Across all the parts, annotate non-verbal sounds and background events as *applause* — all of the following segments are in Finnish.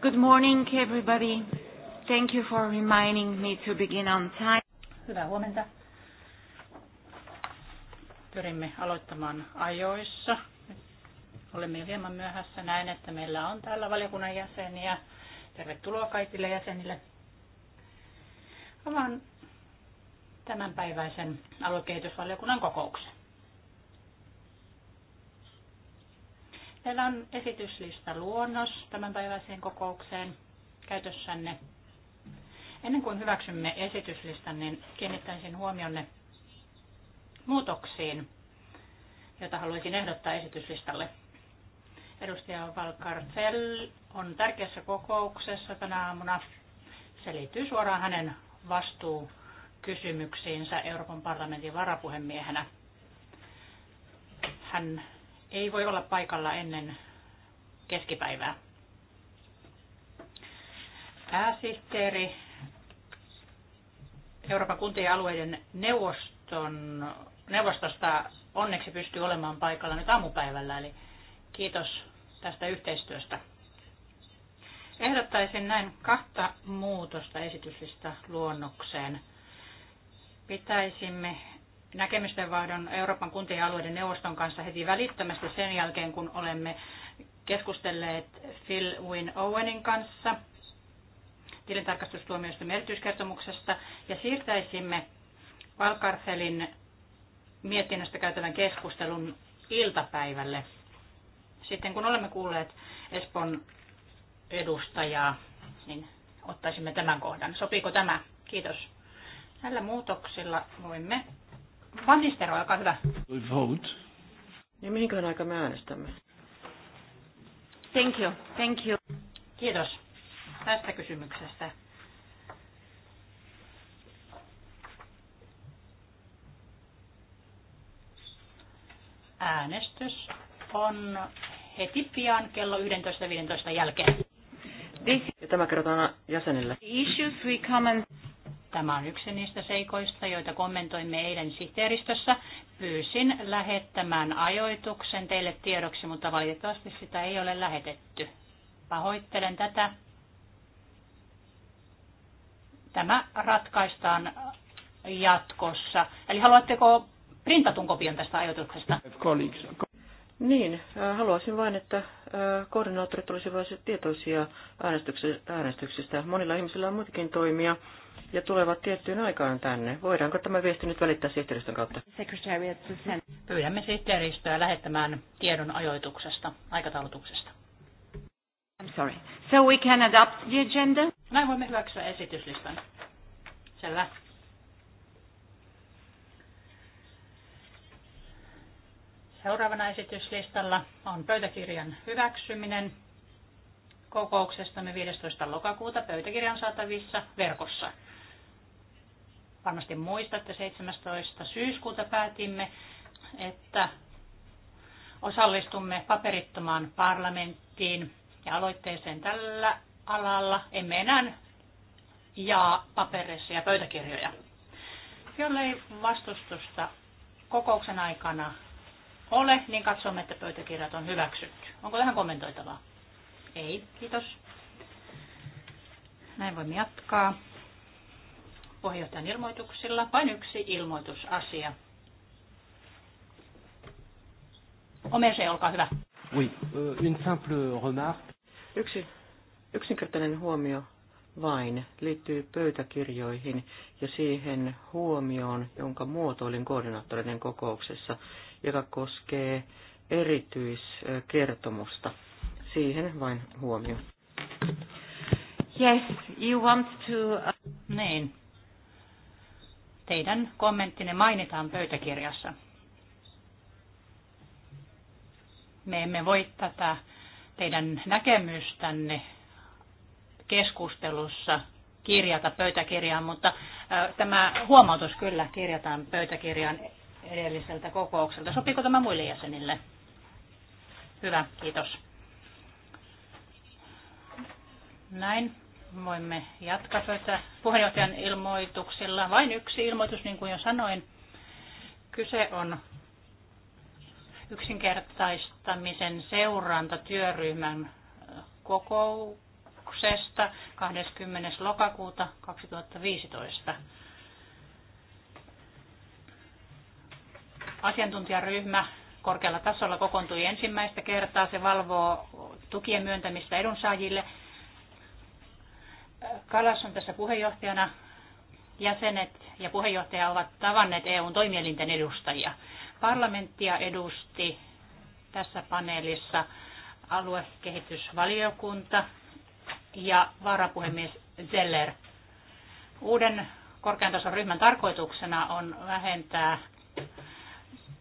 Good morning everybody. Thank you for reminding me to begin on time. Hyvää huomenta. Pyrimme aloittamaan ajoissa. Olemme jo hieman myöhässä. Näin, että meillä on täällä valiokunnan jäseniä. Tervetuloa kaikille jäsenille. Avaan tämänpäiväisen aluekehitysvaliokunnan kokouksen. Meillä on esityslista luonnos tämän päiväiseen kokoukseen käytössänne. Ennen kuin hyväksymme esityslistan, niin kiinnittäisin huomionne muutoksiin, joita haluaisin ehdottaa esityslistalle. Edustaja Valkarcel on tärkeässä kokouksessa tänä aamuna. Se liittyy suoraan hänen vastuukysymyksiinsä Euroopan parlamentin varapuhemiehenä. Hän ei voi olla paikalla ennen keskipäivää. Pääsihteeri Euroopan kuntien ja alueiden neuvoston, neuvostosta onneksi pystyy olemaan paikalla nyt aamupäivällä, eli kiitos tästä yhteistyöstä. Ehdottaisin näin kahta muutosta esityslistä luonnokseen. Pitäisimme näkemysten Euroopan kuntien ja alueiden neuvoston kanssa heti välittömästi sen jälkeen, kun olemme keskustelleet Phil Win Owenin kanssa tilintarkastustuomioistuimen erityiskertomuksesta ja siirtäisimme Valkarfelin mietinnöstä käytävän keskustelun iltapäivälle. Sitten kun olemme kuulleet Espon edustajaa, niin ottaisimme tämän kohdan. Sopiiko tämä? Kiitos. Näillä muutoksilla voimme Van Nistero, olkaa hyvä. We vote. Niin mihinköhän aika me äänestämme? Thank you, thank you. Kiitos tästä kysymyksestä. Äänestys on heti pian kello 11.15 jälkeen. Ja tämä kerrotaan jäsenille. Issues we comment. Tämä on yksi niistä seikoista, joita kommentoimme eilen sihteeristössä. Pyysin lähettämään ajoituksen teille tiedoksi, mutta valitettavasti sitä ei ole lähetetty. Pahoittelen tätä. Tämä ratkaistaan jatkossa. Eli haluatteko printatun kopion tästä ajoituksesta? Niin, äh, haluaisin vain, että äh, koordinaattorit olisivat tietoisia äänestyksestä. Monilla ihmisillä on muitakin toimia ja tulevat tiettyyn aikaan tänne. Voidaanko tämä viesti nyt välittää sihteeristön kautta? Pyydämme sihteeristöä lähettämään tiedon ajoituksesta, aikataulutuksesta. I'm sorry. So we can adopt the agenda? Näin voimme hyväksyä esityslistan. Selvä. Seuraavana esityslistalla on pöytäkirjan hyväksyminen kokouksestamme 15. lokakuuta pöytäkirjan saatavissa verkossa. Varmasti muistatte, 17. syyskuuta päätimme, että osallistumme paperittomaan parlamenttiin ja aloitteeseen tällä alalla. Emme enää jaa paperissa ja pöytäkirjoja. Jollei vastustusta kokouksen aikana ole, niin katsomme, että pöytäkirjat on hyväksytty. Onko tähän kommentoitavaa? Ei, kiitos. Näin voimme jatkaa puheenjohtajan ilmoituksilla. Vain yksi ilmoitusasia. Omese, olkaa hyvä. Oui, euh, une simple remarque. Yksi yksinkertainen huomio vain liittyy pöytäkirjoihin ja siihen huomioon, jonka muotoilin koordinaattoreiden kokouksessa, joka koskee erityiskertomusta. Siihen vain huomio. Yes, you want to... Uh, niin, teidän kommenttinne mainitaan pöytäkirjassa. Me emme voi tätä teidän näkemystänne keskustelussa kirjata pöytäkirjaan, mutta tämä huomautus kyllä kirjataan pöytäkirjaan edelliseltä kokoukselta. Sopiiko tämä muille jäsenille? Hyvä, kiitos. Näin voimme jatkaa tätä puheenjohtajan ilmoituksilla. Vain yksi ilmoitus, niin kuin jo sanoin. Kyse on yksinkertaistamisen seurantatyöryhmän kokouksesta 20. lokakuuta 2015. Asiantuntijaryhmä korkealla tasolla kokoontui ensimmäistä kertaa. Se valvoo tukien myöntämistä edunsaajille – Kallas on tässä puheenjohtajana. Jäsenet ja puheenjohtaja ovat tavanneet EUn toimielinten edustajia. Parlamenttia edusti tässä paneelissa aluekehitysvaliokunta ja varapuhemies Zeller. Uuden korkean tason ryhmän tarkoituksena on vähentää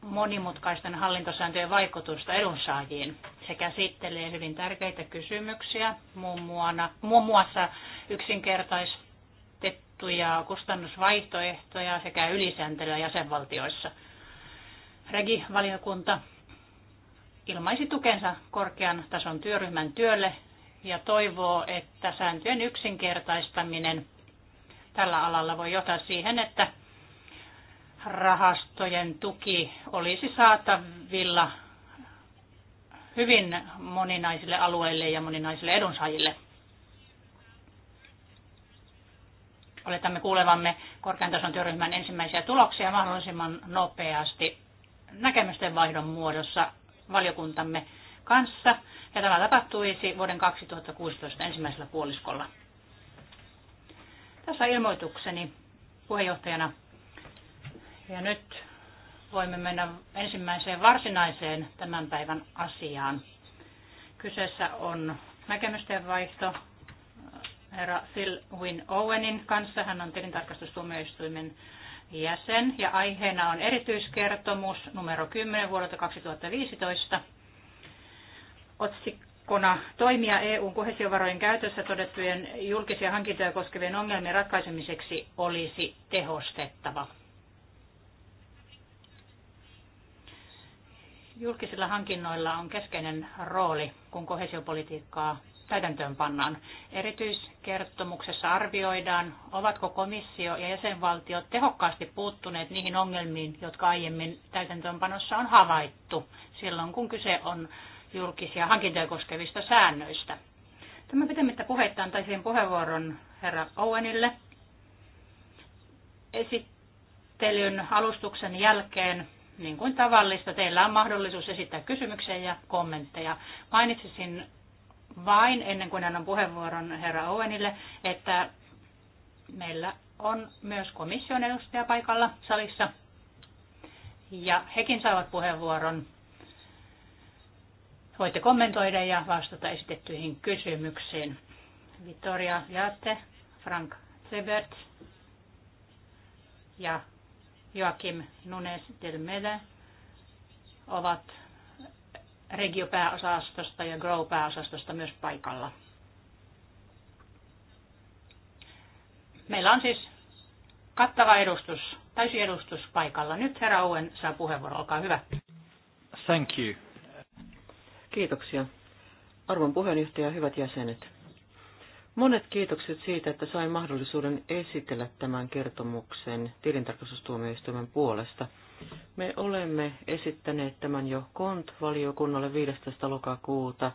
monimutkaisten hallintosääntöjen vaikutusta edunsaajiin. Se käsittelee hyvin tärkeitä kysymyksiä, muun, muana, muun muassa yksinkertaistettuja kustannusvaihtoehtoja sekä ylisääntelyä jäsenvaltioissa. Regi-valiokunta ilmaisi tukensa korkean tason työryhmän työlle ja toivoo, että sääntöjen yksinkertaistaminen tällä alalla voi johtaa siihen, että rahastojen tuki olisi saatavilla hyvin moninaisille alueille ja moninaisille edunsaajille. Oletamme kuulevamme korkean tason työryhmän ensimmäisiä tuloksia mahdollisimman nopeasti näkemysten vaihdon muodossa valiokuntamme kanssa. Ja tämä tapahtuisi vuoden 2016 ensimmäisellä puoliskolla. Tässä ilmoitukseni puheenjohtajana ja nyt voimme mennä ensimmäiseen varsinaiseen tämän päivän asiaan. Kyseessä on näkemysten vaihto äh, herra Phil Win Owenin kanssa. Hän on tilintarkastustuomioistuimen jäsen ja aiheena on erityiskertomus numero 10 vuodelta 2015 otsikkona toimia EUn kohesiovarojen käytössä todettujen julkisia hankintoja koskevien ongelmien ratkaisemiseksi olisi tehostettava. Julkisilla hankinnoilla on keskeinen rooli, kun kohesiopolitiikkaa täytäntöön pannaan. Erityiskertomuksessa arvioidaan, ovatko komissio ja jäsenvaltiot tehokkaasti puuttuneet niihin ongelmiin, jotka aiemmin täytäntöönpanossa on havaittu silloin, kun kyse on julkisia hankintoja koskevista säännöistä. Tämä pitemmittä puheitta antaisin puheenvuoron herra Owenille. Esittelyn alustuksen jälkeen niin kuin tavallista, teillä on mahdollisuus esittää kysymyksiä ja kommentteja. Mainitsisin vain, ennen kuin annan puheenvuoron herra Owenille, että meillä on myös komission edustaja paikalla salissa. Ja hekin saavat puheenvuoron. Voitte kommentoida ja vastata esitettyihin kysymyksiin. Vittoria Jaatte, Frank Zebert ja Joakim Nunes Delmede ovat regiopääosastosta ja Grow-pääosastosta myös paikalla. Meillä on siis kattava edustus, täysi edustus paikalla. Nyt herra Owen saa puheenvuoro, olkaa hyvä. Thank you. Kiitoksia. Arvon puheenjohtaja, hyvät jäsenet. Monet kiitokset siitä, että sain mahdollisuuden esitellä tämän kertomuksen tilintarkastustuomioistuimen puolesta. Me olemme esittäneet tämän jo KONT-valiokunnalle 15. lokakuuta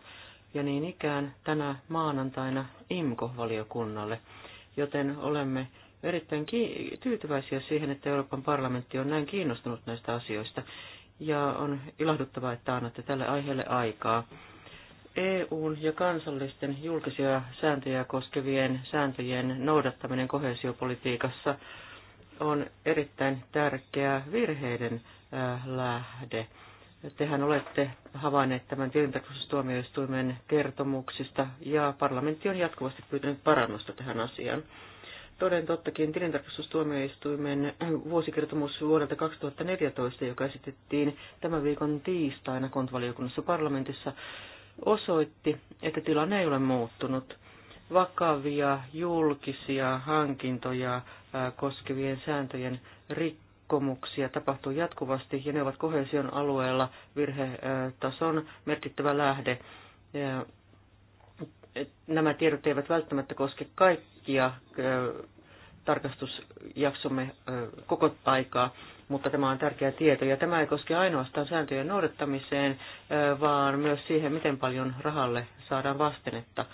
ja niin ikään tänä maanantaina IMKO-valiokunnalle, joten olemme erittäin tyytyväisiä siihen, että Euroopan parlamentti on näin kiinnostunut näistä asioista ja on ilahduttavaa, että annatte tälle aiheelle aikaa. EUn ja kansallisten julkisia sääntöjä koskevien sääntöjen noudattaminen kohesiopolitiikassa on erittäin tärkeä virheiden lähde. Tehän olette havainneet tämän tilintarkastustuomioistuimen kertomuksista ja parlamentti on jatkuvasti pyytänyt parannusta tähän asiaan. Toden tottakin tilintarkastustuomioistuimen vuosikertomus vuodelta 2014, joka esitettiin tämän viikon tiistaina kontvaliokunnassa parlamentissa, osoitti, että tilanne ei ole muuttunut. Vakavia julkisia hankintoja äh, koskevien sääntöjen rikkomuksia tapahtuu jatkuvasti ja ne ovat kohesion alueella virhetason merkittävä lähde. Äh, nämä tiedot eivät välttämättä koske kaikkia äh, tarkastusjaksomme koko aikaa, mutta tämä on tärkeä tieto. Ja tämä ei koske ainoastaan sääntöjen noudattamiseen, vaan myös siihen, miten paljon rahalle saadaan vastenetta.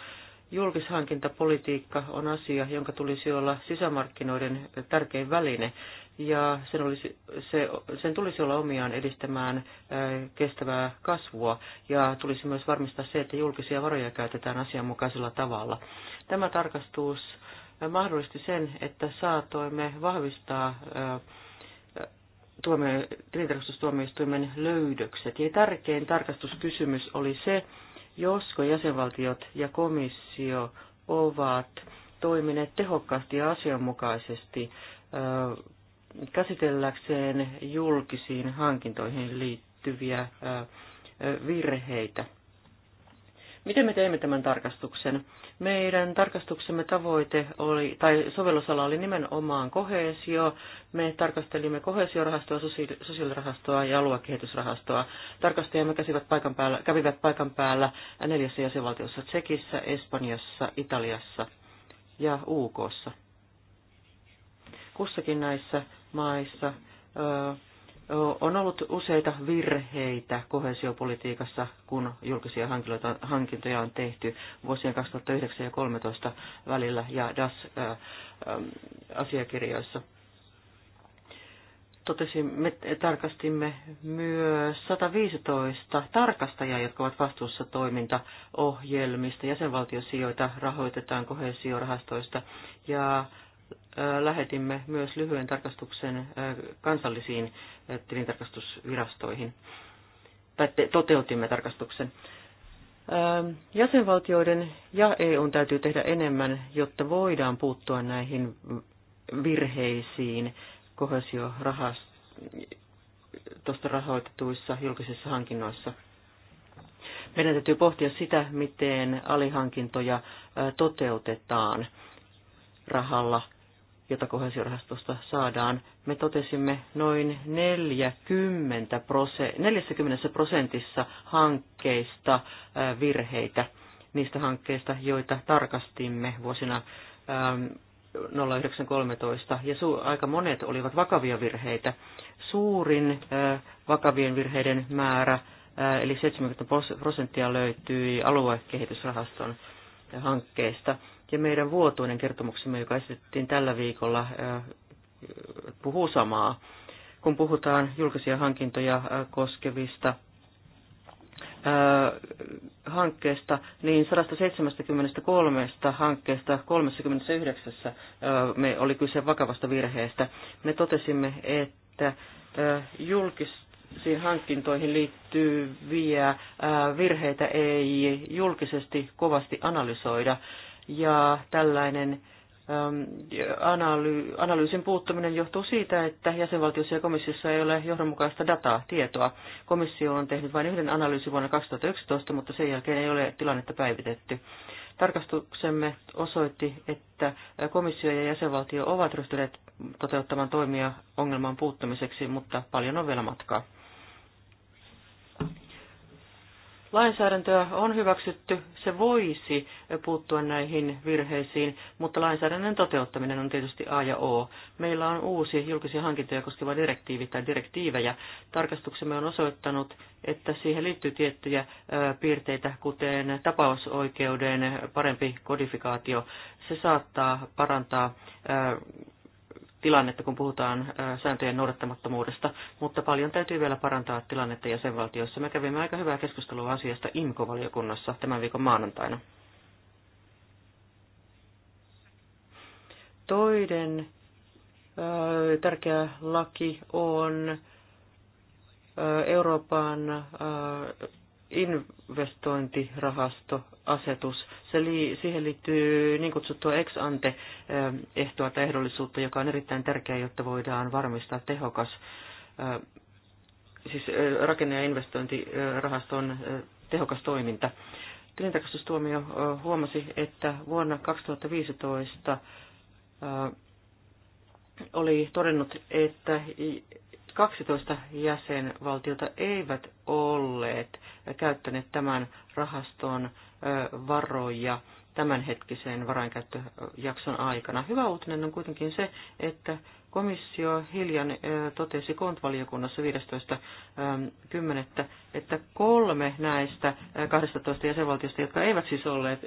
Julkishankintapolitiikka on asia, jonka tulisi olla sisämarkkinoiden tärkein väline, ja sen, olisi, se, sen tulisi olla omiaan edistämään kestävää kasvua, ja tulisi myös varmistaa se, että julkisia varoja käytetään asianmukaisella tavalla. Tämä tarkastus mahdollisti sen, että saatoimme vahvistaa tilintarkastustuomioistuimen löydökset. Ja tärkein tarkastuskysymys oli se, josko jäsenvaltiot ja komissio ovat toimineet tehokkaasti ja asianmukaisesti käsitelläkseen julkisiin hankintoihin liittyviä virheitä. Miten me teimme tämän tarkastuksen? Meidän tarkastuksemme tavoite oli, tai sovellusala oli nimenomaan kohesio. Me tarkastelimme kohesiorahastoa, sosiaalirahastoa ja aluekehitysrahastoa. Tarkastajamme paikan päällä, kävivät paikan päällä neljässä jäsenvaltiossa, Tsekissä, Espanjassa, Italiassa ja UKssa. Kussakin näissä maissa on ollut useita virheitä kohesiopolitiikassa, kun julkisia hankintoja on tehty vuosien 2009 ja 2013 välillä ja DAS-asiakirjoissa. Totesimme, me tarkastimme myös 115 tarkastajaa, jotka ovat vastuussa toimintaohjelmista. Jäsenvaltiosijoita rahoitetaan kohesiorahastoista ja lähetimme myös lyhyen tarkastuksen kansallisiin tilintarkastusvirastoihin, tai toteutimme tarkastuksen. Jäsenvaltioiden ja EUn täytyy tehdä enemmän, jotta voidaan puuttua näihin virheisiin kohesiorahastosta rahoitetuissa julkisissa hankinnoissa. Meidän täytyy pohtia sitä, miten alihankintoja toteutetaan rahalla jota kohesiorahastosta saadaan, me totesimme noin 40 40 prosentissa hankkeista virheitä, niistä hankkeista, joita tarkastimme vuosina 0913, ja su- aika monet olivat vakavia virheitä. Suurin vakavien virheiden määrä, eli 70 prosenttia löytyi aluekehitysrahaston hankkeista. Ja meidän vuotuinen kertomuksemme, joka esitettiin tällä viikolla, puhuu samaa. Kun puhutaan julkisia hankintoja koskevista niin hankkeesta, niin 173 hankkeesta 39 me oli kyse vakavasta virheestä. Me totesimme, että julkisiin hankintoihin liittyviä virheitä ei julkisesti kovasti analysoida ja tällainen ähm, analy- analyysin puuttuminen johtuu siitä, että jäsenvaltiossa ja komissiossa ei ole johdonmukaista dataa, tietoa. Komissio on tehnyt vain yhden analyysin vuonna 2011, mutta sen jälkeen ei ole tilannetta päivitetty. Tarkastuksemme osoitti, että komissio ja jäsenvaltio ovat ryhtyneet toteuttamaan toimia ongelman puuttumiseksi, mutta paljon on vielä matkaa. lainsäädäntöä on hyväksytty, se voisi puuttua näihin virheisiin, mutta lainsäädännön toteuttaminen on tietysti A ja O. Meillä on uusi julkisia hankintoja koskeva direktiivi tai direktiivejä. Tarkastuksemme on osoittanut, että siihen liittyy tiettyjä piirteitä, kuten tapausoikeuden parempi kodifikaatio. Se saattaa parantaa tilannetta, kun puhutaan sääntöjen noudattamattomuudesta, mutta paljon täytyy vielä parantaa tilannetta jäsenvaltiossa. Me kävimme aika hyvää keskustelua asiasta imco valiokunnassa tämän viikon maanantaina. Toinen tärkeä laki on Euroopan investointirahastoasetus. Se li, siihen liittyy niin kutsuttua ex ante eh, ehtoa tai ehdollisuutta, joka on erittäin tärkeä, jotta voidaan varmistaa tehokas, eh, siis eh, rakenne- ja investointirahaston tehokas toiminta. Tilintarkastustuomio huomasi, että vuonna 2015 oli todennut, että 12 jäsenvaltiota eivät olleet käyttäneet tämän rahaston varoja tämänhetkiseen varainkäyttöjakson aikana. Hyvä uutinen on kuitenkin se, että komissio hiljan totesi kontvaliokunnassa 15.10., että kolme näistä 12 jäsenvaltiosta, jotka eivät siis olleet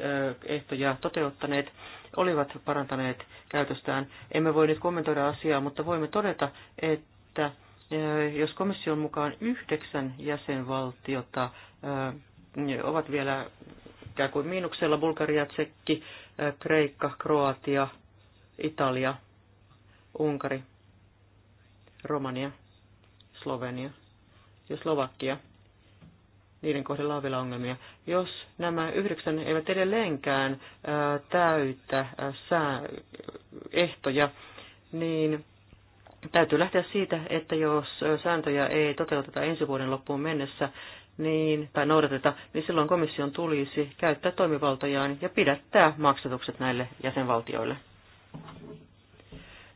ehtoja toteuttaneet, olivat parantaneet käytöstään. Emme voi nyt kommentoida asiaa, mutta voimme todeta, että jos komission mukaan yhdeksän jäsenvaltiota ovat vielä ikään kuin miinuksella, Bulgaria, Tsekki, Kreikka, Kroatia, Italia, Unkari, Romania, Slovenia ja Slovakia. Niiden kohdalla on vielä ongelmia. Jos nämä yhdeksän eivät edelleenkään täytä sää, ehtoja, niin Täytyy lähteä siitä, että jos sääntöjä ei toteuteta ensi vuoden loppuun mennessä, niin, tai noudateta, niin silloin komission tulisi käyttää toimivaltojaan ja pidättää maksatukset näille jäsenvaltioille.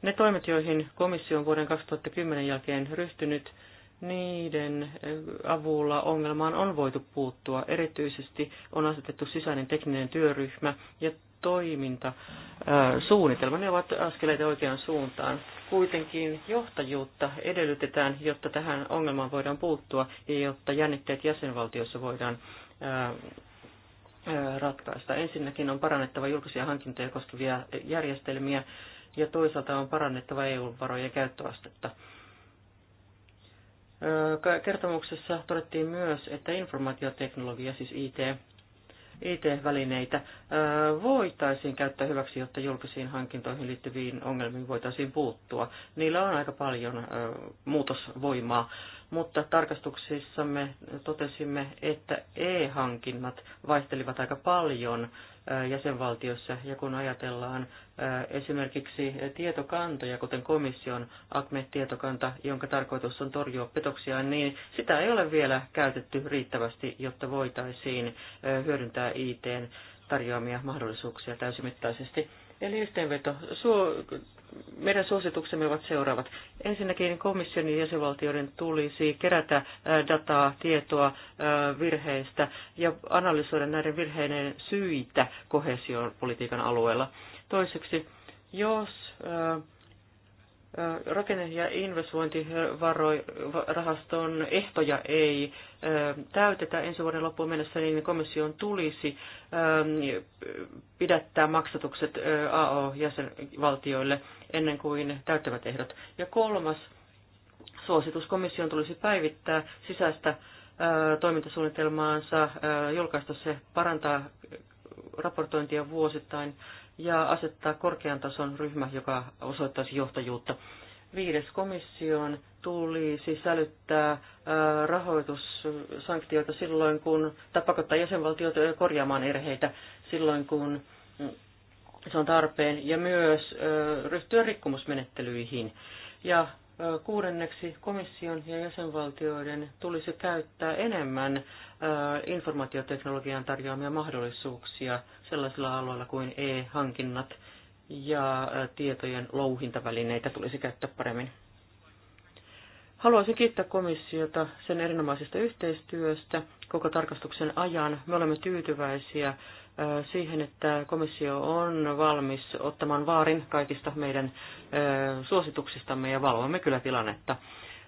Ne toimet, joihin komissio on vuoden 2010 jälkeen ryhtynyt, niiden eh, avulla ongelmaan on voitu puuttua. Erityisesti on asetettu sisäinen tekninen työryhmä ja suunnitelma, Ne ovat askeleita oikeaan suuntaan. Kuitenkin johtajuutta edellytetään, jotta tähän ongelmaan voidaan puuttua ja jotta jännitteet jäsenvaltiossa voidaan ratkaista. Ensinnäkin on parannettava julkisia hankintoja koskevia järjestelmiä ja toisaalta on parannettava EU-varojen käyttöastetta. Kertomuksessa todettiin myös, että informaatioteknologia, siis IT, IT-välineitä voitaisiin käyttää hyväksi, jotta julkisiin hankintoihin liittyviin ongelmiin voitaisiin puuttua. Niillä on aika paljon muutosvoimaa, mutta tarkastuksissamme totesimme, että e-hankinnat vaihtelivat aika paljon – jäsenvaltiossa. Ja kun ajatellaan esimerkiksi tietokantoja, kuten komission ACME-tietokanta, jonka tarkoitus on torjua petoksia, niin sitä ei ole vielä käytetty riittävästi, jotta voitaisiin hyödyntää ITn tarjoamia mahdollisuuksia täysimittaisesti. Eli yhteenveto. Suo, meidän suosituksemme ovat seuraavat. Ensinnäkin komission ja jäsenvaltioiden tulisi kerätä dataa, tietoa virheistä ja analysoida näiden virheiden syitä kohesiopolitiikan alueella. Toiseksi, jos rakenne- ja investointirahaston ehtoja ei täytetä ensi vuoden loppuun mennessä, niin komission tulisi pidättää maksatukset AO-jäsenvaltioille ennen kuin täyttävät ehdot. Ja kolmas suositus komission tulisi päivittää sisäistä toimintasuunnitelmaansa, julkaista se, parantaa raportointia vuosittain ja asettaa korkean tason ryhmä, joka osoittaisi johtajuutta. Viides komission tuli sisällyttää rahoitussanktioita silloin, kun, tai pakottaa jäsenvaltioita korjaamaan erheitä silloin, kun mm, se on tarpeen, ja myös ryhtyä rikkomusmenettelyihin. Ja Kuudenneksi komission ja jäsenvaltioiden tulisi käyttää enemmän informaatioteknologian tarjoamia mahdollisuuksia sellaisilla alueilla kuin e-hankinnat ja tietojen louhintavälineitä tulisi käyttää paremmin. Haluaisin kiittää komissiota sen erinomaisesta yhteistyöstä koko tarkastuksen ajan. Me olemme tyytyväisiä siihen, että komissio on valmis ottamaan vaarin kaikista meidän suosituksistamme ja valvomme kyllä tilannetta.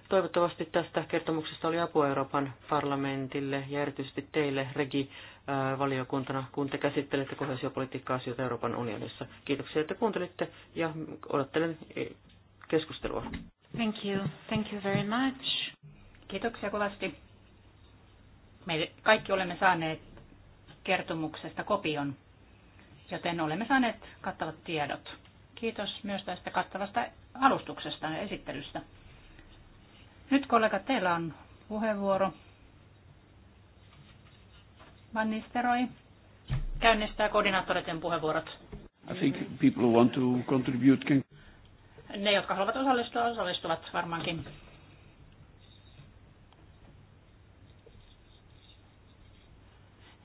Toivottavasti tästä kertomuksesta oli apua Euroopan parlamentille ja erityisesti teille, Regi-valiokuntana, kun te käsittelette kohdallisia asioita Euroopan unionissa. Kiitoksia, että kuuntelitte ja odottelen e, keskustelua. Thank you. Thank you very much. Kiitoksia kovasti. Me kaikki olemme saaneet kertomuksesta kopion, joten olemme saaneet kattavat tiedot. Kiitos myös tästä kattavasta alustuksesta ja esittelystä. Nyt kollegat, teillä on puheenvuoro. Vannisteroi käynnistää koordinaattoreiden puheenvuorot. I think people want to contribute can... Ne, jotka haluavat osallistua, osallistuvat varmaankin.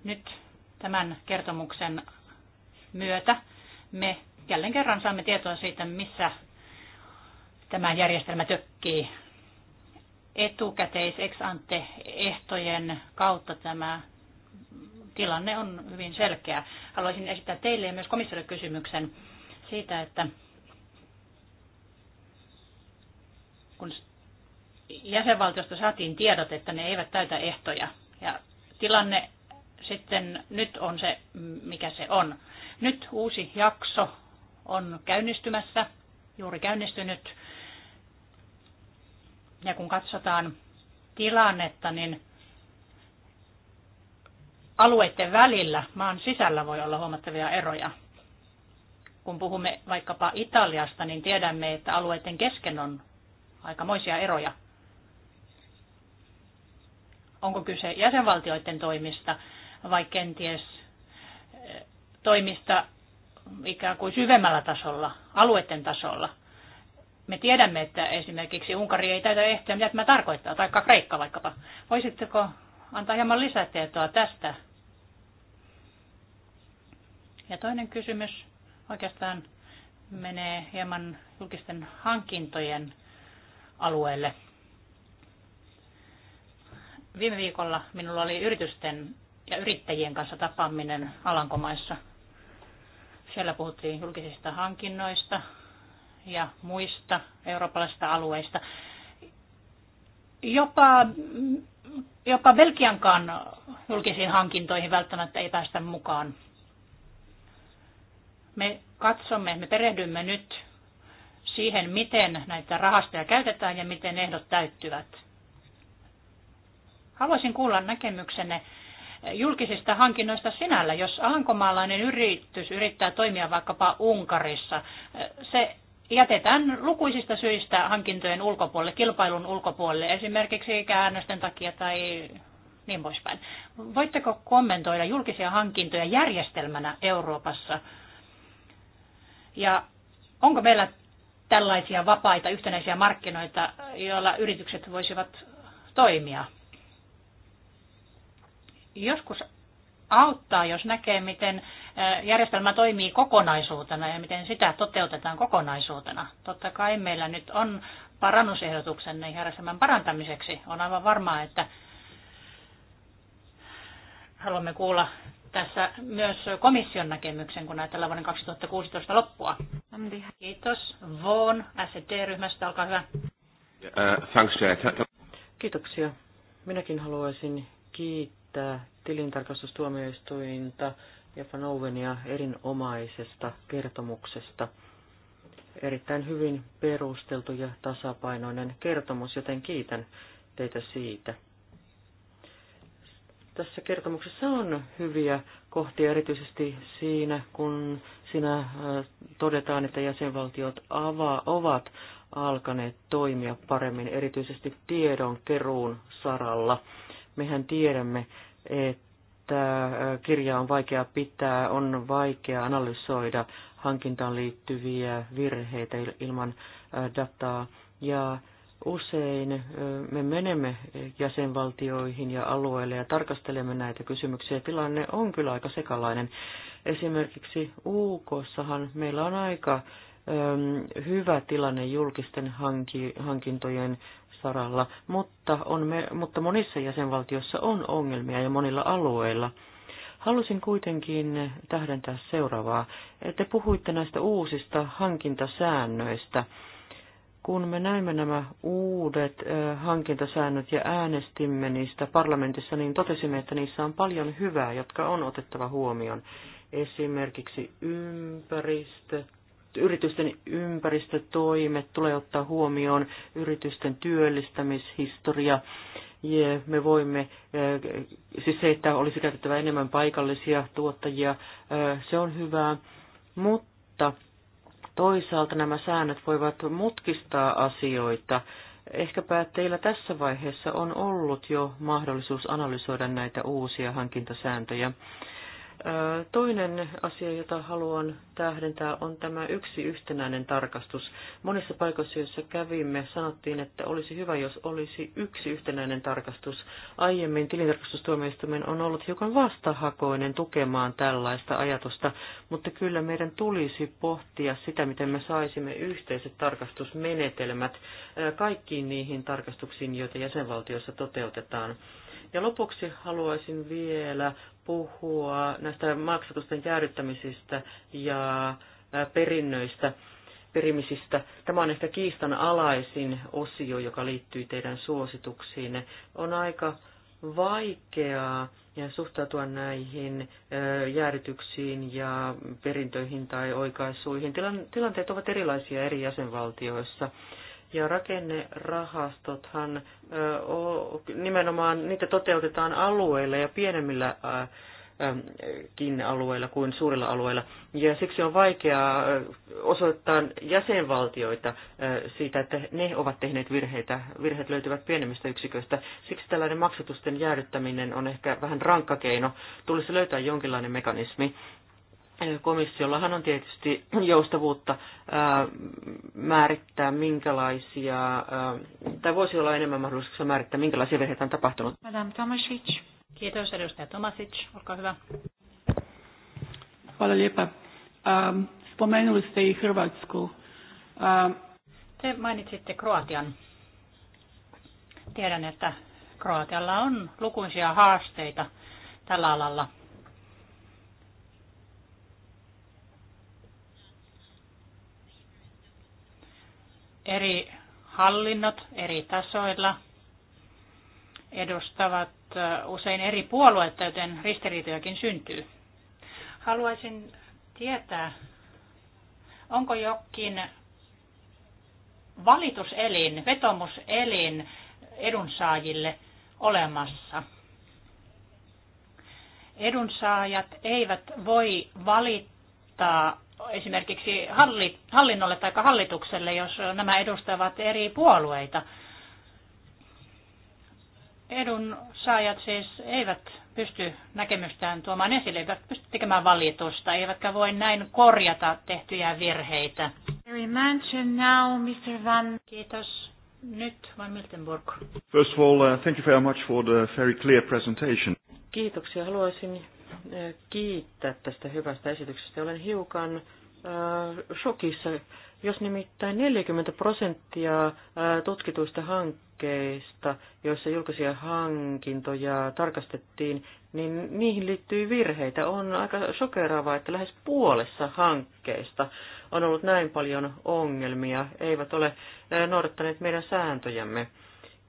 Nyt Tämän kertomuksen myötä me jälleen kerran saamme tietoa siitä, missä tämä järjestelmä tökkii. Etukäteis ex ante ehtojen kautta tämä tilanne on hyvin selkeä. Haluaisin esittää teille ja myös komissiolle kysymyksen siitä, että kun jäsenvaltiosta saatiin tiedot, että ne eivät täytä ehtoja ja tilanne sitten nyt on se, mikä se on. Nyt uusi jakso on käynnistymässä, juuri käynnistynyt. Ja kun katsotaan tilannetta, niin alueiden välillä, maan sisällä voi olla huomattavia eroja. Kun puhumme vaikkapa Italiasta, niin tiedämme, että alueiden kesken on aikamoisia eroja. Onko kyse jäsenvaltioiden toimista vai kenties eh, toimista ikään kuin syvemmällä tasolla, alueiden tasolla. Me tiedämme, että esimerkiksi Unkari ei täytä ehtoja, mitä tämä tarkoittaa, tai Kreikka vaikkapa. Voisitteko antaa hieman lisätietoa tästä? Ja toinen kysymys oikeastaan menee hieman julkisten hankintojen alueelle. Viime viikolla minulla oli yritysten ja yrittäjien kanssa tapaaminen Alankomaissa. Siellä puhuttiin julkisista hankinnoista ja muista eurooppalaisista alueista. Jopa, jopa Belgiankaan julkisiin hankintoihin välttämättä ei päästä mukaan. Me katsomme, me perehdymme nyt siihen, miten näitä rahastoja käytetään ja miten ehdot täyttyvät. Haluaisin kuulla näkemyksenne julkisista hankinnoista sinällä. Jos alankomaalainen yritys yrittää toimia vaikkapa Unkarissa, se jätetään lukuisista syistä hankintojen ulkopuolelle, kilpailun ulkopuolelle, esimerkiksi käännösten takia tai niin poispäin. Voitteko kommentoida julkisia hankintoja järjestelmänä Euroopassa? Ja onko meillä tällaisia vapaita yhtenäisiä markkinoita, joilla yritykset voisivat toimia? joskus auttaa, jos näkee, miten eh, järjestelmä toimii kokonaisuutena ja miten sitä toteutetaan kokonaisuutena. Totta kai meillä nyt on parannusehdotuksenne järjestelmän parantamiseksi. On aivan varmaa, että haluamme kuulla tässä myös komission näkemyksen, kun ajatellaan vuoden 2016 loppua. Kiitos. Voon ST-ryhmästä, olkaa hyvä. Äh, Kiitoksia. Minäkin haluaisin kiittää kiittää tilintarkastustuomioistuinta ja Van erinomaisesta kertomuksesta. Erittäin hyvin perusteltu ja tasapainoinen kertomus, joten kiitän teitä siitä. Tässä kertomuksessa on hyviä kohtia, erityisesti siinä, kun siinä äh, todetaan, että jäsenvaltiot ava, ovat alkaneet toimia paremmin, erityisesti tiedon keruun saralla Mehän tiedämme, että kirjaa on vaikea pitää, on vaikea analysoida hankintaan liittyviä virheitä ilman dataa. Ja usein me menemme jäsenvaltioihin ja alueille ja tarkastelemme näitä kysymyksiä. Tilanne on kyllä aika sekalainen. Esimerkiksi UKssahan meillä on aika hyvä tilanne julkisten hankintojen saralla, mutta, on me, mutta monissa jäsenvaltioissa on ongelmia ja monilla alueilla. Halusin kuitenkin tähdentää seuraavaa. Te puhuitte näistä uusista hankintasäännöistä. Kun me näimme nämä uudet hankintasäännöt ja äänestimme niistä parlamentissa, niin totesimme, että niissä on paljon hyvää, jotka on otettava huomioon. Esimerkiksi ympäristö, yritysten ympäristötoimet tulee ottaa huomioon, yritysten työllistämishistoria. Ja me voimme, eh, siis se, että olisi käytettävä enemmän paikallisia tuottajia, eh, se on hyvää, mutta toisaalta nämä säännöt voivat mutkistaa asioita. Ehkäpä teillä tässä vaiheessa on ollut jo mahdollisuus analysoida näitä uusia hankintasääntöjä. Toinen asia, jota haluan tähdentää, on tämä yksi yhtenäinen tarkastus. Monissa paikoissa, joissa kävimme, sanottiin, että olisi hyvä, jos olisi yksi yhtenäinen tarkastus. Aiemmin tilintarkastustuomioistuimen on ollut hiukan vastahakoinen tukemaan tällaista ajatusta, mutta kyllä meidän tulisi pohtia sitä, miten me saisimme yhteiset tarkastusmenetelmät kaikkiin niihin tarkastuksiin, joita jäsenvaltioissa toteutetaan. Ja lopuksi haluaisin vielä puhua näistä maksatusten jäädyttämisistä ja perinnöistä, perimisistä. Tämä on ehkä kiistanalaisin osio, joka liittyy teidän suosituksiinne. On aika vaikeaa suhtautua näihin jäädytyksiin ja perintöihin tai oikaisuihin. Tilanteet ovat erilaisia eri jäsenvaltioissa. Ja rakennerahastothan nimenomaan niitä toteutetaan alueilla ja pienemmillä alueilla kuin suurilla alueilla. Ja siksi on vaikeaa osoittaa jäsenvaltioita siitä, että ne ovat tehneet virheitä. Virheet löytyvät pienemmistä yksiköistä. Siksi tällainen maksatusten jäädyttäminen on ehkä vähän rankka keino. Tulisi löytää jonkinlainen mekanismi. Komissiollahan on tietysti joustavuutta määrittää, minkälaisia, tai voisi olla enemmän mahdollisuuksia määrittää, minkälaisia virheitä on tapahtunut. Madame Tomasic. Kiitos, edustaja Tomasic. Olkaa hyvä. Hvala lijepa. spomenuli ste i Hrvatsku. te mainitsitte Kroatian. Tiedän, että Kroatialla on lukuisia haasteita tällä alalla – Eri hallinnot eri tasoilla edustavat usein eri puolueita, joten ristiriitojakin syntyy. Haluaisin tietää, onko jokin valituselin, vetomuselin edunsaajille olemassa. Edunsaajat eivät voi valita haittaa esimerkiksi halli, hallinnolle tai hallitukselle, jos nämä edustavat eri puolueita. Edun saajat siis eivät pysty näkemystään tuomaan esille, eivät pysty tekemään valitusta, eivätkä voi näin korjata tehtyjä virheitä. Kiitos. Nyt Van Miltenburg. First of all, uh, thank you very much for the very clear presentation. Kiitoksia. Haluaisin kiittää tästä hyvästä esityksestä. Olen hiukan äh, shokissa, jos nimittäin 40 prosenttia äh, tutkituista hankkeista, joissa julkisia hankintoja tarkastettiin, niin niihin liittyy virheitä. On aika shokeraavaa, että lähes puolessa hankkeista on ollut näin paljon ongelmia, eivät ole äh, noudattaneet meidän sääntöjämme.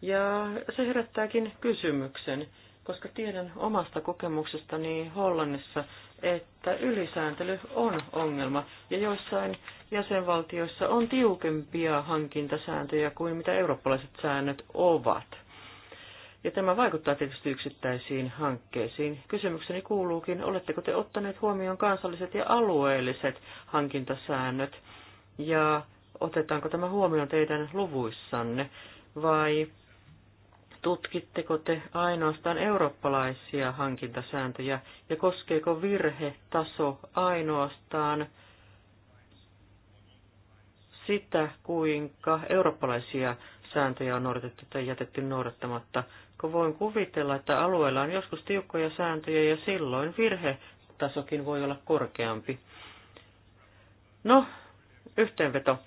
Ja se herättääkin kysymyksen, koska tiedän omasta kokemuksestani Hollannissa, että ylisääntely on ongelma ja joissain jäsenvaltioissa on tiukempia hankintasääntöjä kuin mitä eurooppalaiset säännöt ovat. Ja tämä vaikuttaa tietysti yksittäisiin hankkeisiin. Kysymykseni kuuluukin, oletteko te ottaneet huomioon kansalliset ja alueelliset hankintasäännöt ja otetaanko tämä huomioon teidän luvuissanne vai Tutkitteko te ainoastaan eurooppalaisia hankintasääntöjä ja koskeeko virhetaso ainoastaan sitä, kuinka eurooppalaisia sääntöjä on noudatettu tai jätetty noudattamatta, kun voin kuvitella, että alueella on joskus tiukkoja sääntöjä ja silloin virhetasokin voi olla korkeampi. No, yhteenveto.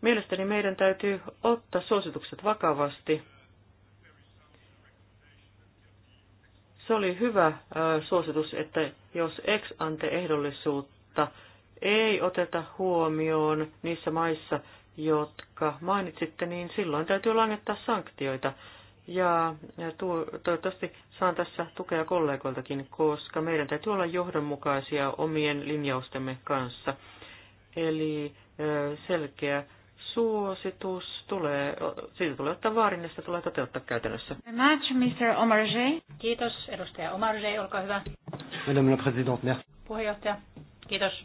Mielestäni meidän täytyy ottaa suositukset vakavasti Se oli hyvä suositus, että jos ex-ante-ehdollisuutta ei oteta huomioon niissä maissa, jotka mainitsitte, niin silloin täytyy langettaa sanktioita. Ja, ja tuo, toivottavasti saan tässä tukea kollegoiltakin, koska meidän täytyy olla johdonmukaisia omien linjaustemme kanssa. Eli selkeä suositus tulee, siitä tulee ottaa vaarin ja sitä tulee toteuttaa käytännössä. Much, Mr. Omarje. Kiitos, edustaja Omarje, olkaa hyvä. Madame la Présidente, merci. Puheenjohtaja, kiitos.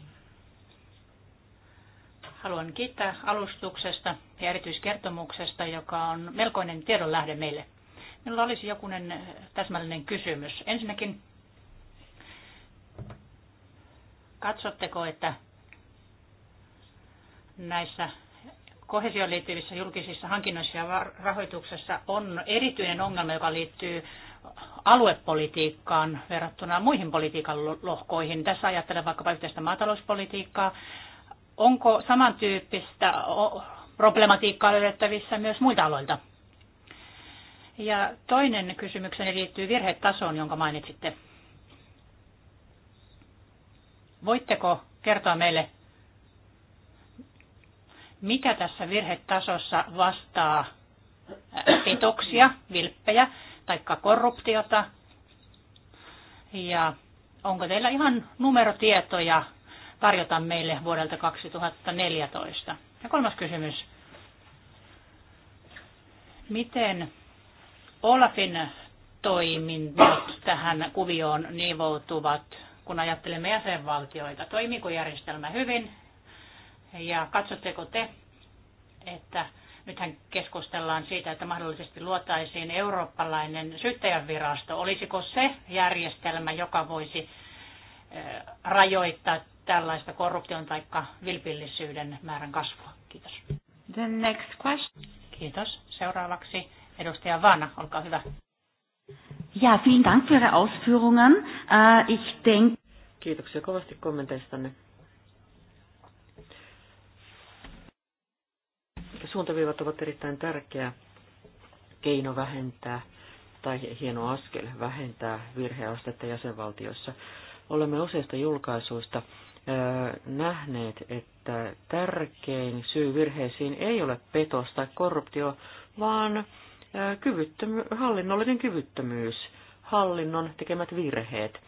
Haluan kiittää alustuksesta ja erityiskertomuksesta, joka on melkoinen tiedonlähde meille. Minulla olisi jokunen täsmällinen kysymys. Ensinnäkin, katsotteko, että näissä kohesioon liittyvissä julkisissa hankinnoissa ja rahoituksessa on erityinen ongelma, joka liittyy aluepolitiikkaan verrattuna muihin politiikan lohkoihin. Tässä ajattelen vaikkapa yhteistä maatalouspolitiikkaa. Onko samantyyppistä problematiikkaa löydettävissä myös muilta aloilta? Ja toinen kysymykseni liittyy virhetasoon, jonka mainitsitte. Voitteko kertoa meille mikä tässä virhetasossa vastaa äh, petoksia, vilppejä tai korruptiota. Ja onko teillä ihan numerotietoja tarjota meille vuodelta 2014? Ja kolmas kysymys. Miten Olafin toiminnot tähän kuvioon nivoutuvat, kun ajattelemme jäsenvaltioita? Toimiiko järjestelmä hyvin? Ja katsotteko te, että nythän keskustellaan siitä, että mahdollisesti luotaisiin eurooppalainen syyttäjänvirasto. Olisiko se järjestelmä, joka voisi eh, rajoittaa tällaista korruption tai vilpillisyyden määrän kasvua? Kiitos. The next question. Kiitos. Seuraavaksi edustaja Vaana, olkaa hyvä. Ja, vielen Dank für Ihre Ausführungen. Uh, ich denk... Kiitoksia kovasti kommenteistanne. Suuntaviivat ovat erittäin tärkeä keino vähentää tai hieno askel vähentää virheastetta jäsenvaltioissa. Olemme useista julkaisuista nähneet, että tärkein syy virheisiin ei ole petos tai korruptio, vaan kyvyttömy- hallinnollinen kyvyttömyys, hallinnon tekemät virheet –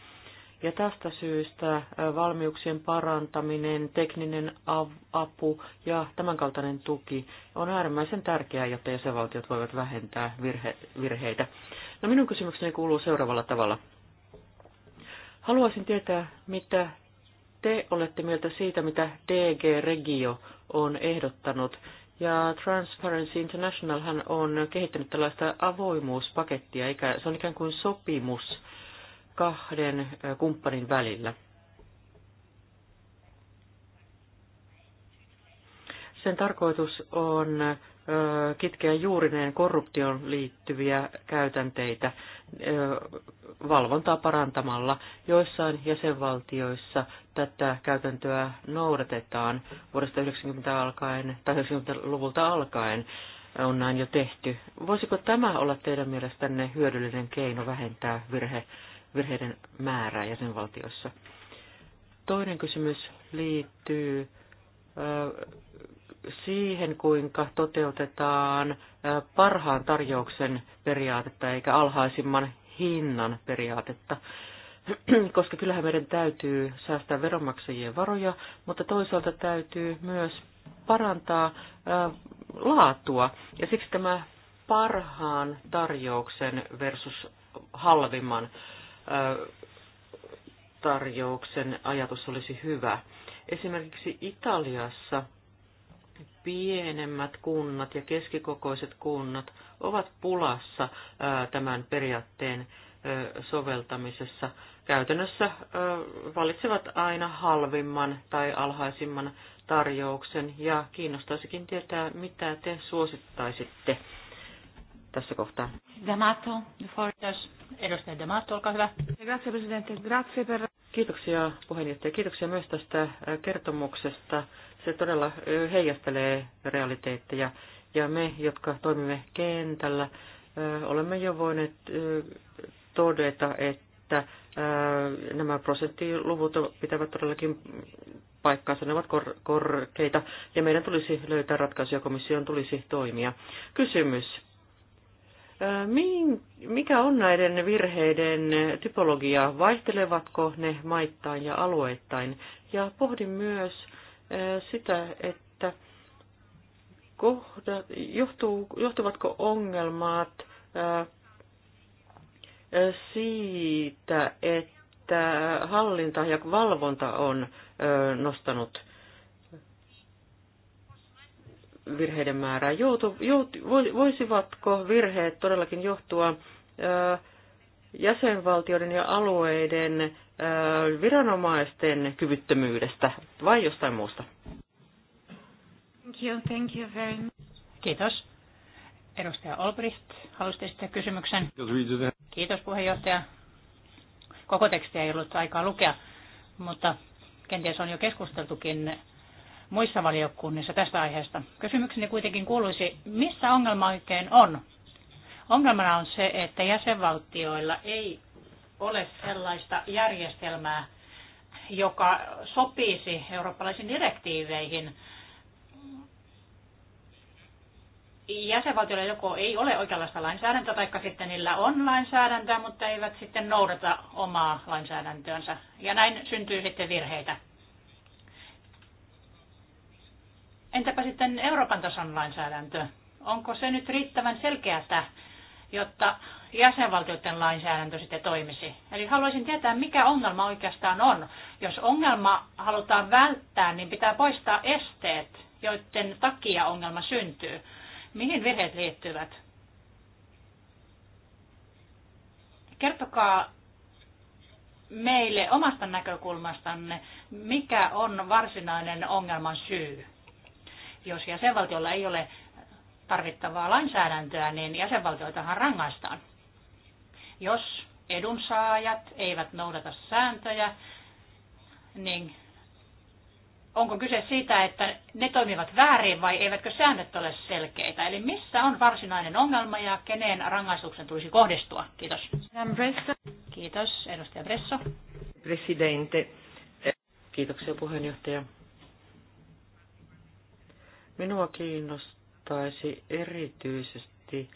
ja tästä syystä valmiuksien parantaminen, tekninen apu ja tämänkaltainen tuki on äärimmäisen tärkeää, jotta jäsenvaltiot voivat vähentää virhe- virheitä. No minun kysymykseni kuuluu seuraavalla tavalla. Haluaisin tietää, mitä te olette mieltä siitä, mitä DG Regio on ehdottanut. Ja Transparency International hän on kehittänyt tällaista avoimuuspakettia, eikä se on ikään kuin sopimus kahden kumppanin välillä. Sen tarkoitus on kitkeä juurineen korruptioon liittyviä käytänteitä valvontaa parantamalla. Joissain jäsenvaltioissa tätä käytäntöä noudatetaan vuodesta 90 alkaen, tai 90-luvulta alkaen on näin jo tehty. Voisiko tämä olla teidän mielestänne hyödyllinen keino vähentää virhe virheiden määrää jäsenvaltiossa. Toinen kysymys liittyy siihen, kuinka toteutetaan parhaan tarjouksen periaatetta eikä alhaisimman hinnan periaatetta. *clears throat* Koska kyllähän meidän täytyy säästää veronmaksajien varoja, mutta toisaalta täytyy myös parantaa laatua. Ja siksi tämä parhaan tarjouksen versus halvimman tarjouksen ajatus olisi hyvä. Esimerkiksi Italiassa pienemmät kunnat ja keskikokoiset kunnat ovat pulassa tämän periaatteen soveltamisessa. Käytännössä valitsevat aina halvimman tai alhaisimman tarjouksen ja kiinnostaisikin tietää, mitä te suosittaisitte tässä kohtaa. Damato, Kiitos. Edustaja Damato, olkaa hyvä. Grazie, presidente. Grazie per... Kiitoksia puheenjohtaja. Kiitoksia myös tästä kertomuksesta. Se todella heijastelee realiteetteja. Ja me, jotka toimimme kentällä, olemme jo voineet todeta, että nämä prosenttiluvut pitävät todellakin paikkaansa, ne ovat kor- korkeita, ja meidän tulisi löytää ratkaisuja, komission tulisi toimia. Kysymys mikä on näiden virheiden typologia? Vaihtelevatko ne maittain ja alueittain? Ja pohdin myös sitä, että johtuu, johtuvatko ongelmat siitä, että hallinta ja valvonta on nostanut virheiden määrää. Joutu, jout, voisivatko virheet todellakin johtua jäsenvaltioiden ja alueiden viranomaisten kyvyttömyydestä vai jostain muusta? Thank you, thank you very much. Kiitos. Edustaja Olbricht, haluaisitte esittää kysymyksen? Kiitos puheenjohtaja. Koko tekstiä ei ollut aikaa lukea, mutta kenties on jo keskusteltukin muissa valiokunnissa tästä aiheesta. Kysymykseni kuitenkin kuuluisi, missä ongelma oikein on? Ongelmana on se, että jäsenvaltioilla ei ole sellaista järjestelmää, joka sopisi eurooppalaisiin direktiiveihin. Jäsenvaltioilla joko ei ole oikeanlaista lainsäädäntöä, tai sitten niillä on lainsäädäntöä, mutta eivät sitten noudata omaa lainsäädäntöönsä. Ja näin syntyy sitten virheitä. Entäpä sitten Euroopan tason lainsäädäntö? Onko se nyt riittävän selkeätä, jotta jäsenvaltioiden lainsäädäntö sitten toimisi? Eli haluaisin tietää, mikä ongelma oikeastaan on. Jos ongelma halutaan välttää, niin pitää poistaa esteet, joiden takia ongelma syntyy. Mihin virheet liittyvät? Kertokaa meille omasta näkökulmastanne, mikä on varsinainen ongelman syy. Jos jäsenvaltiolla ei ole tarvittavaa lainsäädäntöä, niin jäsenvaltioitahan rangaistaan. Jos edunsaajat eivät noudata sääntöjä, niin onko kyse siitä, että ne toimivat väärin vai eivätkö säännöt ole selkeitä? Eli missä on varsinainen ongelma ja keneen rangaistuksen tulisi kohdistua? Kiitos. Kiitos, edustaja Bresso. Presidente. Kiitoksia puheenjohtaja. Minua kiinnostaisi erityisesti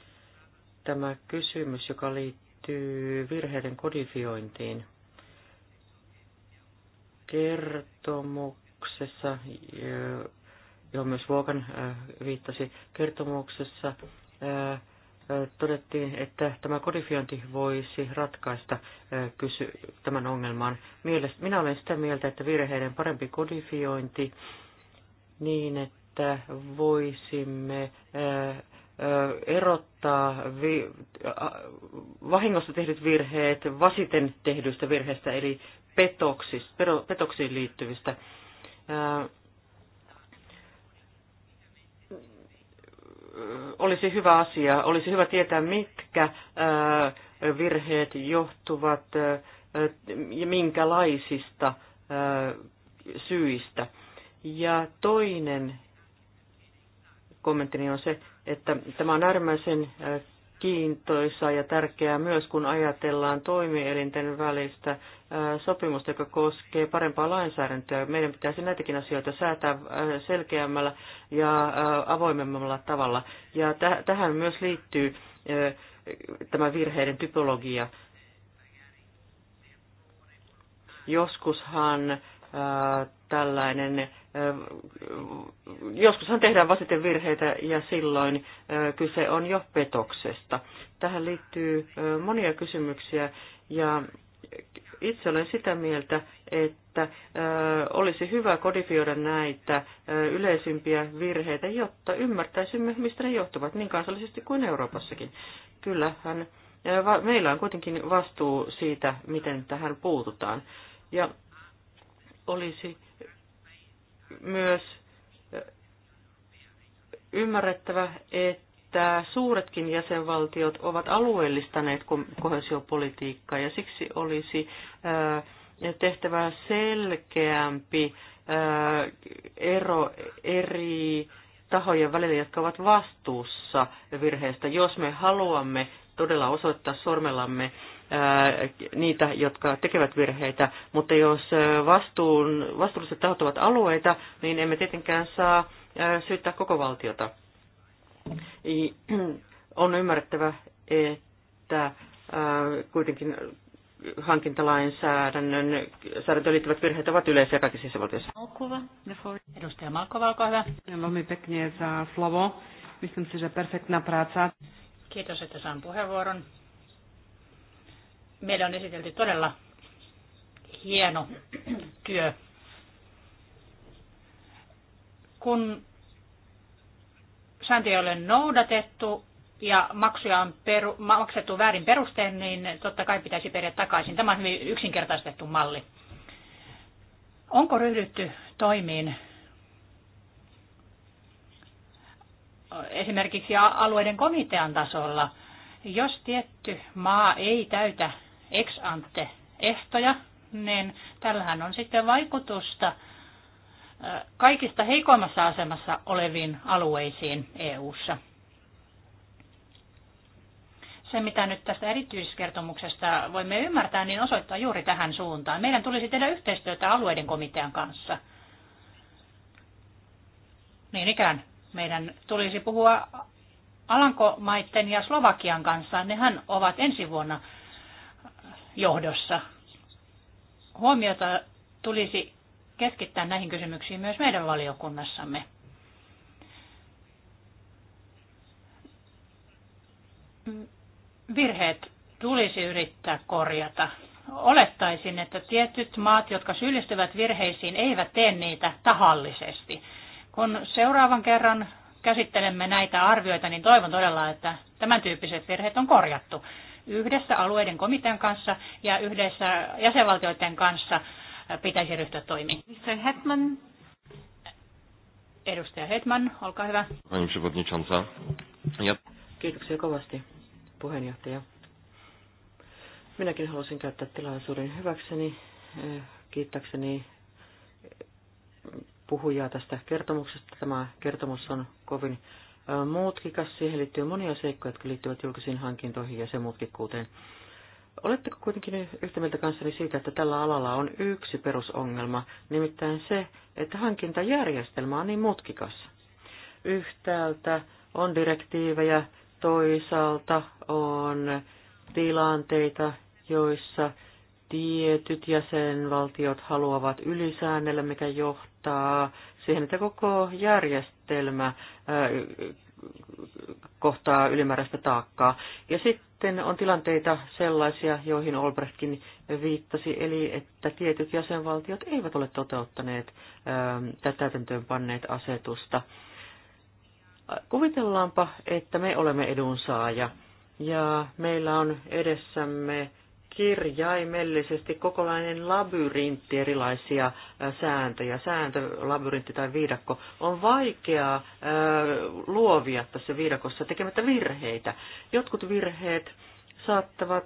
tämä kysymys, joka liittyy virheiden kodifiointiin. Kertomuksessa, johon myös Vuokan äh, viittasi, kertomuksessa äh, todettiin, että tämä kodifiointi voisi ratkaista äh, kysy- tämän ongelman. Minä olen sitä mieltä, että virheiden parempi kodifiointi niin, että että voisimme erottaa vi- vahingossa tehdyt virheet vasiten tehdyistä virheistä, eli petoksiin liittyvistä. Olisi hyvä asia, olisi hyvä tietää, mitkä virheet johtuvat ja minkälaisista syistä. Ja toinen kommenttini on se, että tämä on äärimmäisen äh, kiintoisa ja tärkeää myös, kun ajatellaan toimielinten välistä äh, sopimusta, joka koskee parempaa lainsäädäntöä. Meidän pitäisi näitäkin asioita säätää äh, selkeämmällä ja avoimemmalla tavalla. Ja tähän myös liittyy tämä virheiden typologia. Joskushan tällainen joskushan tehdään vasiten virheitä ja silloin kyse on jo petoksesta. Tähän liittyy monia kysymyksiä ja itse olen sitä mieltä, että olisi hyvä kodifioida näitä yleisimpiä virheitä, jotta ymmärtäisimme, mistä ne johtuvat niin kansallisesti kuin Euroopassakin. Kyllähän meillä on kuitenkin vastuu siitä, miten tähän puututaan. Ja olisi myös ymmärrettävä, että suuretkin jäsenvaltiot ovat alueellistaneet kohesiopolitiikkaa ja siksi olisi tehtävä selkeämpi ero eri tahojen välillä, jotka ovat vastuussa virheestä, jos me haluamme todella osoittaa sormellamme niitä, jotka tekevät virheitä, mutta jos vastuun, vastuulliset tahot ovat alueita, niin emme tietenkään saa syyttää koko valtiota. *clears throat* On ymmärrettävä, että kuitenkin hankintalainsäädännön säädäntöön liittyvät virheet ovat yleisiä kaikissa jäsenvaltioissa. Edustaja Malkova, olkaa hyvä. Lomi pekne za slovo. Myslím si, že perfektná práca. Kiitos, että saan puheenvuoron meillä on esitelty todella hieno työ. Kun sääntöjä on noudatettu ja maksuja on peru, maksettu väärin perusteen, niin totta kai pitäisi periä takaisin. Tämä on hyvin yksinkertaistettu malli. Onko ryhdytty toimiin esimerkiksi alueiden komitean tasolla, jos tietty maa ei täytä ex ante ehtoja, niin tällähän on sitten vaikutusta kaikista heikoimmassa asemassa oleviin alueisiin EU:ssa. Se, mitä nyt tästä erityiskertomuksesta voimme ymmärtää, niin osoittaa juuri tähän suuntaan. Meidän tulisi tehdä yhteistyötä alueiden komitean kanssa. Niin ikään meidän tulisi puhua Alankomaiden ja Slovakian kanssa. Nehän ovat ensi vuonna johdossa. Huomiota tulisi keskittää näihin kysymyksiin myös meidän valiokunnassamme. Virheet tulisi yrittää korjata. Olettaisin, että tietyt maat, jotka syyllistyvät virheisiin, eivät tee niitä tahallisesti. Kun seuraavan kerran käsittelemme näitä arvioita, niin toivon todella, että tämän tyyppiset virheet on korjattu yhdessä alueiden komitean kanssa ja yhdessä jäsenvaltioiden kanssa pitäisi ryhtyä toimiin. Mr. Hetman. Edustaja Hetman, olkaa hyvä. Pani przewodnicząca. Ja... Kiitoksia kovasti, puheenjohtaja. Minäkin halusin käyttää tilaisuuden hyväkseni, eh, kiittäkseni puhujaa tästä kertomuksesta. Tämä kertomus on kovin mutkikas. Siihen liittyy monia seikkoja, jotka liittyvät julkisiin hankintoihin ja sen mutkikkuuteen. Oletteko kuitenkin yhtä mieltä kanssani siitä, että tällä alalla on yksi perusongelma, nimittäin se, että hankintajärjestelmä on niin mutkikas? Yhtäältä on direktiivejä, toisaalta on tilanteita, joissa tietyt jäsenvaltiot haluavat ylisäännellä, mikä johtaa siihen, että koko järjestelmä kohtaa ylimääräistä taakkaa. Ja sitten on tilanteita sellaisia, joihin Olbrechtkin viittasi, eli että tietyt jäsenvaltiot eivät ole toteuttaneet tätä täytäntöön panneet asetusta. Kuvitellaanpa, että me olemme edunsaaja ja meillä on edessämme kirjaimellisesti kokonainen labyrintti erilaisia sääntöjä, sääntö, labyrintti tai viidakko, on vaikea luovia tässä viidakossa tekemättä virheitä. Jotkut virheet saattavat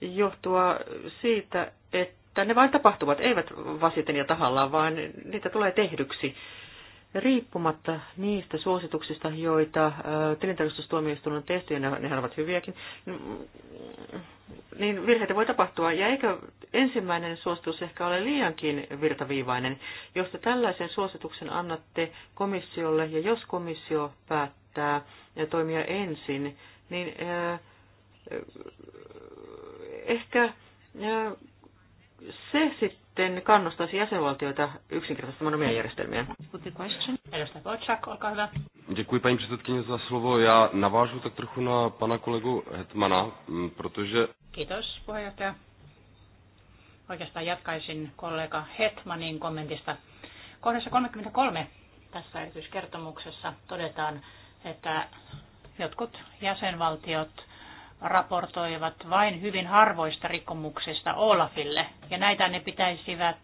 johtua siitä, että ne vain tapahtuvat, eivät vasiten ja tahallaan, vaan niitä tulee tehdyksi riippumatta niistä suosituksista, joita tilintarkastustuomioistuin on tehty, ja nehän ovat hyviäkin, niin virheitä voi tapahtua. Ja eikö ensimmäinen suositus ehkä ole liiankin virtaviivainen? Jos te tällaisen suosituksen annatte komissiolle, ja jos komissio päättää ja toimia ensin, niin ehkä se sitten sitten kannustaisi jäsenvaltioita yksinkertaistamaan omia järjestelmiään? Edustaja Děkuji paní předsedkyně za slovo. Já navážu tak trochu na pana kolegu Hetmana, mm, protože... Kiitos puheenjohtaja. Oikeastaan jatkaisin kollega Hetmanin kommentista. Kohdassa 33 tässä erityiskertomuksessa todetaan, että jotkut jäsenvaltiot raportoivat vain hyvin harvoista rikkomuksista Olafille, ja näitä ne pitäisivät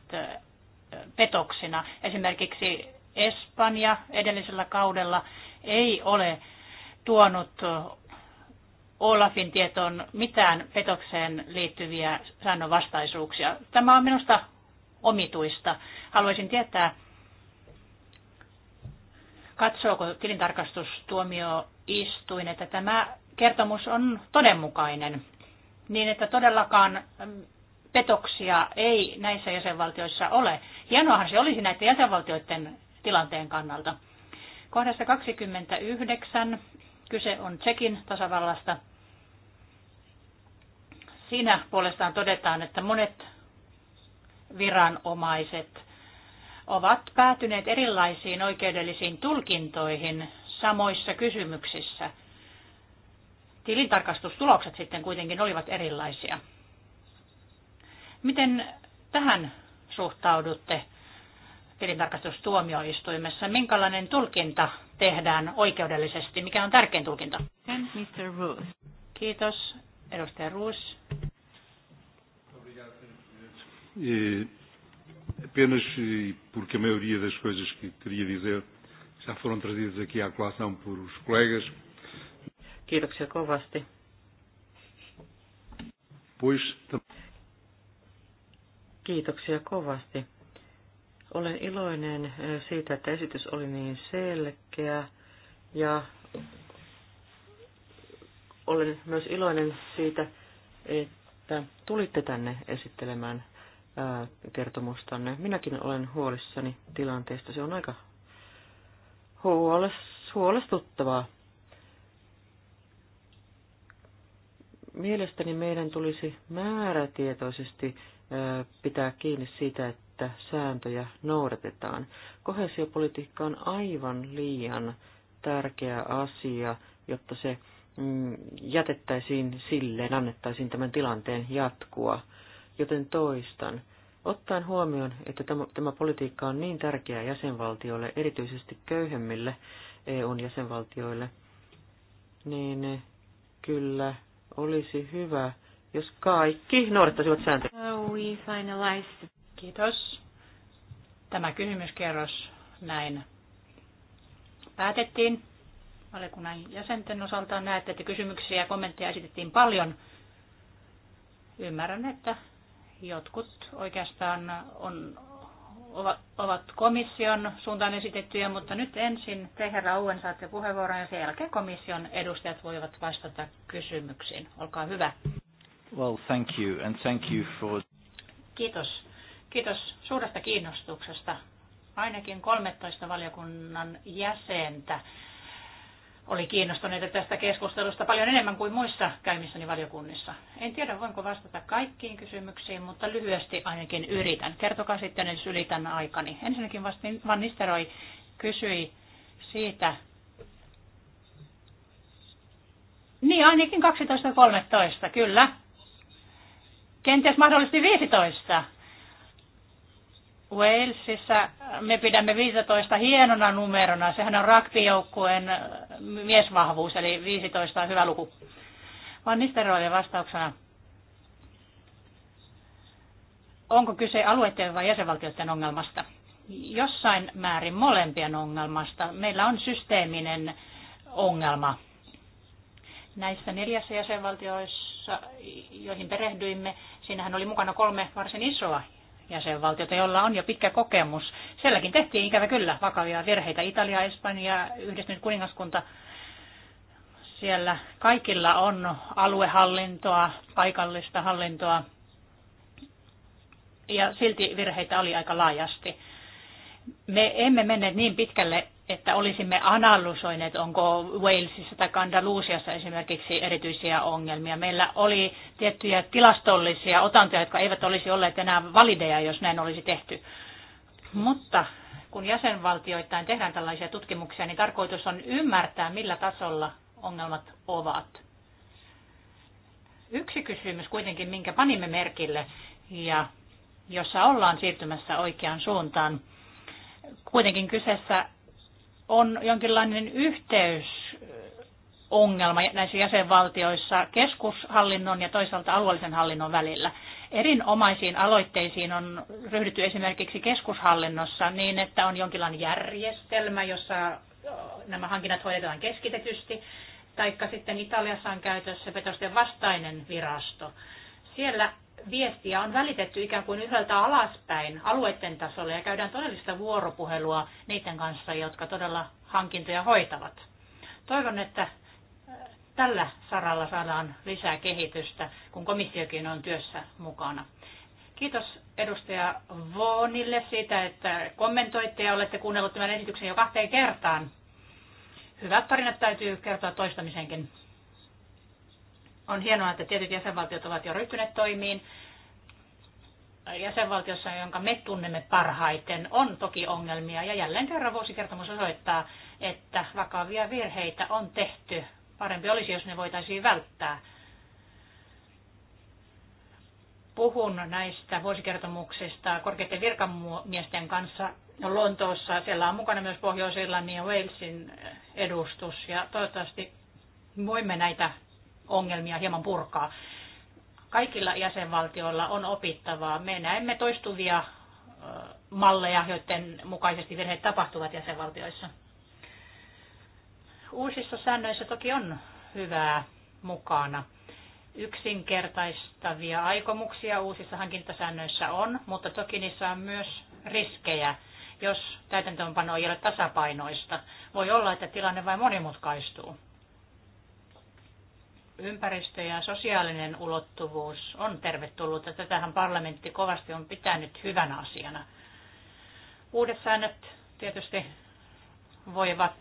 petoksina. Esimerkiksi Espanja edellisellä kaudella ei ole tuonut Olafin tietoon mitään petokseen liittyviä säännönvastaisuuksia. Tämä on minusta omituista. Haluaisin tietää, katsooko tilintarkastustuomioistuin, että tämä kertomus on todenmukainen, niin että todellakaan mm, petoksia ei näissä jäsenvaltioissa ole. Hienoahan se olisi näiden jäsenvaltioiden tilanteen kannalta. Kohdassa 29 kyse on Tsekin tasavallasta. Siinä puolestaan todetaan, että monet viranomaiset ovat päätyneet erilaisiin oikeudellisiin tulkintoihin samoissa kysymyksissä – tilintarkastustulokset sitten kuitenkin olivat erilaisia. Miten tähän suhtaudutte tilintarkastustuomioistuimessa? Minkälainen tulkinta tehdään oikeudellisesti? Mikä on tärkein tulkinta? Mr. Ruth, Kiitos. Edustaja Roos. E, apenas e, porque a maioria das coisas que queria dizer já foram trazidas aqui à colação por os colegas. Kiitoksia kovasti. Puista. Kiitoksia kovasti. Olen iloinen siitä, että esitys oli niin selkeä ja olen myös iloinen siitä, että tulitte tänne esittelemään kertomustanne. Minäkin olen huolissani tilanteesta. Se on aika huolestuttavaa. Mielestäni meidän tulisi määrätietoisesti pitää kiinni siitä, että sääntöjä noudatetaan. Kohesiopolitiikka on aivan liian tärkeä asia, jotta se mm, jätettäisiin silleen, annettaisiin tämän tilanteen jatkua. Joten toistan. Ottaen huomioon, että tämä, tämä politiikka on niin tärkeää jäsenvaltioille, erityisesti köyhemmille EUn jäsenvaltioille, niin kyllä olisi hyvä, jos kaikki noudattaisivat sääntöjä. Uh, we finalized. Kiitos. Tämä kysymyskerros näin päätettiin valiokunnan jäsenten osalta. Näette, että kysymyksiä ja kommentteja esitettiin paljon. Ymmärrän, että jotkut oikeastaan on ovat komission suuntaan esitettyjä, mutta nyt ensin te herra Uen, saatte puheenvuoron ja sen jälkeen komission edustajat voivat vastata kysymyksiin. Olkaa hyvä. Well, thank you and thank you for... Kiitos. Kiitos suuresta kiinnostuksesta. Ainakin 13 valiokunnan jäsentä oli kiinnostuneita tästä keskustelusta paljon enemmän kuin muissa käymissäni valiokunnissa. En tiedä, voinko vastata kaikkiin kysymyksiin, mutta lyhyesti ainakin yritän. Kertokaa sitten, jos ylitän aikani. Ensinnäkin Van Nisteroi kysyi siitä, niin ainakin 12.13, kyllä. Kenties mahdollisesti 15. Walesissa me pidämme 15 hienona numerona. Sehän on rugbyjoukkueen miesvahvuus, eli 15 on hyvä luku. Van Nisteroille vastauksena. Onko kyse alueiden vai jäsenvaltioiden ongelmasta? Jossain määrin molempien ongelmasta. Meillä on systeeminen ongelma. Näissä neljässä jäsenvaltioissa, joihin perehdyimme, siinähän oli mukana kolme varsin isoa jäsenvaltiota, jolla on jo pitkä kokemus. Sielläkin tehtiin ikävä kyllä vakavia virheitä. Italia, Espanja, Yhdistynyt kuningaskunta, siellä kaikilla on aluehallintoa, paikallista hallintoa, ja silti virheitä oli aika laajasti. Me emme menneet niin pitkälle että olisimme analysoineet, onko Walesissa tai Andalusiassa esimerkiksi erityisiä ongelmia. Meillä oli tiettyjä tilastollisia otantoja, jotka eivät olisi olleet enää valideja, jos näin olisi tehty. Mutta kun jäsenvaltioittain tehdään tällaisia tutkimuksia, niin tarkoitus on ymmärtää, millä tasolla ongelmat ovat. Yksi kysymys kuitenkin, minkä panimme merkille ja jossa ollaan siirtymässä oikeaan suuntaan. Kuitenkin kyseessä on jonkinlainen yhteysongelma näissä jäsenvaltioissa keskushallinnon ja toisaalta alueellisen hallinnon välillä. Erinomaisiin aloitteisiin on ryhdytty esimerkiksi keskushallinnossa niin, että on jonkinlainen järjestelmä, jossa nämä hankinnat hoidetaan keskitetysti, taikka sitten Italiassa on käytössä petosten vastainen virasto. Siellä viestiä on välitetty ikään kuin yhdeltä alaspäin alueiden tasolla ja käydään todellista vuoropuhelua niiden kanssa, jotka todella hankintoja hoitavat. Toivon, että äh, tällä saralla saadaan lisää kehitystä, kun komissiokin on työssä mukana. Kiitos edustaja Voonille siitä, että kommentoitte ja olette kuunnellut tämän esityksen jo kahteen kertaan. Hyvät tarinat täytyy kertoa toistamisenkin. On hienoa, että tietyt jäsenvaltiot ovat jo ryhtyneet toimiin. Jäsenvaltiossa, jonka me tunnemme parhaiten, on toki ongelmia. Ja jälleen kerran vuosikertomus osoittaa, että vakavia virheitä on tehty. Parempi olisi, jos ne voitaisiin välttää puhun näistä vuosikertomuksista korkeiden virkamiesten kanssa Lontoossa. Siellä on mukana myös Pohjois-Irlannin ja Walesin edustus ja toivottavasti voimme näitä ongelmia hieman purkaa. Kaikilla jäsenvaltioilla on opittavaa. Me näemme toistuvia malleja, joiden mukaisesti virheet tapahtuvat jäsenvaltioissa. Uusissa säännöissä toki on hyvää mukana. Yksinkertaistavia aikomuksia uusissa hankintasäännöissä on, mutta toki niissä on myös riskejä, jos täytäntöönpano ei ole tasapainoista. Voi olla, että tilanne vain monimutkaistuu ympäristö- ja sosiaalinen ulottuvuus on tervetullut, ja tätähän parlamentti kovasti on pitänyt hyvänä asiana. Uudet säännöt tietysti voivat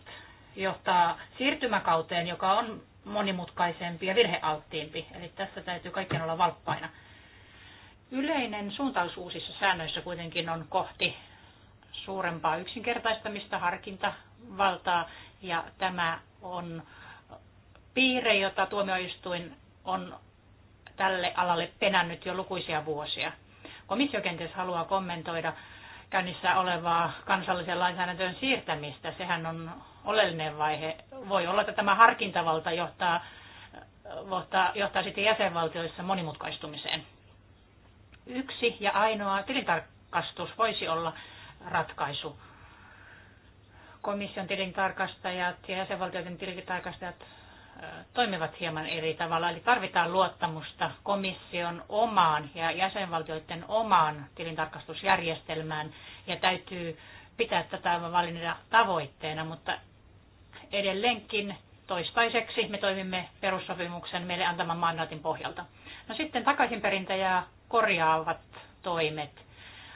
johtaa siirtymäkauteen, joka on monimutkaisempi ja virhealttiimpi, eli tässä täytyy kaikkien olla valppaina. Yleinen suuntaus uusissa säännöissä kuitenkin on kohti suurempaa yksinkertaistamista, harkintavaltaa, ja tämä on piirre, jota tuomioistuin on tälle alalle penännyt jo lukuisia vuosia. Komissio kenties haluaa kommentoida käynnissä olevaa kansallisen lainsäädäntöön siirtämistä. Sehän on oleellinen vaihe. Voi olla, että tämä harkintavalta johtaa, johtaa, johtaa sitten jäsenvaltioissa monimutkaistumiseen. Yksi ja ainoa tilintarkastus voisi olla ratkaisu. Komission tilintarkastajat ja jäsenvaltioiden tilintarkastajat toimivat hieman eri tavalla. Eli tarvitaan luottamusta komission omaan ja jäsenvaltioiden omaan tilintarkastusjärjestelmään ja täytyy pitää tätä valinnan tavoitteena, mutta edelleenkin toistaiseksi me toimimme perussopimuksen meille antaman mandaatin pohjalta. No sitten takaisinperintä ja korjaavat toimet.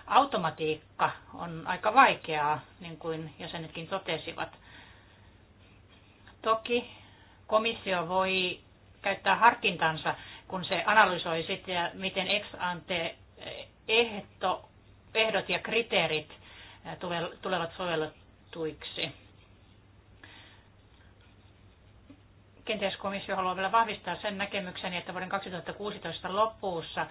Automatiikka on aika vaikeaa, niin kuin jäsenetkin totesivat. Toki komissio voi käyttää harkintansa, kun se analysoi sitä, miten ex ante ehto, ehdot ja kriteerit tulevat sovellettuiksi. Kenties komissio haluaa vielä vahvistaa sen näkemyksen, että vuoden 2016 lopussa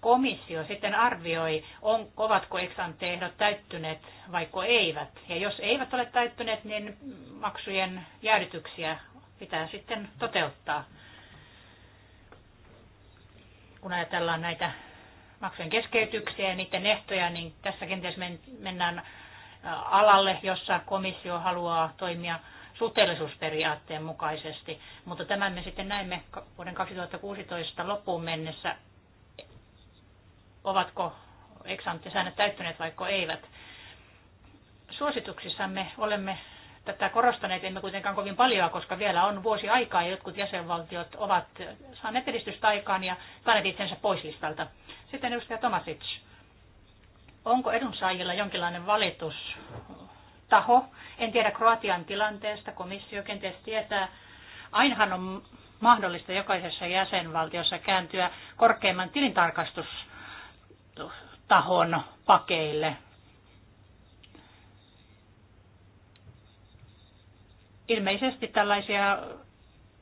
komissio sitten arvioi, on, ovatko eksanteehdot täyttyneet vaiko eivät. Ja jos eivät ole täyttyneet, niin maksujen jäädytyksiä pitää sitten toteuttaa. Kun ajatellaan näitä maksujen keskeytyksiä ja niiden ehtoja, niin tässä kenties mennään alalle, jossa komissio haluaa toimia suhteellisuusperiaatteen mukaisesti. Mutta tämän me sitten näemme vuoden 2016 loppuun mennessä, ovatko eksanttisäännöt täyttyneet vaikka eivät. Suosituksissamme olemme tätä korostaneet emme kuitenkaan kovin paljon, koska vielä on vuosi aikaa ja jotkut jäsenvaltiot ovat saaneet edistystä aikaan ja saaneet itsensä pois listalta. Sitten edustaja Tomasic. Onko edunsaajilla jonkinlainen valitustaho? En tiedä Kroatian tilanteesta, komissio kenties tietää. Ainahan on mahdollista jokaisessa jäsenvaltiossa kääntyä korkeimman tilintarkastustahon pakeille ilmeisesti tällaisia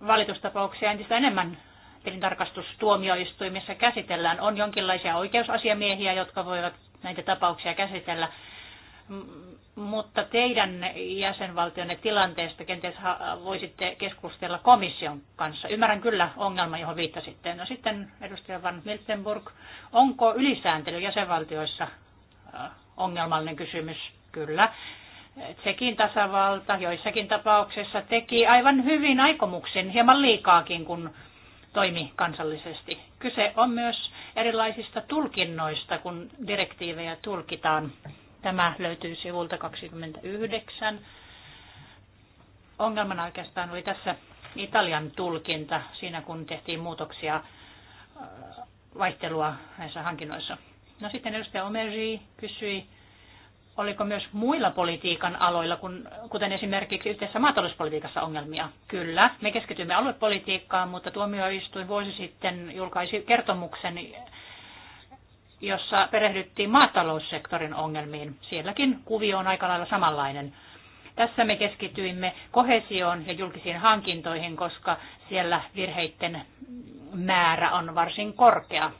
valitustapauksia entistä enemmän tilintarkastustuomioistuimissa käsitellään. On jonkinlaisia oikeusasiamiehiä, jotka voivat näitä tapauksia käsitellä. Mutta teidän jäsenvaltionne tilanteesta kenties voisitte keskustella komission kanssa. Ymmärrän kyllä ongelman, johon viittasitte. No sitten edustaja Van Miltenburg, onko ylisääntely jäsenvaltioissa ongelmallinen kysymys? Kyllä. Tsekin tasavalta joissakin tapauksissa teki aivan hyvin aikomuksen, hieman liikaakin, kun toimi kansallisesti. Kyse on myös erilaisista tulkinnoista, kun direktiivejä tulkitaan. Tämä löytyy sivulta 29. Ongelmana oikeastaan oli tässä Italian tulkinta siinä, kun tehtiin muutoksia äh, vaihtelua näissä hankinnoissa. No sitten edustaja Omeri kysyi Oliko myös muilla politiikan aloilla, kun, kuten esimerkiksi yhteisessä maatalouspolitiikassa ongelmia? Kyllä, me keskitymme aluepolitiikkaan, mutta tuomioistuin vuosi sitten julkaisi kertomuksen, jossa perehdyttiin maataloussektorin ongelmiin. Sielläkin kuvio on aika lailla samanlainen. Tässä me keskityimme kohesioon ja julkisiin hankintoihin, koska siellä virheiden määrä on varsin korkea.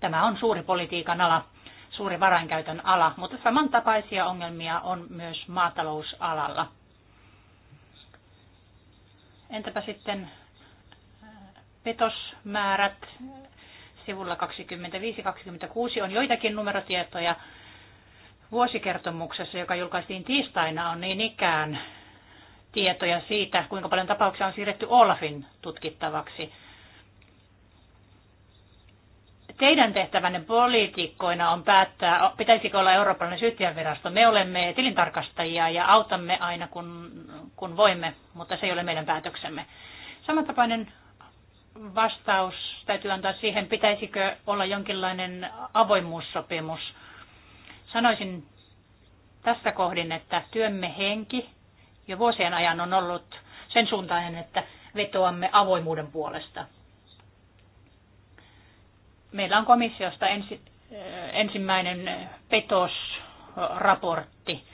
Tämä on suuri politiikan ala suuri varainkäytön ala, mutta samantapaisia ongelmia on myös maatalousalalla. Entäpä sitten äh, petosmäärät sivulla 25-26 on joitakin numerotietoja. Vuosikertomuksessa, joka julkaistiin tiistaina, on niin ikään tietoja siitä, kuinka paljon tapauksia on siirretty Olafin tutkittavaksi – Teidän tehtävänne poliitikkoina on päättää, pitäisikö olla Eurooppalainen syyttäjänvirasto. Me olemme tilintarkastajia ja autamme aina kun, kun voimme, mutta se ei ole meidän päätöksemme. Samantapainen vastaus täytyy antaa siihen, pitäisikö olla jonkinlainen avoimuussopimus. Sanoisin tässä kohdin, että työmme henki jo vuosien ajan on ollut sen suuntainen, että vetoamme avoimuuden puolesta. Meillä on komissiosta ensi, eh, ensimmäinen petosraportti.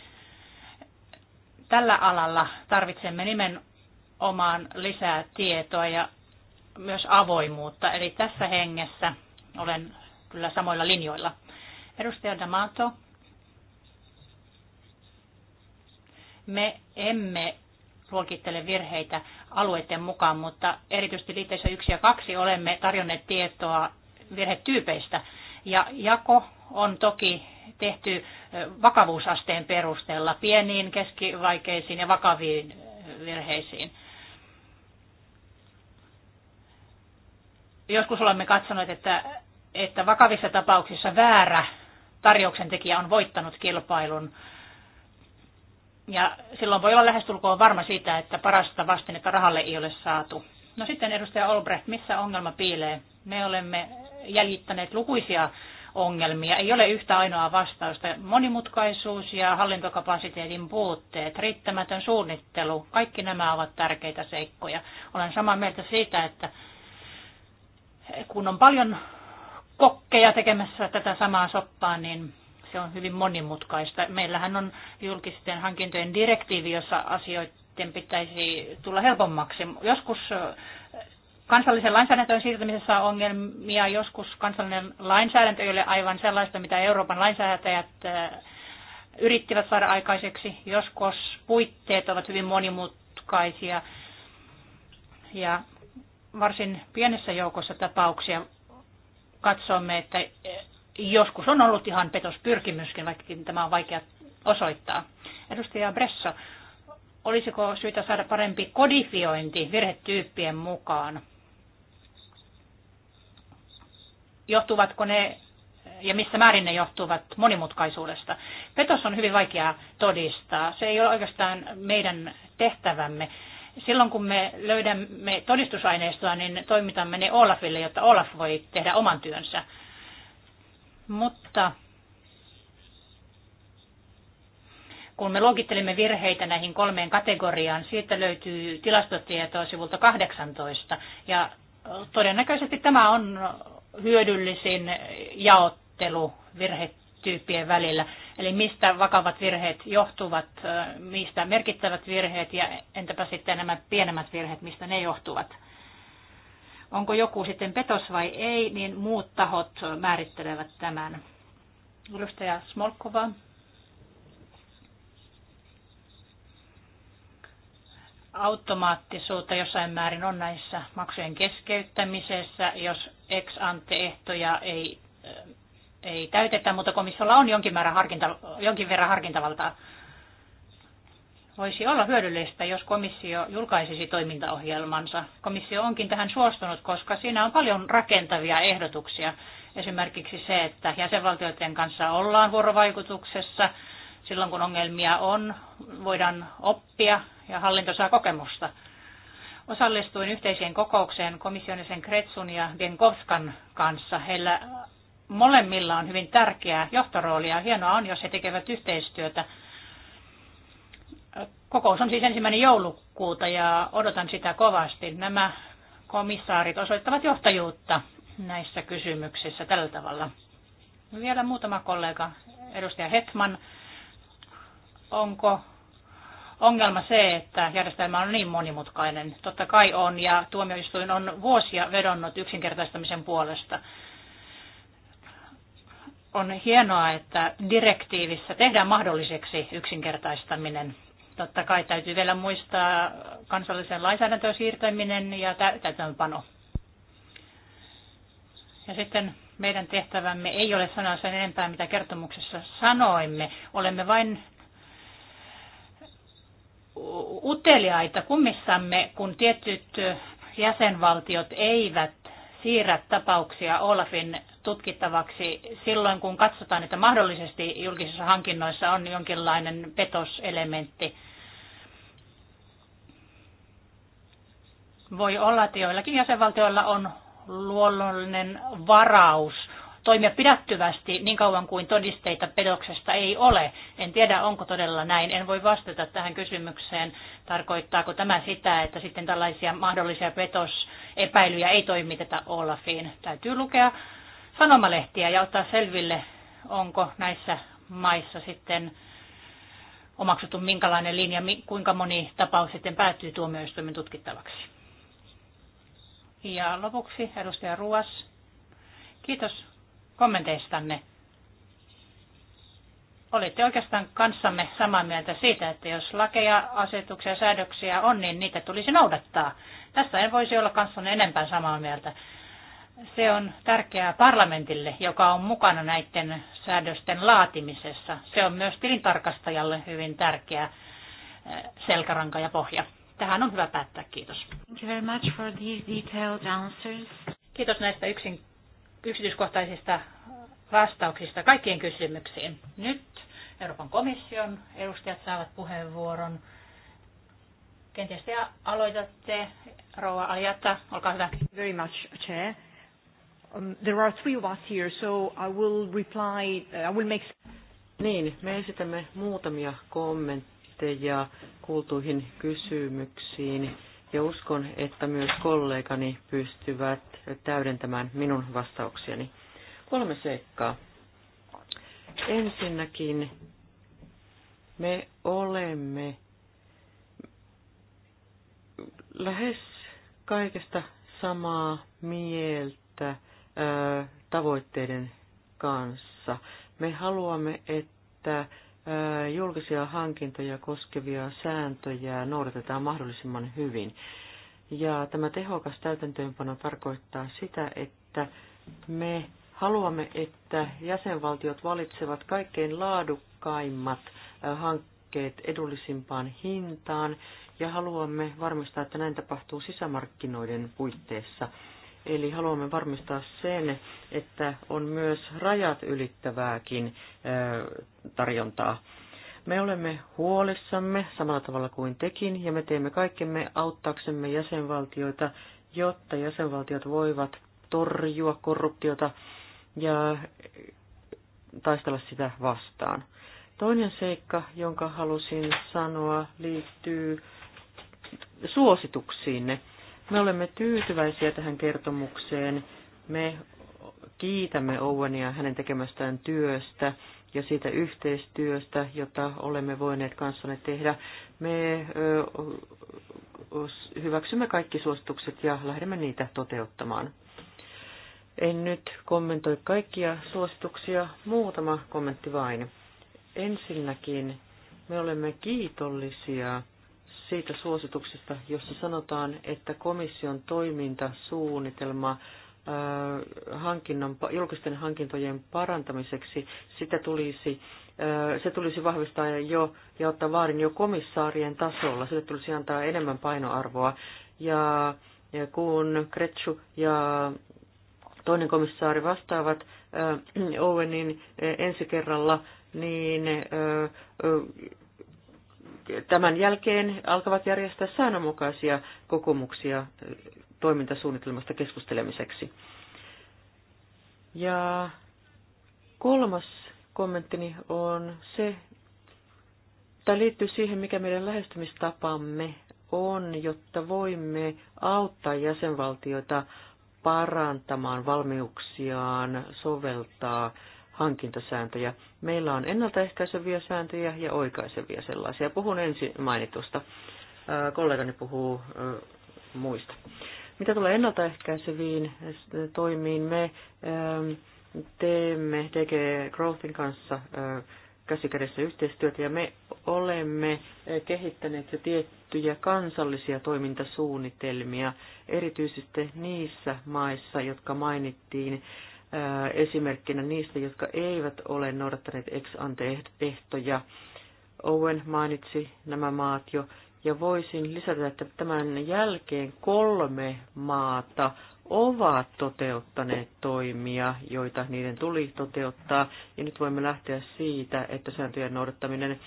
Tällä alalla tarvitsemme nimenomaan lisää tietoa ja myös avoimuutta. Eli tässä hengessä olen kyllä samoilla linjoilla. Edustaja Damato, me emme luokittele virheitä alueiden mukaan, mutta erityisesti liitteissä 1 ja 2 olemme tarjonneet tietoa virhetyypeistä. Ja jako on toki tehty vakavuusasteen perusteella pieniin, keskivaikeisiin ja vakaviin virheisiin. Joskus olemme katsoneet, että, että vakavissa tapauksissa väärä tarjouksen tekijä on voittanut kilpailun. Ja silloin voi olla lähestulkoon varma siitä, että parasta vastinetta rahalle ei ole saatu. No sitten edustaja Olbrecht, missä ongelma piilee? Me olemme jäljittäneet lukuisia ongelmia. Ei ole yhtä ainoa vastausta. Monimutkaisuus ja hallintokapasiteetin puutteet, riittämätön suunnittelu, kaikki nämä ovat tärkeitä seikkoja. Olen samaa mieltä siitä, että kun on paljon kokkeja tekemässä tätä samaa soppaa, niin se on hyvin monimutkaista. Meillähän on julkisten hankintojen direktiivi, jossa asioiden pitäisi tulla helpommaksi. Joskus Kansallisen lainsäädäntöön siirtämisessä on ongelmia. Joskus kansallinen lainsäädäntö ei ole aivan sellaista, mitä Euroopan lainsäätäjät eh, yrittivät saada aikaiseksi. Joskus puitteet ovat hyvin monimutkaisia ja varsin pienessä joukossa tapauksia katsomme, että eh, joskus on ollut ihan petospyrkimyskin, vaikkakin tämä on vaikea osoittaa. Edustaja Bresso, olisiko syytä saada parempi kodifiointi virhetyyppien mukaan? johtuvatko ne ja missä määrin ne johtuvat monimutkaisuudesta. Petos on hyvin vaikeaa todistaa. Se ei ole oikeastaan meidän tehtävämme. Silloin kun me löydämme todistusaineistoa, niin toimitamme ne Olafille, jotta Olaf voi tehdä oman työnsä. Mutta kun me logittelemme virheitä näihin kolmeen kategoriaan, siitä löytyy tilastotietoa sivulta 18. Ja todennäköisesti tämä on hyödyllisin jaottelu virhetyyppien välillä. Eli mistä vakavat virheet johtuvat, mistä merkittävät virheet ja entäpä sitten nämä pienemmät virheet, mistä ne johtuvat. Onko joku sitten petos vai ei, niin muut tahot määrittelevät tämän. Edustaja Smolkova. automaattisuutta jossain määrin on näissä maksujen keskeyttämisessä, jos ex ante ehtoja ei, ei täytetä, mutta komissiolla on jonkin, määrä harkinta, jonkin verran harkintavaltaa. Voisi olla hyödyllistä, jos komissio julkaisisi toimintaohjelmansa. Komissio onkin tähän suostunut, koska siinä on paljon rakentavia ehdotuksia. Esimerkiksi se, että jäsenvaltioiden kanssa ollaan vuorovaikutuksessa, silloin kun ongelmia on, voidaan oppia ja hallinto saa kokemusta. Osallistuin yhteiseen kokoukseen komissionisen Kretsun ja Bienkovskan kanssa. Heillä molemmilla on hyvin tärkeää johtoroolia. Hienoa on, jos he tekevät yhteistyötä. Kokous on siis ensimmäinen joulukuuta ja odotan sitä kovasti. Nämä komissaarit osoittavat johtajuutta näissä kysymyksissä tällä tavalla. Vielä muutama kollega. Edustaja Hetman, onko ongelma se, että järjestelmä on niin monimutkainen. Totta kai on, ja tuomioistuin on vuosia vedonnut yksinkertaistamisen puolesta. On hienoa, että direktiivissä tehdään mahdolliseksi yksinkertaistaminen. Totta kai täytyy vielä muistaa kansallisen lainsäädäntöön siirtäminen ja täytäntöönpano. Ja sitten meidän tehtävämme ei ole sanoa sen enempää, mitä kertomuksessa sanoimme. Olemme vain uteliaita kummissamme, kun tietyt jäsenvaltiot eivät siirrä tapauksia Olafin tutkittavaksi silloin, kun katsotaan, että mahdollisesti julkisissa hankinnoissa on jonkinlainen petoselementti. Voi olla, että joillakin jäsenvaltioilla on luonnollinen varaus toimia pidättyvästi niin kauan kuin todisteita pedoksesta ei ole. En tiedä, onko todella näin. En voi vastata tähän kysymykseen. Tarkoittaako tämä sitä, että sitten tällaisia mahdollisia petosepäilyjä ei toimiteta Olafiin? Täytyy lukea sanomalehtiä ja ottaa selville, onko näissä maissa sitten omaksuttu minkälainen linja, kuinka moni tapaus sitten päätyy tuomioistuimen tutkittavaksi. Ja lopuksi edustaja Ruas. Kiitos kommenteistanne. Olitte oikeastaan kanssamme samaa mieltä siitä, että jos lakeja, asetuksia ja säädöksiä on, niin niitä tulisi noudattaa. Tässä en voisi olla kanssanne enempää samaa mieltä. Se on tärkeää parlamentille, joka on mukana näiden säädösten laatimisessa. Se on myös tilintarkastajalle hyvin tärkeä eh, selkäranka ja pohja. Tähän on hyvä päättää. Kiitos. Thank you very much for these detailed answers. Kiitos näistä yksin yksityiskohtaisista vastauksista kaikkien kysymyksiin. Nyt Euroopan komission edustajat saavat puheenvuoron. Kenties te aloitatte, Rouva Aljata, olkaa hyvä. Very much, Chair. Um, there are three of us here, so I will reply, uh, I will make... Niin, me esitämme muutamia kommentteja kuultuihin kysymyksiin ja uskon, että myös kollegani pystyvät täydentämään minun vastauksiani. Kolme seikkaa. Ensinnäkin me olemme lähes kaikesta samaa mieltä tavoitteiden kanssa. Me haluamme, että julkisia hankintoja koskevia sääntöjä noudatetaan mahdollisimman hyvin. Ja tämä tehokas täytäntöönpano tarkoittaa sitä, että me haluamme, että jäsenvaltiot valitsevat kaikkein laadukkaimmat hankkeet edullisimpaan hintaan ja haluamme varmistaa, että näin tapahtuu sisämarkkinoiden puitteissa – Eli haluamme varmistaa sen, että on myös rajat ylittävääkin tarjontaa. Me olemme huolissamme samalla tavalla kuin tekin ja me teemme kaikkemme auttaaksemme jäsenvaltioita, jotta jäsenvaltiot voivat torjua korruptiota ja taistella sitä vastaan. Toinen seikka, jonka halusin sanoa, liittyy suosituksiinne. Me olemme tyytyväisiä tähän kertomukseen. Me kiitämme Owenia hänen tekemästään työstä ja siitä yhteistyöstä, jota olemme voineet kanssanne tehdä. Me hyväksymme kaikki suositukset ja lähdemme niitä toteuttamaan. En nyt kommentoi kaikkia suosituksia, muutama kommentti vain. Ensinnäkin me olemme kiitollisia siitä suosituksesta, jossa sanotaan, että komission toimintasuunnitelma äh, hankinnan, julkisten hankintojen parantamiseksi, sitä tulisi, äh, se tulisi vahvistaa jo ja ottaa vaarin jo komissaarien tasolla. Sille tulisi antaa enemmän painoarvoa. Ja, ja kun Kretsu ja toinen komissaari vastaavat äh, Owenin ensi kerralla, niin tämän jälkeen alkavat järjestää säännönmukaisia kokoomuksia toimintasuunnitelmasta keskustelemiseksi. Ja kolmas kommenttini on se, että liittyy siihen, mikä meidän lähestymistapamme on, jotta voimme auttaa jäsenvaltioita parantamaan valmiuksiaan soveltaa hankintasääntöjä. Meillä on ennaltaehkäiseviä sääntöjä ja oikaisevia sellaisia. Puhun ensin mainitusta. Äh, kollegani puhuu äh, muista. Mitä tulee ennaltaehkäiseviin äh, toimiin, me ähm, teemme DG Growthin kanssa käsikädessä yhteistyötä ja me olemme kehittäneet jo tiettyjä kansallisia toimintasuunnitelmia, erityisesti niissä maissa, jotka mainittiin esimerkkinä niistä, jotka eivät ole noudattaneet ex ante ehtoja. Owen mainitsi nämä maat jo, ja voisin lisätä, että tämän jälkeen kolme maata ovat toteuttaneet toimia, joita niiden tuli toteuttaa, ja nyt voimme lähteä siitä, että sääntöjen noudattaminen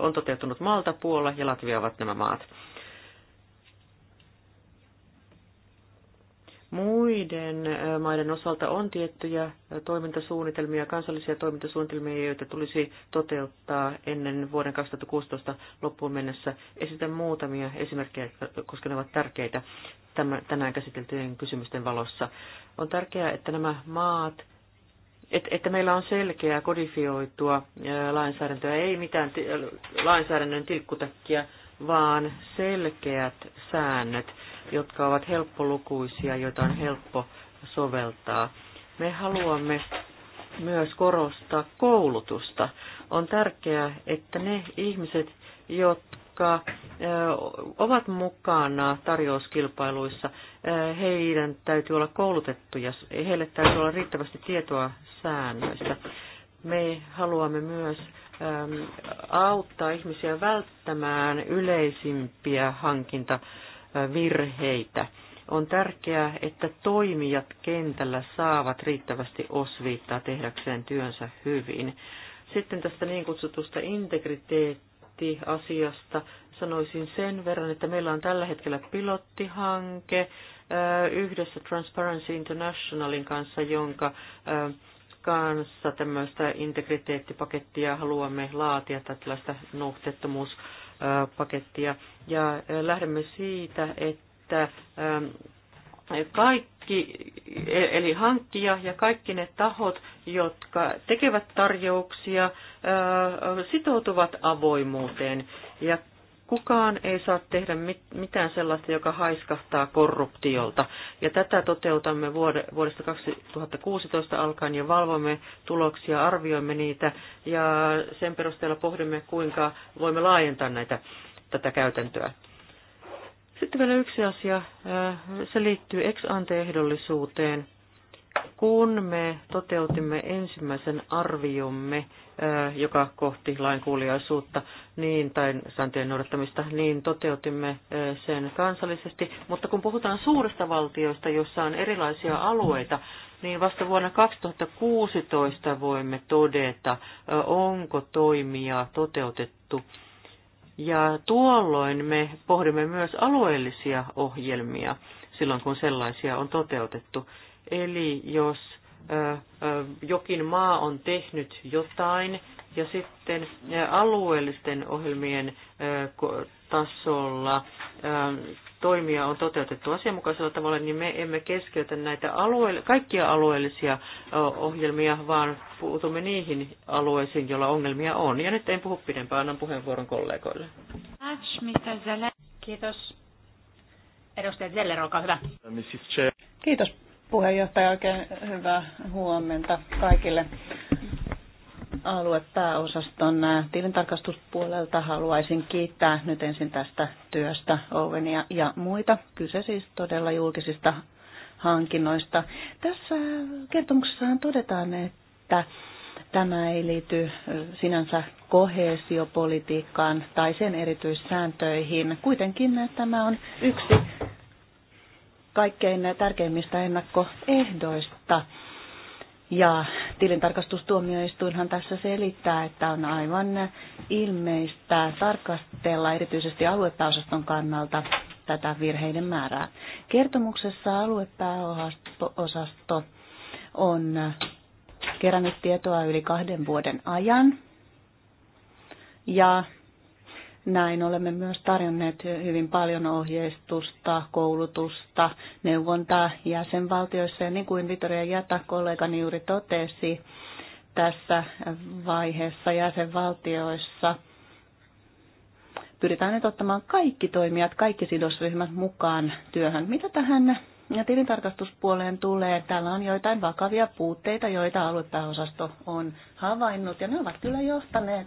on toteutunut Malta, Puola ja Latvia ovat nämä maat. Muiden maiden osalta on tiettyjä toimintasuunnitelmia, kansallisia toimintasuunnitelmia, joita tulisi toteuttaa ennen vuoden 2016 loppuun mennessä. Esitän muutamia esimerkkejä, koska ne ovat tärkeitä tänään käsiteltyjen kysymysten valossa. On tärkeää, että nämä maat että meillä on selkeää kodifioitua lainsäädäntöä, ei mitään lainsäädännön tilkkutäkkiä, vaan selkeät säännöt jotka ovat helppolukuisia, joita on helppo soveltaa. Me haluamme myös korostaa koulutusta. On tärkeää, että ne ihmiset, jotka ovat mukana tarjouskilpailuissa, heidän täytyy olla koulutettuja, heille täytyy olla riittävästi tietoa säännöistä. Me haluamme myös auttaa ihmisiä välttämään yleisimpiä hankinta- virheitä. On tärkeää, että toimijat kentällä saavat riittävästi osviittaa tehdäkseen työnsä hyvin. Sitten tästä niin kutsutusta integriteettiasiasta sanoisin sen verran, että meillä on tällä hetkellä pilottihanke yhdessä Transparency Internationalin kanssa, jonka kanssa tämmöistä integriteettipakettia haluamme laatia, tällaista nuhteettomuus- pakettia. Ja e, lähdemme siitä, että e, kaikki, e, eli hankkija ja kaikki ne tahot, jotka tekevät tarjouksia, sitoutuvat avoimuuteen. Ja Kukaan ei saa tehdä mitään sellaista, joka haiskahtaa korruptiolta. Ja tätä toteutamme vuodesta 2016 alkaen ja valvomme tuloksia, arvioimme niitä ja sen perusteella pohdimme, kuinka voimme laajentaa näitä, tätä käytäntöä. Sitten vielä yksi asia. Se liittyy ex-ante-ehdollisuuteen. Kun me toteutimme ensimmäisen arviomme, joka kohti lainkuuliaisuutta niin, tai sääntöjen noudattamista, niin toteutimme sen kansallisesti. Mutta kun puhutaan suurista valtioista, joissa on erilaisia alueita, niin vasta vuonna 2016 voimme todeta, onko toimia toteutettu. Ja tuolloin me pohdimme myös alueellisia ohjelmia silloin, kun sellaisia on toteutettu. Eli jos jokin maa on tehnyt jotain ja sitten alueellisten ohjelmien tasolla toimia on toteutettu asianmukaisella tavalla, niin me emme keskeytä näitä alue- kaikkia alueellisia ohjelmia, vaan puutumme niihin alueisiin, joilla ongelmia on. Ja nyt en puhu pidempään, annan puheenvuoron kollegoille. Kiitos. Edustaja Zeller, olkaa hyvä. Kiitos puheenjohtaja, oikein hyvää huomenta kaikille. Aluepääosaston tilintarkastuspuolelta haluaisin kiittää nyt ensin tästä työstä Ovenia ja muita. Kyse siis todella julkisista hankinnoista. Tässä kertomuksessahan todetaan, että tämä ei liity sinänsä kohesiopolitiikkaan tai sen erityissääntöihin. Kuitenkin tämä on yksi kaikkein tärkeimmistä ennakkoehdoista. Ja tilintarkastustuomioistuinhan tässä selittää, että on aivan ilmeistä tarkastella erityisesti aluepääosaston kannalta tätä virheiden määrää. Kertomuksessa aluepääosasto on kerännyt tietoa yli kahden vuoden ajan ja näin olemme myös tarjonneet hyvin paljon ohjeistusta, koulutusta, neuvontaa jäsenvaltioissa. Ja niin kuin Vitoria Jätä kollegani juuri totesi, tässä vaiheessa jäsenvaltioissa pyritään nyt ottamaan kaikki toimijat, kaikki sidosryhmät mukaan työhön. Mitä tähän ja tilintarkastuspuoleen tulee, täällä on joitain vakavia puutteita, joita aluepääosasto on havainnut, ja ne ovat kyllä johtaneet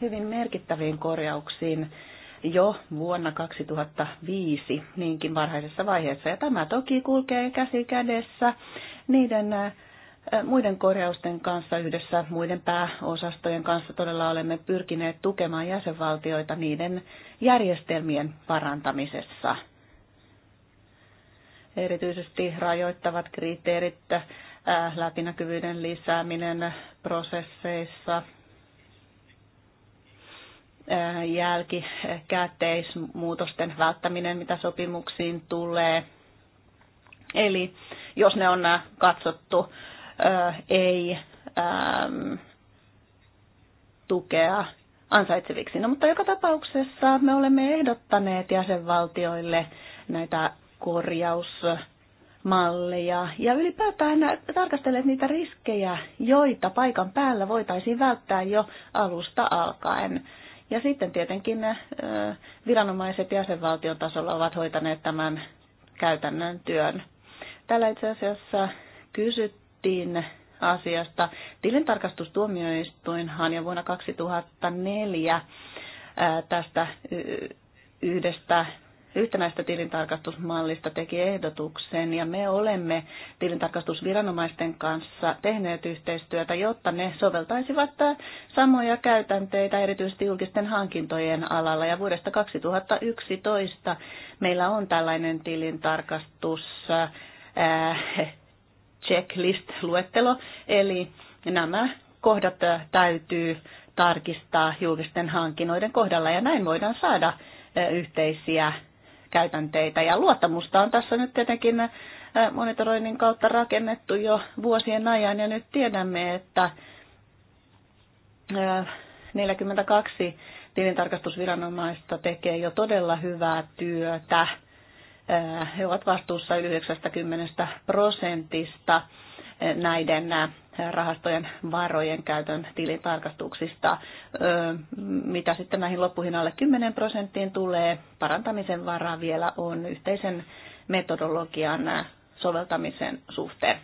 hyvin merkittäviin korjauksiin jo vuonna 2005 niinkin varhaisessa vaiheessa. Ja tämä toki kulkee käsi kädessä niiden äh, muiden korjausten kanssa yhdessä muiden pääosastojen kanssa todella olemme pyrkineet tukemaan jäsenvaltioita niiden järjestelmien parantamisessa erityisesti rajoittavat kriteerit, äh, läpinäkyvyyden lisääminen prosesseissa, äh, jälkikäteismuutosten välttäminen, mitä sopimuksiin tulee. Eli jos ne on äh, katsottu ei ähm, tukea ansaitseviksi. No, mutta joka tapauksessa me olemme ehdottaneet jäsenvaltioille näitä korjausmalleja ja ylipäätään tarkastelet niitä riskejä, joita paikan päällä voitaisiin välttää jo alusta alkaen. Ja sitten tietenkin ne viranomaiset jäsenvaltion tasolla ovat hoitaneet tämän käytännön työn. Täällä itse asiassa kysyttiin asiasta. Tilintarkastustuomioistuinhan jo vuonna 2004 tästä yhdestä yhtenäistä tilintarkastusmallista teki ehdotuksen ja me olemme tilintarkastusviranomaisten kanssa tehneet yhteistyötä, jotta ne soveltaisivat samoja käytänteitä erityisesti julkisten hankintojen alalla. Ja vuodesta 2011 meillä on tällainen tilintarkastus äh, checklist-luettelo, eli nämä kohdat täytyy tarkistaa julkisten hankinnoiden kohdalla ja näin voidaan saada äh, yhteisiä käytänteitä. Ja luottamusta on tässä nyt tietenkin äh, monitoroinnin kautta rakennettu jo vuosien ajan ja nyt tiedämme, että 42 äh, tilintarkastusviranomaista tekee jo todella hyvää työtä. Äh, he ovat vastuussa yli 90 prosentista näiden rahastojen varojen käytön tilitarkastuksista. Mitä sitten näihin loppuihin alle 10 prosenttiin tulee, parantamisen varaa vielä on yhteisen metodologian soveltamisen suhteen.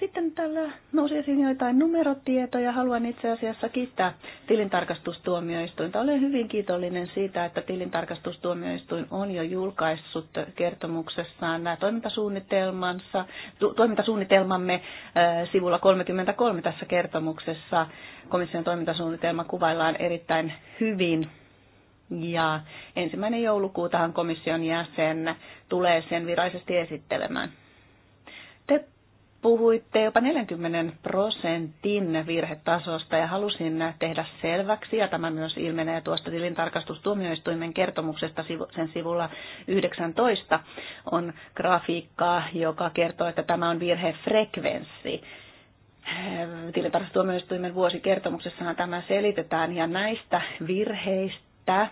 Sitten täällä nousi esiin joitain numerotietoja. Haluan itse asiassa kiittää tilintarkastustuomioistuinta. Olen hyvin kiitollinen siitä, että tilintarkastustuomioistuin on jo julkaissut kertomuksessaan nämä toimintasuunnitelmansa, toimintasuunnitelmamme äh, sivulla 33 tässä kertomuksessa. Komission toimintasuunnitelma kuvaillaan erittäin hyvin ja ensimmäinen joulukuutahan komission jäsen tulee sen virallisesti esittelemään puhuitte jopa 40 prosentin virhetasosta ja halusin tehdä selväksi, ja tämä myös ilmenee tuosta tilintarkastustuomioistuimen kertomuksesta sen sivulla 19 on grafiikkaa, joka kertoo, että tämä on virhefrekvenssi. Tilintarkastustuomioistuimen vuosikertomuksessahan tämä selitetään, ja näistä virheistä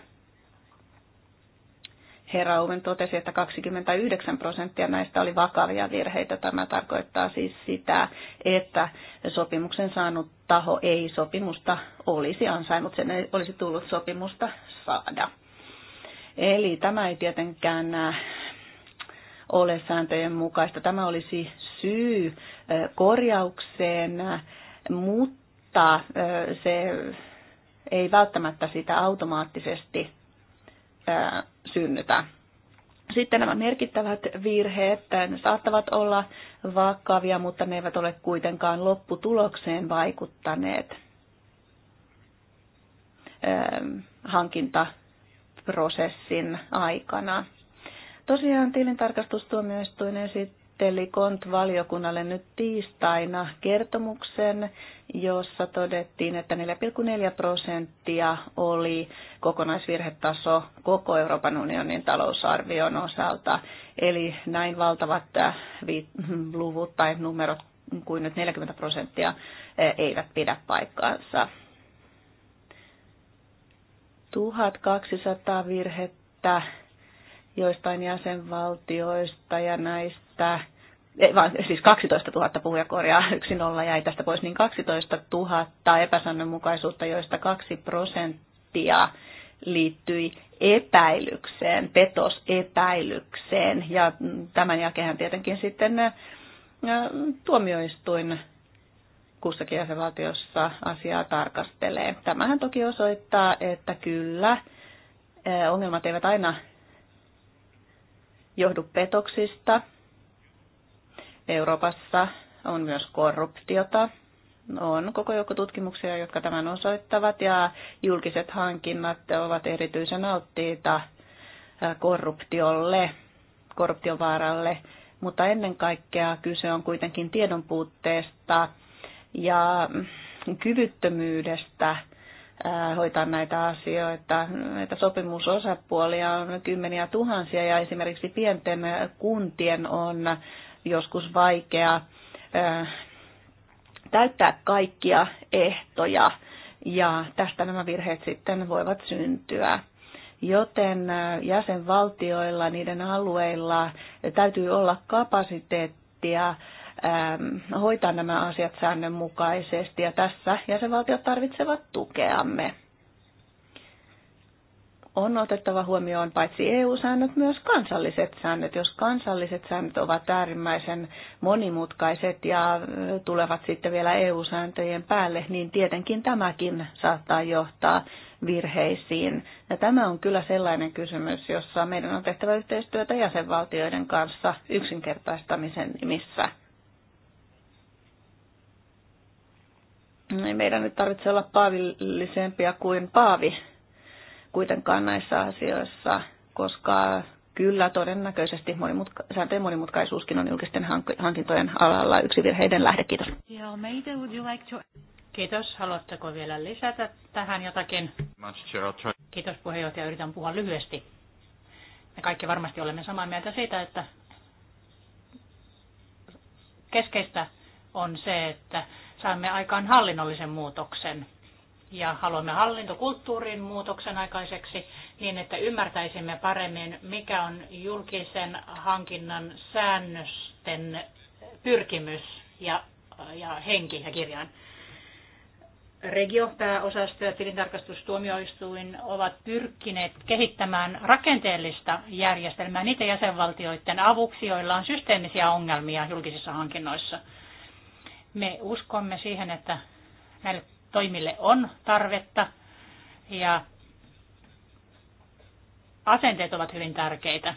Herra Owen totesi, että 29 prosenttia näistä oli vakavia virheitä. Tämä tarkoittaa siis sitä, että sopimuksen saanut taho ei sopimusta olisi ansainnut, sen ei olisi tullut sopimusta saada. Eli tämä ei tietenkään äh, ole sääntöjen mukaista. Tämä olisi syy äh, korjaukseen, äh, mutta se ei välttämättä sitä automaattisesti synnytä. Sitten nämä merkittävät virheet ne saattavat olla vakavia, mutta ne eivät ole kuitenkaan lopputulokseen vaikuttaneet ähm, hankintaprosessin aikana. Tosiaan tilintarkastustuomioistuin esitteli KONT-valiokunnalle nyt tiistaina kertomuksen, jossa todettiin, että 4,4 prosenttia oli kokonaisvirhetaso koko Euroopan unionin talousarvion osalta. Eli näin valtavat äh, mm, luvut tai numerot kuin nyt 40 prosenttia äh, eivät pidä paikkaansa. 1200 virhettä joistain jäsenvaltioista ja näistä vaan siis 12 000 puhujakorjaa, yksi nolla jäi tästä pois, niin 12 000 epäsäännönmukaisuutta, joista 2 prosenttia liittyi epäilykseen, petosepäilykseen. Ja mm, tämän jälkeen tietenkin sitten tuomioistuin kussakin jäsenvaltiossa asiaa tarkastelee. Tämähän toki osoittaa, että kyllä ongelmat eivät aina johdu petoksista, Euroopassa on myös korruptiota. On koko joukko tutkimuksia, jotka tämän osoittavat, ja julkiset hankinnat ovat erityisen alttiita äh, korruptiolle, korruptiovaaralle, mutta ennen kaikkea kyse on kuitenkin tiedon puutteesta ja kyvyttömyydestä äh, hoitaa näitä asioita. Näitä sopimusosapuolia on kymmeniä tuhansia ja esimerkiksi pienten kuntien on joskus vaikea täyttää kaikkia ehtoja ja tästä nämä virheet sitten voivat syntyä. Joten jäsenvaltioilla, niiden alueilla täytyy olla kapasiteettia hoitaa nämä asiat säännönmukaisesti ja tässä jäsenvaltiot tarvitsevat tukeamme on otettava huomioon paitsi EU-säännöt, myös kansalliset säännöt. Jos kansalliset säännöt ovat äärimmäisen monimutkaiset ja tulevat sitten vielä EU-sääntöjen päälle, niin tietenkin tämäkin saattaa johtaa virheisiin. Ja tämä on kyllä sellainen kysymys, jossa meidän on tehtävä yhteistyötä jäsenvaltioiden kanssa yksinkertaistamisen nimissä. Ei meidän nyt tarvitse olla paavillisempia kuin paavi kuitenkaan näissä asioissa, koska kyllä todennäköisesti monimutka- sääntöjen monimutkaisuuskin on julkisten hankintojen alalla yksi virheiden lähde. Kiitos. Kiitos. Haluatteko vielä lisätä tähän jotakin? Kiitos puheenjohtaja. Yritän puhua lyhyesti. Me kaikki varmasti olemme samaa mieltä siitä, että keskeistä on se, että saamme aikaan hallinnollisen muutoksen – ja haluamme hallintokulttuurin muutoksen aikaiseksi niin, että ymmärtäisimme paremmin, mikä on julkisen hankinnan säännösten pyrkimys ja, ja henki ja kirjaan. Regio, pääosasto ja tilintarkastustuomioistuin ovat pyrkineet kehittämään rakenteellista järjestelmää niiden jäsenvaltioiden avuksi, joilla on systeemisiä ongelmia julkisissa hankinnoissa. Me uskomme siihen, että näille toimille on tarvetta ja asenteet ovat hyvin tärkeitä.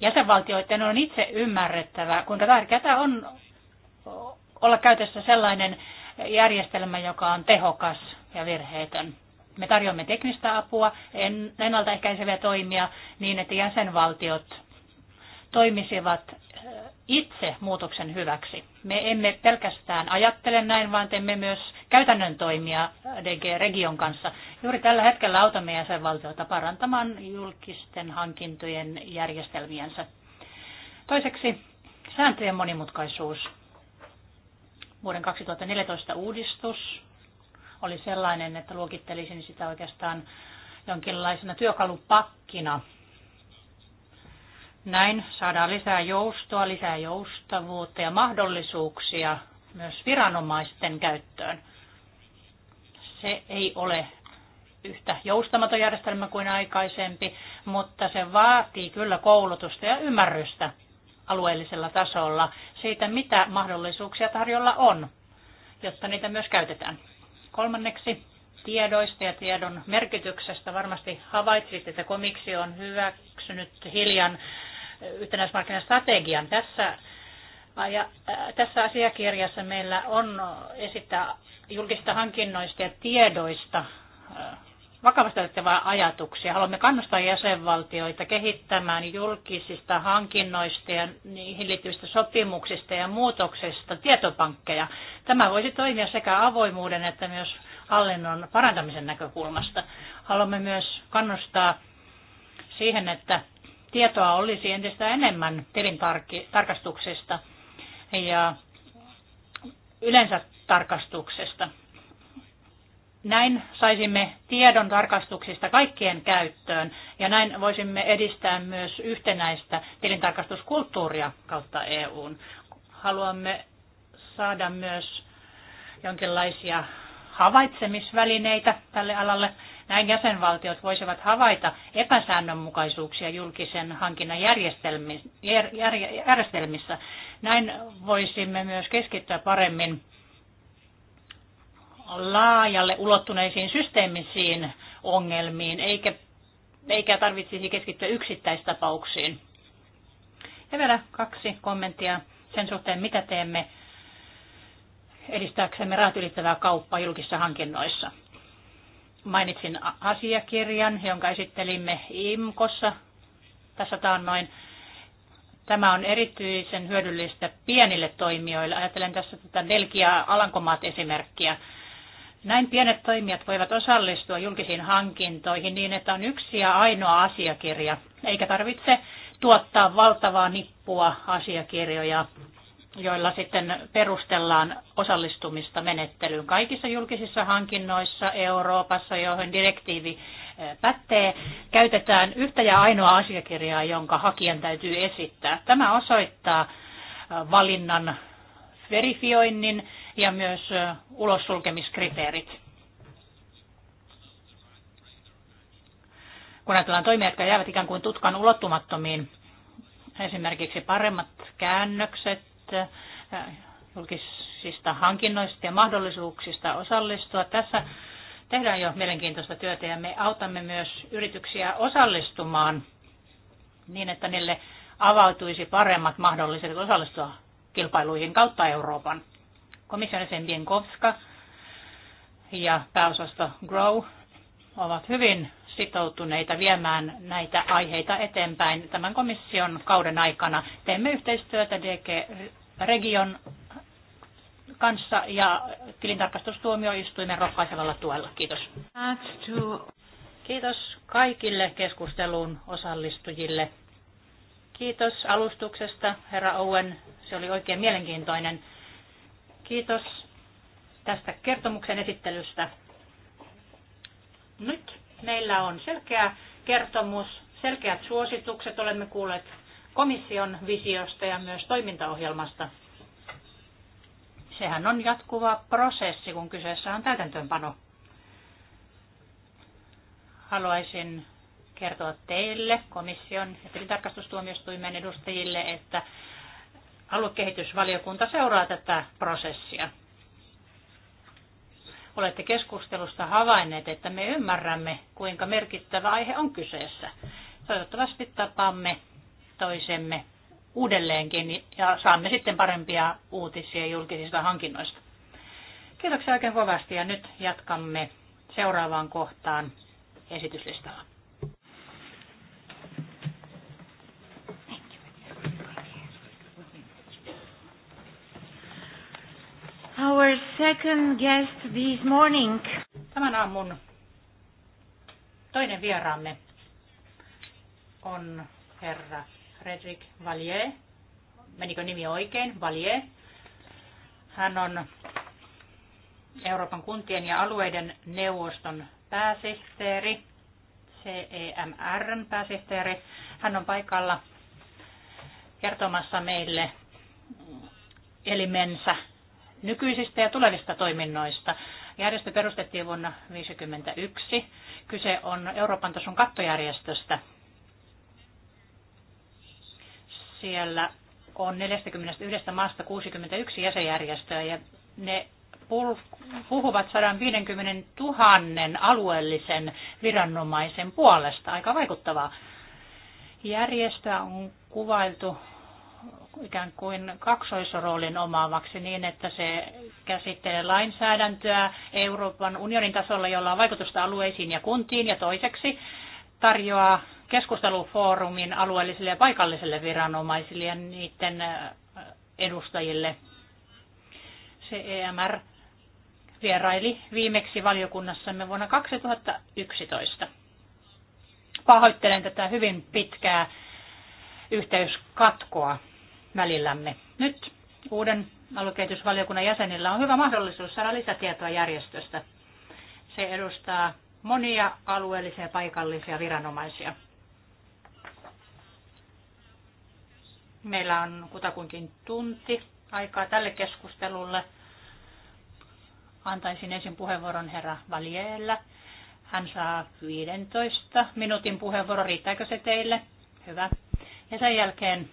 Jäsenvaltioiden on itse ymmärrettävä, kuinka tärkeää on olla käytössä sellainen järjestelmä, joka on tehokas ja virheetön. Me tarjoamme teknistä apua, ennaltaehkäiseviä toimia niin, että jäsenvaltiot toimisivat itse muutoksen hyväksi. Me emme pelkästään ajattele näin, vaan teemme myös käytännön toimia DG Region kanssa. Juuri tällä hetkellä autamme jäsenvaltiota parantamaan julkisten hankintojen järjestelmiensä. Toiseksi sääntöjen monimutkaisuus. Vuoden 2014 uudistus oli sellainen, että luokittelisin sitä oikeastaan jonkinlaisena työkalupakkina näin saadaan lisää joustoa, lisää joustavuutta ja mahdollisuuksia myös viranomaisten käyttöön. Se ei ole yhtä joustamaton järjestelmä kuin aikaisempi, mutta se vaatii kyllä koulutusta ja ymmärrystä alueellisella tasolla siitä, mitä mahdollisuuksia tarjolla on, jotta niitä myös käytetään. Kolmanneksi tiedoista ja tiedon merkityksestä varmasti havaitsit, että komiksi on hyväksynyt hiljan yhtenäismarkkinastrategian. Tässä, ja, äh, tässä asiakirjassa meillä on esittää julkista hankinnoista ja tiedoista äh, vakavasti otettavaa ajatuksia. Haluamme kannustaa jäsenvaltioita kehittämään julkisista hankinnoista ja niihin liittyvistä sopimuksista ja muutoksista tietopankkeja. Tämä voisi toimia sekä avoimuuden että myös hallinnon parantamisen näkökulmasta. Haluamme myös kannustaa siihen, että tietoa olisi entistä enemmän tilintarkastuksesta ja yleensä tarkastuksesta. Näin saisimme tiedon tarkastuksista kaikkien käyttöön ja näin voisimme edistää myös yhtenäistä tilintarkastuskulttuuria kautta EUn. Haluamme saada myös jonkinlaisia havaitsemisvälineitä tälle alalle näin jäsenvaltiot voisivat havaita epäsäännönmukaisuuksia julkisen hankinnan järjestelmissä. Näin voisimme myös keskittyä paremmin laajalle ulottuneisiin systeemisiin ongelmiin, eikä, eikä tarvitsisi keskittyä yksittäistapauksiin. Ja vielä kaksi kommenttia sen suhteen, mitä teemme edistääksemme rajat ylittävää kauppaa julkisissa hankinnoissa. Mainitsin asiakirjan, jonka esittelimme IMKossa tässä taannoin. Tämä on erityisen hyödyllistä pienille toimijoille. Ajattelen tässä tätä delkia Alankomaat esimerkkiä. Näin pienet toimijat voivat osallistua julkisiin hankintoihin niin, että on yksi ja ainoa asiakirja, eikä tarvitse tuottaa valtavaa nippua asiakirjoja joilla sitten perustellaan osallistumista menettelyyn kaikissa julkisissa hankinnoissa Euroopassa, joihin direktiivi eh, pätee, käytetään yhtä ja ainoa asiakirjaa, jonka hakijan täytyy esittää. Tämä osoittaa eh, valinnan verifioinnin ja myös eh, ulossulkemiskriteerit. Kun ajatellaan toimia, jotka jäävät ikään kuin tutkan ulottumattomiin, esimerkiksi paremmat käännökset Äh, julkisista hankinnoista ja mahdollisuuksista osallistua. Tässä tehdään jo mielenkiintoista työtä ja me autamme myös yrityksiä osallistumaan niin, että niille avautuisi paremmat mahdollisuudet osallistua kilpailuihin kautta Euroopan. Komission jäsen Bienkowska ja pääosasto Grow ovat hyvin sitoutuneita viemään näitä aiheita eteenpäin tämän komission kauden aikana. Teemme yhteistyötä DG Region kanssa ja tilintarkastustuomioistuimen rohkaisevalla tuella. Kiitos. Kiitos kaikille keskusteluun osallistujille. Kiitos alustuksesta, herra Owen. Se oli oikein mielenkiintoinen. Kiitos tästä kertomuksen esittelystä. Nyt Meillä on selkeä kertomus, selkeät suositukset, olemme kuulleet komission visiosta ja myös toimintaohjelmasta. Sehän on jatkuva prosessi, kun kyseessä on täytäntöönpano. Haluaisin kertoa teille, komission ja tilintarkastustuomioistuimen edustajille, että aluekehitysvaliokunta seuraa tätä prosessia olette keskustelusta havainneet, että me ymmärrämme, kuinka merkittävä aihe on kyseessä. Toivottavasti tapaamme toisemme uudelleenkin ja saamme sitten parempia uutisia julkisista hankinnoista. Kiitoksia oikein kovasti ja nyt jatkamme seuraavaan kohtaan esityslistalla. Our second guest this morning. Tämän aamun toinen vieraamme on herra Frederic Valier. Menikö nimi oikein? Valier. Hän on Euroopan kuntien ja alueiden neuvoston pääsihteeri, CEMRn pääsihteeri. Hän on paikalla kertomassa meille elimensä nykyisistä ja tulevista toiminnoista. Järjestö perustettiin vuonna 1951. Kyse on Euroopan tason kattojärjestöstä. Siellä on 41 maasta 61 jäsenjärjestöä ja ne puhuvat 150 000 alueellisen viranomaisen puolesta. Aika vaikuttavaa. Järjestöä on kuvailtu ikään kuin kaksoisroolin omaavaksi niin, että se käsittelee lainsäädäntöä Euroopan unionin tasolla, jolla on vaikutusta alueisiin ja kuntiin ja toiseksi tarjoaa keskustelufoorumin alueellisille ja paikallisille viranomaisille ja niiden äh, edustajille. CEMR e vieraili viimeksi valiokunnassamme vuonna 2011. Pahoittelen tätä hyvin pitkää yhteyskatkoa välillämme. Nyt uuden aluekehitysvaliokunnan jäsenillä on hyvä mahdollisuus saada lisätietoa järjestöstä. Se edustaa monia alueellisia ja paikallisia viranomaisia. Meillä on kutakuinkin tunti aikaa tälle keskustelulle. Antaisin ensin puheenvuoron herra Valiella. Hän saa 15 minuutin puheenvuoro. Riittääkö se teille? Hyvä. Ja sen jälkeen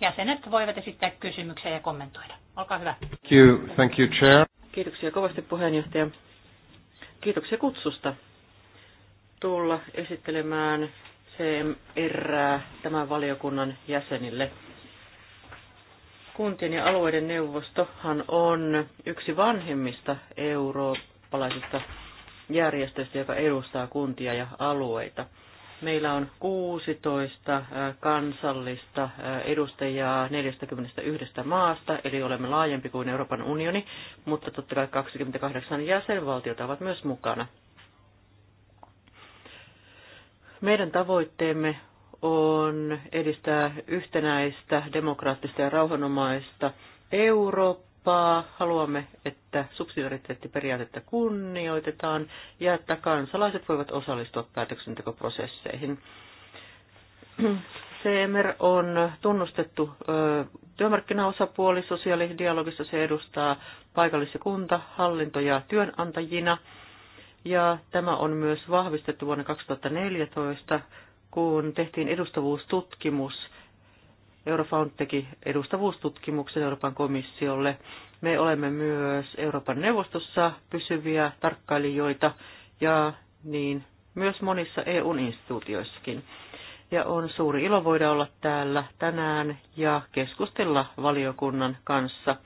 jäsenet voivat esittää kysymyksiä ja kommentoida. Olkaa hyvä. Thank you, thank you chair. Kiitoksia kovasti puheenjohtaja. Kiitoksia kutsusta tulla esittelemään CMR tämän valiokunnan jäsenille. Kuntien ja alueiden neuvostohan on yksi vanhimmista eurooppalaisista järjestöistä, joka edustaa kuntia ja alueita. Meillä on 16 äh, kansallista äh, edustajaa 41 maasta, eli olemme laajempi kuin Euroopan unioni, mutta totta kai 28 jäsenvaltiota ovat myös mukana. Meidän tavoitteemme on edistää yhtenäistä, demokraattista ja rauhanomaista Eurooppaa kauppaa, haluamme, että subsidiariteettiperiaatetta kunnioitetaan ja että kansalaiset voivat osallistua päätöksentekoprosesseihin. CMR *clears throat* on tunnustettu työmarkkinaosapuoli sosiaalidialogissa. Se edustaa paikallis- ja kuntahallintoja työnantajina. Ja tämä on myös vahvistettu vuonna 2014, kun tehtiin edustavuustutkimus Eurofound teki edustavuustutkimuksen Euroopan komissiolle. Me olemme myös Euroopan neuvostossa pysyviä tarkkailijoita ja niin myös monissa eu instituutioissakin. Ja on suuri ilo voida olla täällä tänään ja keskustella valiokunnan kanssa.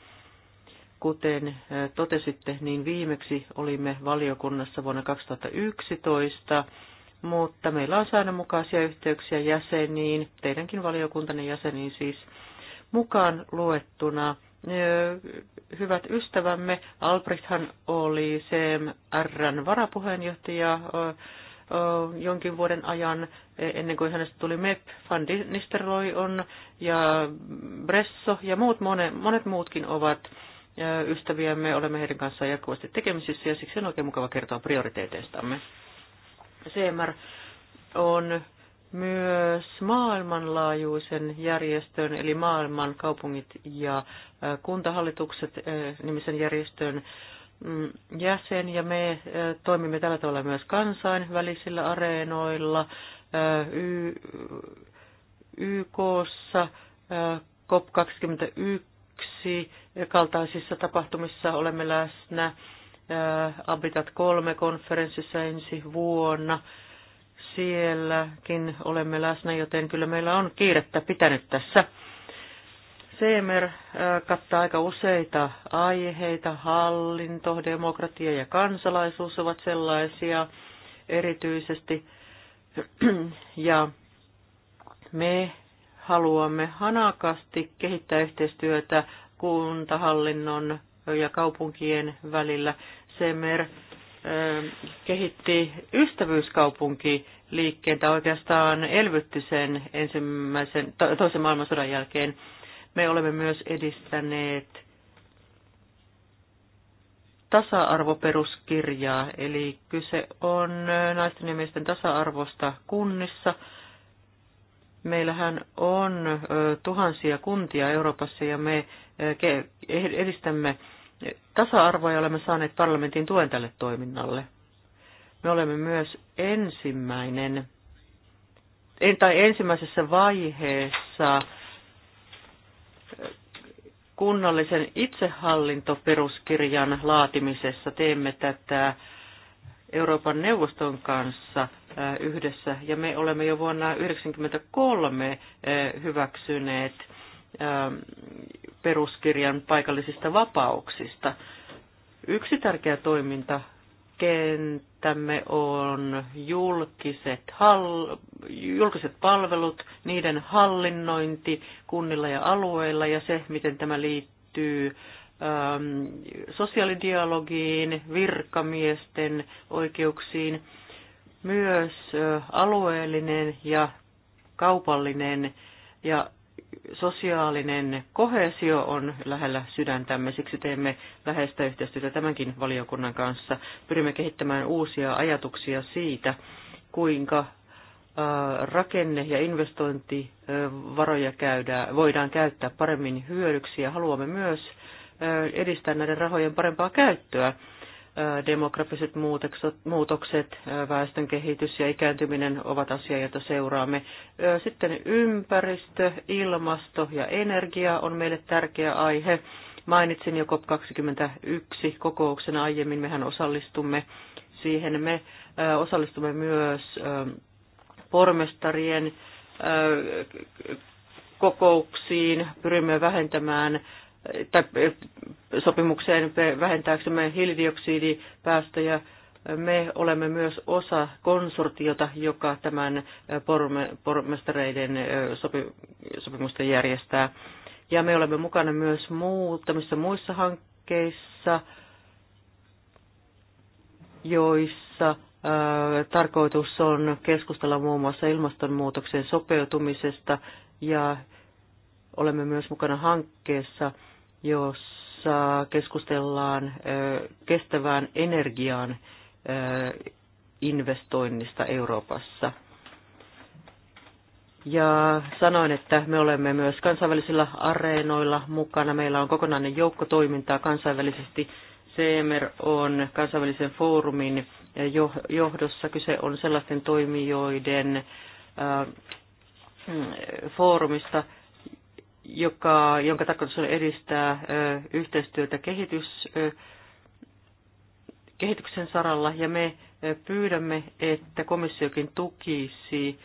Kuten äh, totesitte, niin viimeksi olimme valiokunnassa vuonna 2011 mutta meillä on säännönmukaisia yhteyksiä jäseniin, teidänkin valiokuntanne jäseniin siis, mukaan luettuna. Hyvät ystävämme, Albrechthan oli CMRn varapuheenjohtaja jonkin vuoden ajan, e, ennen kuin hänestä tuli MEP, Van Nistelrooy on, ja Bresso ja muut, monet, monet muutkin ovat ystäviämme, olemme heidän kanssaan jatkuvasti tekemisissä, ja siksi on oikein mukava kertoa prioriteeteistamme. CMR on myös maailmanlaajuisen järjestön, eli maailman kaupungit ja kuntahallitukset nimisen järjestön mm, jäsen, ja me toimimme tällä tavalla myös kansainvälisillä areenoilla, YKssa, COP21 kaltaisissa tapahtumissa olemme läsnä, Äh, Abitat 3 konferenssissa ensi vuonna. Sielläkin olemme läsnä, joten kyllä meillä on kiirettä pitänyt tässä. CMR äh, kattaa aika useita aiheita. Hallinto, demokratia ja kansalaisuus ovat sellaisia erityisesti. *clears throat* Ja me haluamme hanakasti kehittää yhteistyötä kuntahallinnon ja kaupunkien välillä. Semer kehitti ystävyyskaupunkiliikkeen tai oikeastaan elvytti sen ensimmäisen, toisen maailmansodan jälkeen. Me olemme myös edistäneet tasa-arvoperuskirjaa, eli kyse on naisten ja miesten tasa-arvosta kunnissa. Meillähän on tuhansia kuntia Euroopassa ja me edistämme tasa-arvoa ja olemme saaneet parlamentin tuen tälle toiminnalle. Me olemme myös ensimmäinen, tai ensimmäisessä vaiheessa äh, kunnallisen itsehallintoperuskirjan laatimisessa teemme tätä Euroopan neuvoston kanssa äh, yhdessä, ja me olemme jo vuonna 1993 äh, hyväksyneet Ähm, peruskirjan paikallisista vapauksista. Yksi tärkeä toiminta kenttämme on julkiset, hall, julkiset palvelut, niiden hallinnointi kunnilla ja alueilla ja se, miten tämä liittyy äm, sosiaalidialogiin, virkamiesten oikeuksiin, myös ä, äh, alueellinen ja kaupallinen ja sosiaalinen kohesio on lähellä sydäntämme, siksi teemme läheistä yhteistyötä tämänkin valiokunnan kanssa. Pyrimme kehittämään uusia ajatuksia siitä, kuinka äh, rakenne- ja investointivaroja käydään, voidaan käyttää paremmin hyödyksi ja haluamme myös äh, edistää näiden rahojen parempaa käyttöä demografiset muutokset, väestön kehitys ja ikääntyminen ovat asia, jota seuraamme. Sitten ympäristö, ilmasto ja energia on meille tärkeä aihe. Mainitsin jo COP21 kokouksena aiemmin, mehän osallistumme siihen. Me osallistumme myös pormestarien kokouksiin, pyrimme vähentämään tai sopimukseen vähentääksemme hiilidioksidipäästöjä. Me olemme myös osa konsortiota, joka tämän pormestareiden sopimusten järjestää. Ja me olemme mukana myös muutamissa muissa hankkeissa, joissa tarkoitus on keskustella muun muassa ilmastonmuutoksen sopeutumisesta ja olemme myös mukana hankkeessa, jossa keskustellaan kestävään energiaan investoinnista Euroopassa. Ja sanoin, että me olemme myös kansainvälisillä areenoilla mukana. Meillä on kokonainen joukko toimintaa kansainvälisesti. CMR on kansainvälisen foorumin johdossa. Kyse on sellaisten toimijoiden mm, foorumista, joka, jonka tarkoitus on edistää yhteistyötä kehitys, kehityksen saralla, ja me pyydämme, että komissiokin tukisi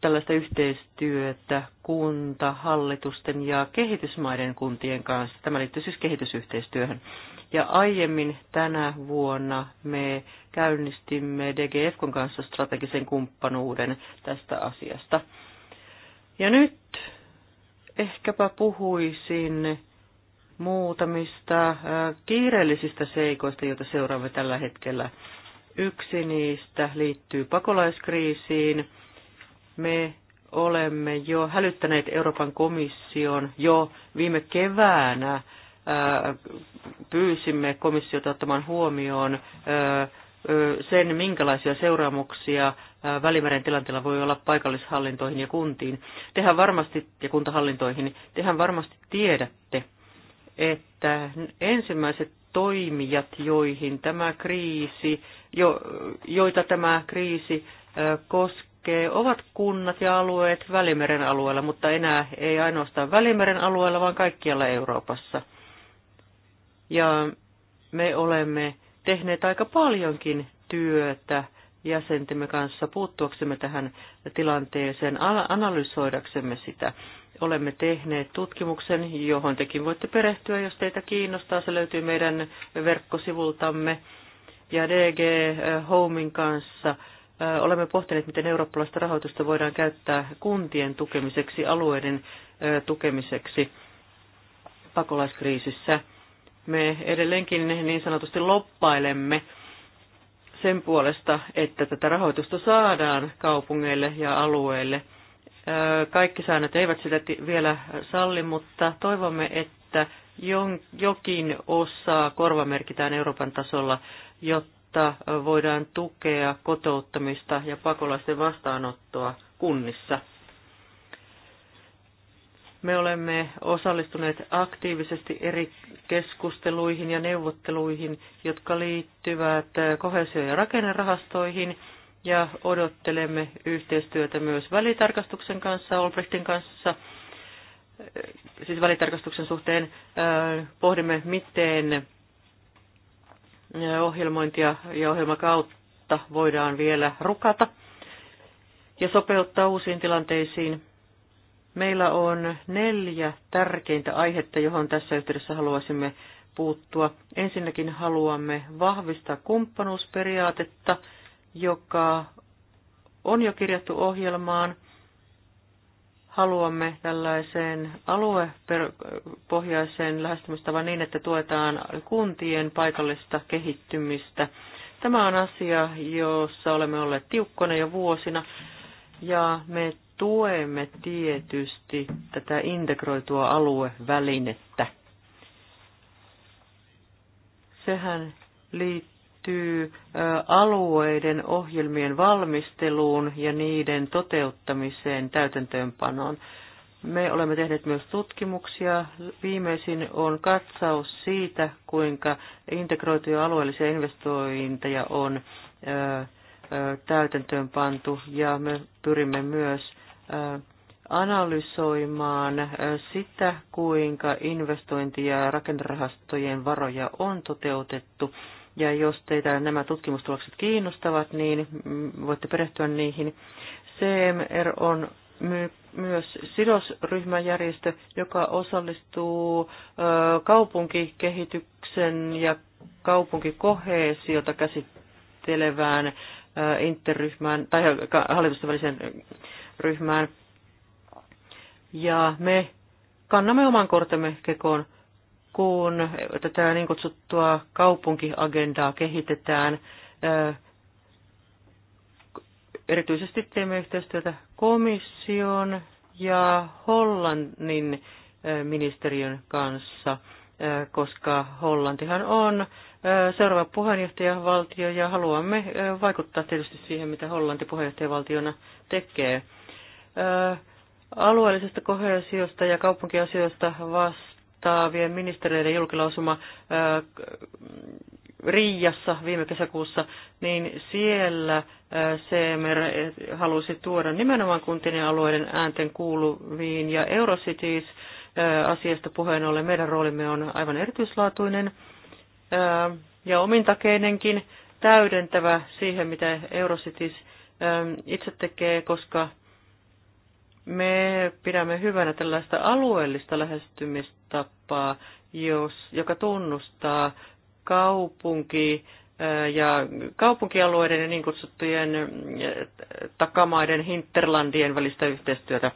tällaista yhteistyötä kuntahallitusten ja kehitysmaiden kuntien kanssa. Tämä liittyy siis kehitysyhteistyöhön. Ja aiemmin tänä vuonna me käynnistimme DGFkon kanssa strategisen kumppanuuden tästä asiasta. Ja nyt ehkäpä puhuisin muutamista äh, kiireellisistä seikoista, joita seuraamme tällä hetkellä. Yksi niistä liittyy pakolaiskriisiin. Me olemme jo hälyttäneet Euroopan komission jo viime keväänä. Äh, pyysimme komissiota ottamaan huomioon äh, sen, minkälaisia seuraamuksia Välimeren tilanteella voi olla paikallishallintoihin ja kuntiin. Tehän varmasti, ja kuntahallintoihin, niin tehän varmasti tiedätte, että ensimmäiset toimijat, joihin tämä kriisi, jo, joita tämä kriisi koskee, ovat kunnat ja alueet Välimeren alueella, mutta enää ei ainoastaan Välimeren alueella, vaan kaikkialla Euroopassa. Ja me olemme tehneet aika paljonkin työtä jäsentemme kanssa puuttuaksemme tähän tilanteeseen, analysoidaksemme sitä. Olemme tehneet tutkimuksen, johon tekin voitte perehtyä, jos teitä kiinnostaa. Se löytyy meidän verkkosivultamme ja DG eh, Homein kanssa. Eh, olemme pohtineet, miten eurooppalaista rahoitusta voidaan käyttää kuntien tukemiseksi, alueiden eh, tukemiseksi pakolaiskriisissä me edelleenkin niin sanotusti loppailemme sen puolesta, että tätä rahoitusta saadaan kaupungeille ja alueille. Kaikki säännöt eivät sitä vielä salli, mutta toivomme, että jokin osa korvamerkitään Euroopan tasolla, jotta voidaan tukea kotouttamista ja pakolaisten vastaanottoa kunnissa. Me olemme osallistuneet aktiivisesti eri keskusteluihin ja neuvotteluihin, jotka liittyvät kohesio- ja rakennerahastoihin, ja odottelemme yhteistyötä myös välitarkastuksen kanssa, Olbrechtin kanssa, siis välitarkastuksen suhteen pohdimme, miten ohjelmointia ja ohjelmakautta voidaan vielä rukata ja sopeuttaa uusiin tilanteisiin. Meillä on neljä tärkeintä aihetta, johon tässä yhteydessä haluaisimme puuttua. Ensinnäkin haluamme vahvistaa kumppanuusperiaatetta, joka on jo kirjattu ohjelmaan. Haluamme tällaiseen aluepohjaiseen lähestymistavan niin, että tuetaan kuntien paikallista kehittymistä. Tämä on asia, jossa olemme olleet tiukkona jo vuosina ja me tuemme tietysti tätä integroitua aluevälinettä. Sehän liittyy alueiden ohjelmien valmisteluun ja niiden toteuttamiseen täytäntöönpanoon. Me olemme tehneet myös tutkimuksia. Viimeisin on katsaus siitä, kuinka integroituja alueellisia investointeja on täytäntöön pantu ja me pyrimme myös analysoimaan sitä, kuinka investointi- ja rakennerahastojen varoja on toteutettu. Ja jos teitä nämä tutkimustulokset kiinnostavat, niin mm, voitte perehtyä niihin. CMR on my- myös sidosryhmäjärjestö, joka osallistuu ö, kaupunkikehityksen ja kaupunkikoheesiota käsittelevään interryhmään tai hallitusten väliseen ryhmään. Ja me kannamme oman kortemme kekoon, kun tätä niin kutsuttua kaupunkiagendaa kehitetään. Erityisesti teemme yhteistyötä komission ja Hollannin ministeriön kanssa, koska Hollantihan on seuraava puheenjohtajavaltio ja haluamme vaikuttaa tietysti siihen, mitä Hollanti puheenjohtajavaltiona tekee alueellisesta kohesiosta ja kaupunkiasioista vastaavien ministeriöiden julkilausuma Riijassa viime kesäkuussa, niin siellä CMR halusi tuoda nimenomaan kuntien ja alueiden äänten kuuluviin ja Eurocities asiasta puheen ollen meidän roolimme on aivan erityislaatuinen ja omintakeinenkin täydentävä siihen, mitä Eurocities itse tekee, koska me pidämme hyvänä tällaista alueellista lähestymistapaa, jos, joka tunnustaa kaupunki äh, ja kaupunkialueiden ja niin kutsuttujen äh, takamaiden hinterlandien välistä yhteistyötä.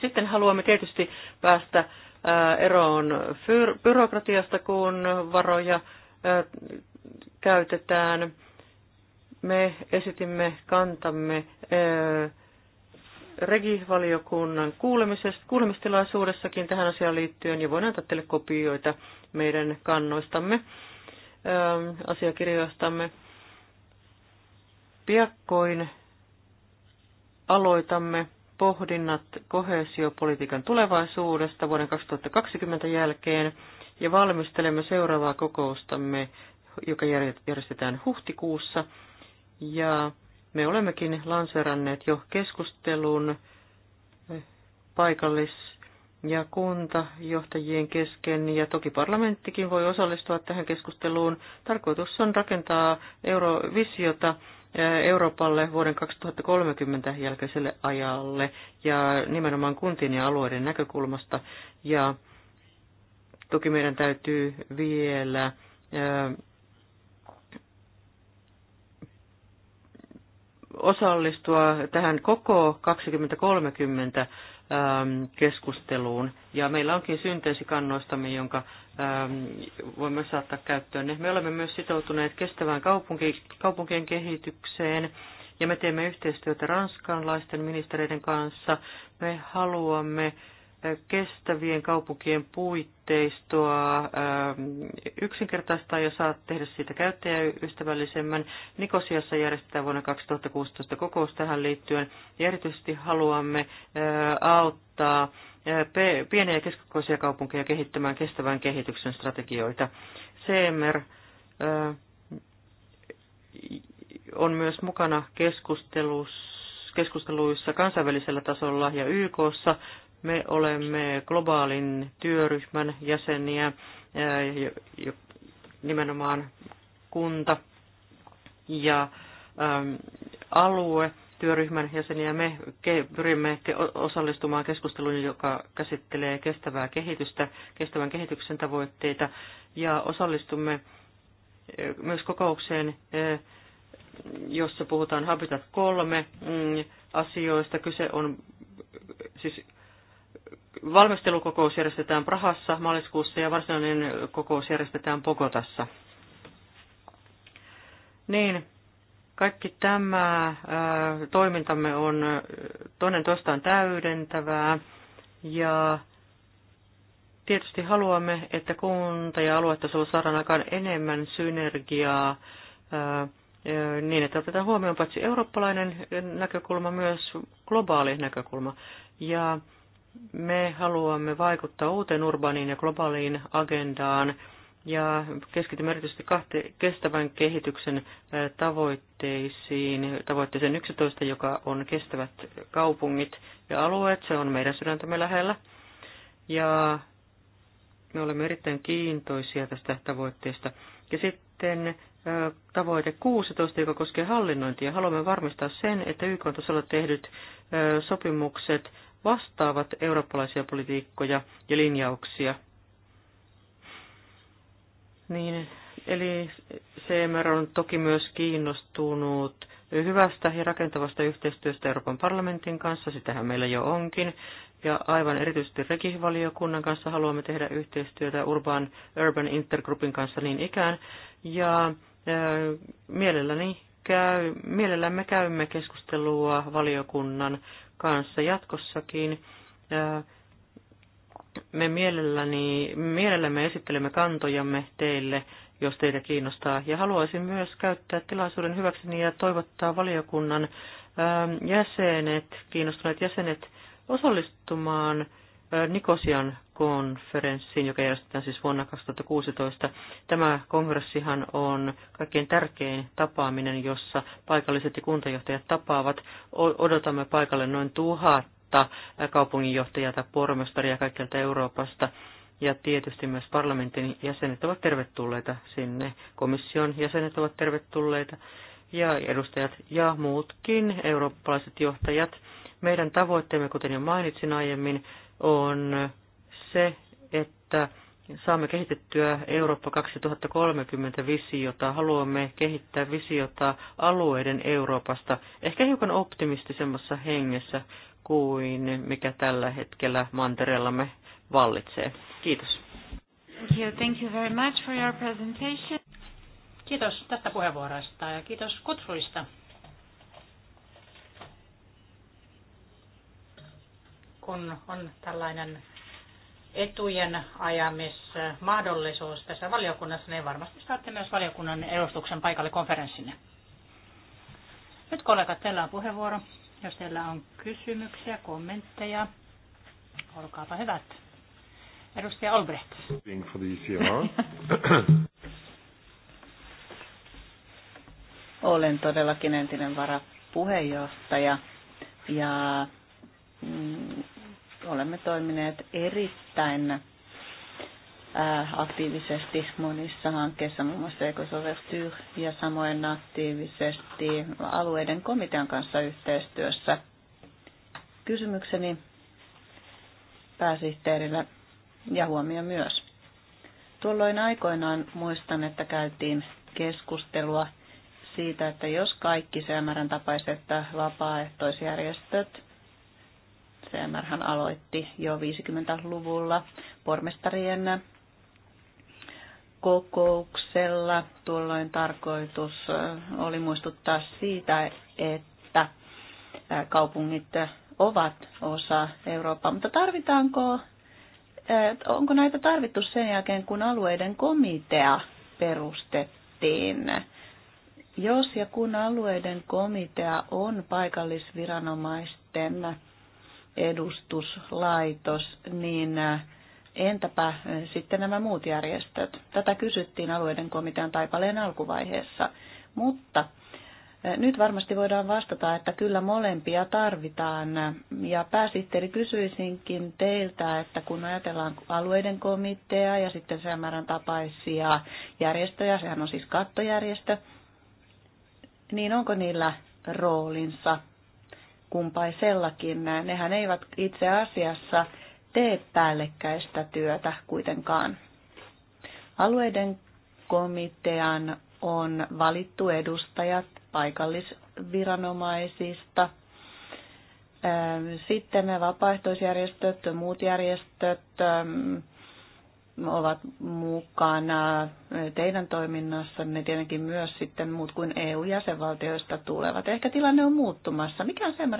Sitten haluamme tietysti päästä äh, eroon byrokratiasta, kun varoja käytetään. Me esitimme kantamme regivaliokunnan kuulemistilaisuudessakin tähän asiaan liittyen ja voin antaa teille kopioita meidän kannoistamme, ähm, asiakirjoistamme. Piakkoin aloitamme pohdinnat kohesiopolitiikan tulevaisuudesta vuoden 2020 jälkeen ja valmistelemme seuraavaa kokoustamme, joka järjestetään huhtikuussa. Ja me olemmekin lanseranneet jo keskustelun eh, paikallis- ja kuntajohtajien kesken, ja toki parlamenttikin voi osallistua tähän keskusteluun. Tarkoitus on rakentaa Eurovisiota eh, Euroopalle vuoden 2030 jälkeiselle ajalle, ja nimenomaan kuntien ja alueiden näkökulmasta. Ja toki meidän täytyy vielä eh, osallistua tähän koko 2030 ähm, keskusteluun. Ja meillä onkin synteesikannoistamme, jonka ähm, voimme saattaa käyttöön. Me olemme myös sitoutuneet kestävään kaupunki, kaupunkien kehitykseen ja me teemme yhteistyötä ranskanlaisten ministereiden kanssa. Me haluamme kestävien kaupunkien puitteistoa ähm, yksinkertaistaa ja saa tehdä siitä käyttäjäystävällisemmän. Nikosiassa järjestetään vuonna 2016 kokous tähän liittyen ja erityisesti haluamme äh, auttaa äh, pieniä ja keskikokoisia kaupunkeja kehittämään kestävän kehityksen strategioita. CMR äh, on myös mukana keskustelussa keskusteluissa kansainvälisellä tasolla ja YKssa me olemme globaalin työryhmän jäseniä, eh, nimenomaan kunta ja ähm, alue työryhmän jäseniä. Me pyrimme osallistumaan keskusteluun, joka käsittelee kestävää kehitystä, kestävän kehityksen tavoitteita ja osallistumme eh, myös kokoukseen, eh, jossa puhutaan Habitat 3 mm, asioista. Kyse on siis Valmistelukokous järjestetään Prahassa maaliskuussa ja varsinainen kokous järjestetään Pokotassa. Niin, kaikki tämä toimintamme on toinen toistaan täydentävää ja tietysti haluamme, että kunta- ja aluetasolla saadaan aikaan enemmän synergiaa niin, että otetaan huomioon paitsi eurooppalainen näkökulma, myös globaali näkökulma. Ja me haluamme vaikuttaa uuteen urbaaniin ja globaaliin agendaan ja keskitymme erityisesti kahte, kestävän kehityksen tavoitteisiin. Tavoitteeseen 11, joka on kestävät kaupungit ja alueet, se on meidän sydäntämme lähellä. Ja me olemme erittäin kiintoisia tästä tavoitteesta. Ja sitten tavoite 16, joka koskee hallinnointia. Haluamme varmistaa sen, että YK tasolla tehdyt sopimukset vastaavat eurooppalaisia politiikkoja ja linjauksia. Niin, eli CMR on toki myös kiinnostunut hyvästä ja rakentavasta yhteistyöstä Euroopan parlamentin kanssa, sitähän meillä jo onkin, ja aivan erityisesti rekivaliokunnan kanssa haluamme tehdä yhteistyötä Urban, Urban Intergroupin kanssa niin ikään, ja mielelläni käy, mielellämme käymme keskustelua valiokunnan kanssa jatkossakin. Me mielelläni, mielellämme esittelemme kantojamme teille, jos teitä kiinnostaa. Ja haluaisin myös käyttää tilaisuuden hyväkseni ja toivottaa valiokunnan jäsenet, kiinnostuneet jäsenet osallistumaan Nikosian konferenssiin, joka järjestetään siis vuonna 2016. Tämä kongressihan on kaikkein tärkein tapaaminen, jossa paikalliset ja kuntajohtajat tapaavat. Odotamme paikalle noin tuhatta kaupunginjohtajaa tai pormestaria kaikkialta Euroopasta. Ja tietysti myös parlamentin jäsenet ovat tervetulleita sinne, komission jäsenet ovat tervetulleita ja edustajat ja muutkin eurooppalaiset johtajat. Meidän tavoitteemme, kuten jo mainitsin aiemmin, on se, että saamme kehitettyä Eurooppa 2030 visiota. Haluamme kehittää visiota alueiden Euroopasta, ehkä hiukan optimistisemmassa hengessä kuin mikä tällä hetkellä mantereellamme vallitsee. Kiitos. Thank you. Thank you very much for your presentation. Kiitos tästä puheenvuorosta ja kiitos kutsuista. Kun on tällainen etujen ajamismahdollisuus tässä valiokunnassa, niin varmasti saatte myös valiokunnan edustuksen paikalle konferenssinne. Nyt kollegat, teillä on puheenvuoro. Jos teillä on kysymyksiä, kommentteja, olkaapa hyvät. Edustaja Olbrecht. E Olen todellakin entinen varapuheenjohtaja ja olemme toimineet erittäin äh, aktiivisesti monissa hankkeissa, muun muassa Ecosovertyr ja samoin aktiivisesti alueiden komitean kanssa yhteistyössä. Kysymykseni pääsihteerille ja huomio myös. Tuolloin aikoinaan muistan, että käytiin keskustelua siitä, että jos kaikki CMRn tapaiset vapaaehtoisjärjestöt CMR hän aloitti jo 50-luvulla pormestarien kokouksella. Tuolloin tarkoitus äh, oli muistuttaa siitä, että äh, kaupungit ovat osa Eurooppaa, mutta tarvitaanko, äh, onko näitä tarvittu sen jälkeen, kun alueiden komitea perustettiin? Jos ja kun alueiden komitea on paikallisviranomaisten edustuslaitos, niin äh, entäpä äh, sitten nämä muut järjestöt? Tätä kysyttiin alueiden komitean taipaleen alkuvaiheessa, mutta äh, nyt varmasti voidaan vastata, että kyllä molempia tarvitaan. Ja pääsihteeri kysyisinkin teiltä, että kun ajatellaan alueiden komitea ja sitten CMRn tapaisia järjestöjä, sehän on siis kattojärjestö, niin onko niillä roolinsa kumpaisellakin. Nehän eivät itse asiassa tee päällekkäistä työtä kuitenkaan. Alueiden komitean on valittu edustajat paikallisviranomaisista. Sitten me vapaaehtoisjärjestöt, muut järjestöt, ovat mukana teidän toiminnassanne, tietenkin myös sitten muut kuin EU-jäsenvaltioista tulevat. Ehkä tilanne on muuttumassa. Mikä on sen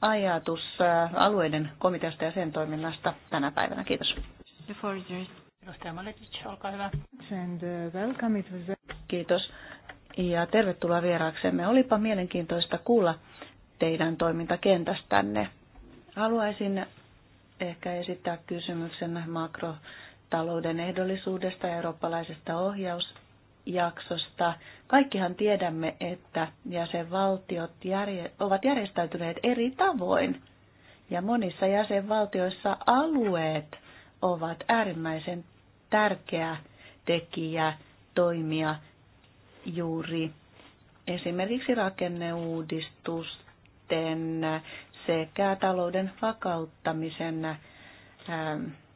ajatus äh, alueiden komiteasta ja sen toiminnasta tänä päivänä? Kiitos. And uh, welcome. It Kiitos ja tervetuloa vieraaksemme. Olipa mielenkiintoista kuulla teidän toimintakentästänne. Haluaisin ehkä esittää kysymyksen makro- talouden ehdollisuudesta ja eurooppalaisesta ohjausjaksosta. Kaikkihan tiedämme, että jäsenvaltiot järje- ovat järjestäytyneet eri tavoin. Ja monissa jäsenvaltioissa alueet ovat äärimmäisen tärkeä tekijä toimia juuri esimerkiksi rakenneuudistusten sekä talouden vakauttamisen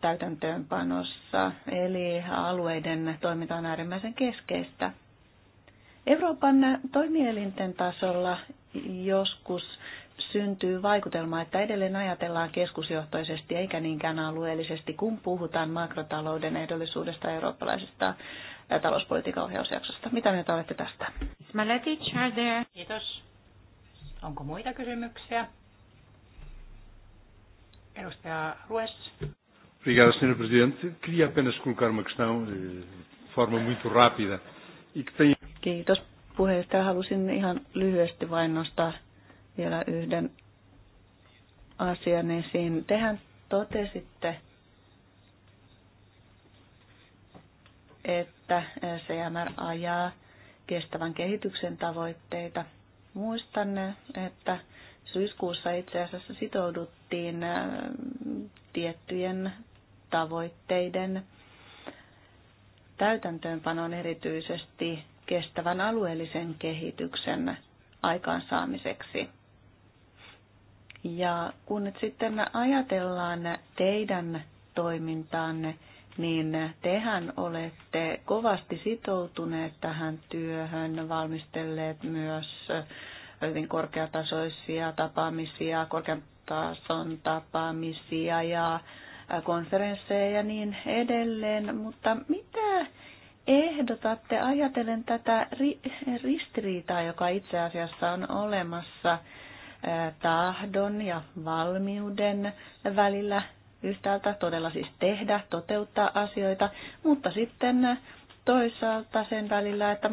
täytäntöönpanossa, eli alueiden toiminta on äärimmäisen keskeistä. Euroopan toimielinten tasolla joskus syntyy vaikutelma, että edelleen ajatellaan keskusjohtoisesti eikä niinkään alueellisesti, kun puhutaan makrotalouden ehdollisuudesta eurooppalaisesta talouspolitiikan ohjausjaksosta. Mitä mieltä olette tästä? Kiitos. Onko muita kysymyksiä? Edustaja Rues. Obrigado, Sr. Presidente. Queria apenas colocar uma questão eh, de forma muito rápida e que tem... Kiitos puheenjohtaja. Halusin ihan lyhyesti vain nostaa vielä yhden asian esiin. Tehän totesitte, että CMR ajaa kestävän kehityksen tavoitteita. Muistan, että syyskuussa itse asiassa sitouduttiin tiettyjen tavoitteiden täytäntöönpanon erityisesti kestävän alueellisen kehityksen aikaansaamiseksi. Ja kun nyt sitten ajatellaan teidän toimintaanne, niin tehän olette kovasti sitoutuneet tähän työhön, valmistelleet myös hyvin korkeatasoisia tapaamisia, korkean tason tapaamisia ja konferensseja ja niin edelleen, mutta mitä ehdotatte ajatellen tätä ristiriitaa, joka itse asiassa on olemassa tahdon ja valmiuden välillä yhtäältä todella siis tehdä, toteuttaa asioita, mutta sitten toisaalta sen välillä, että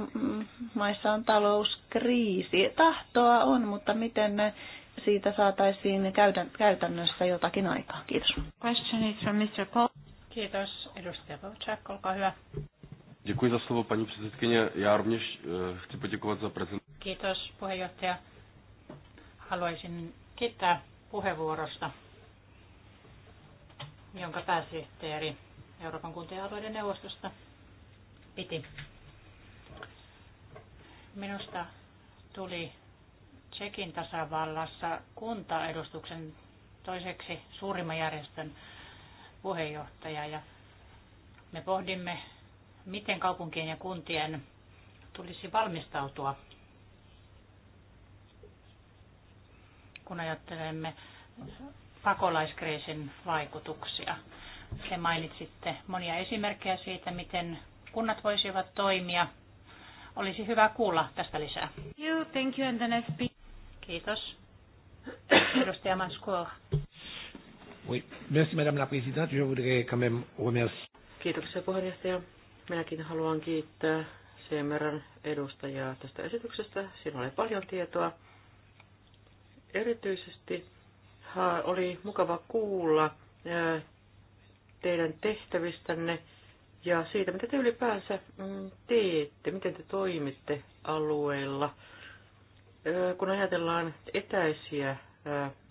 maissa on talouskriisi. Tahtoa on, mutta miten siitä saataisiin käytännössä jotakin aikaa. Kiitos. Question is from Mr. Paul. Kiitos. Edustaja Polczak, olkaa hyvä. Děkuji za slovo, paní předsedkyně. Já rovněž eh, chci poděkovat za prezentaci. Kiitos, puheenjohtaja. Haluaisin kiittää puheenvuorosta, jonka pääsihteeri Euroopan kuntien alueiden neuvostosta piti. Minusta tuli Tsekin tasavallassa kuntaedustuksen toiseksi suurimman järjestön puheenjohtaja ja me pohdimme, miten kaupunkien ja kuntien tulisi valmistautua, kun ajattelemme pakolaiskriisin vaikutuksia. Te mainitsitte monia esimerkkejä siitä, miten kunnat voisivat toimia. Olisi hyvä kuulla tästä lisää. Thank You, thank you, and the next Kiitos. *coughs* Edustaja Manskoa. Oui. Merci Madame la Présidente. Je voudrais quand même remercier. Kiitoksia puheenjohtaja. Minäkin haluan kiittää CMRn edustajaa tästä esityksestä. Siinä oli paljon tietoa. Erityisesti oli mukava kuulla teidän tehtävistänne ja siitä, mitä te ylipäänsä mm, teette, miten te toimitte alueella kun ajatellaan etäisiä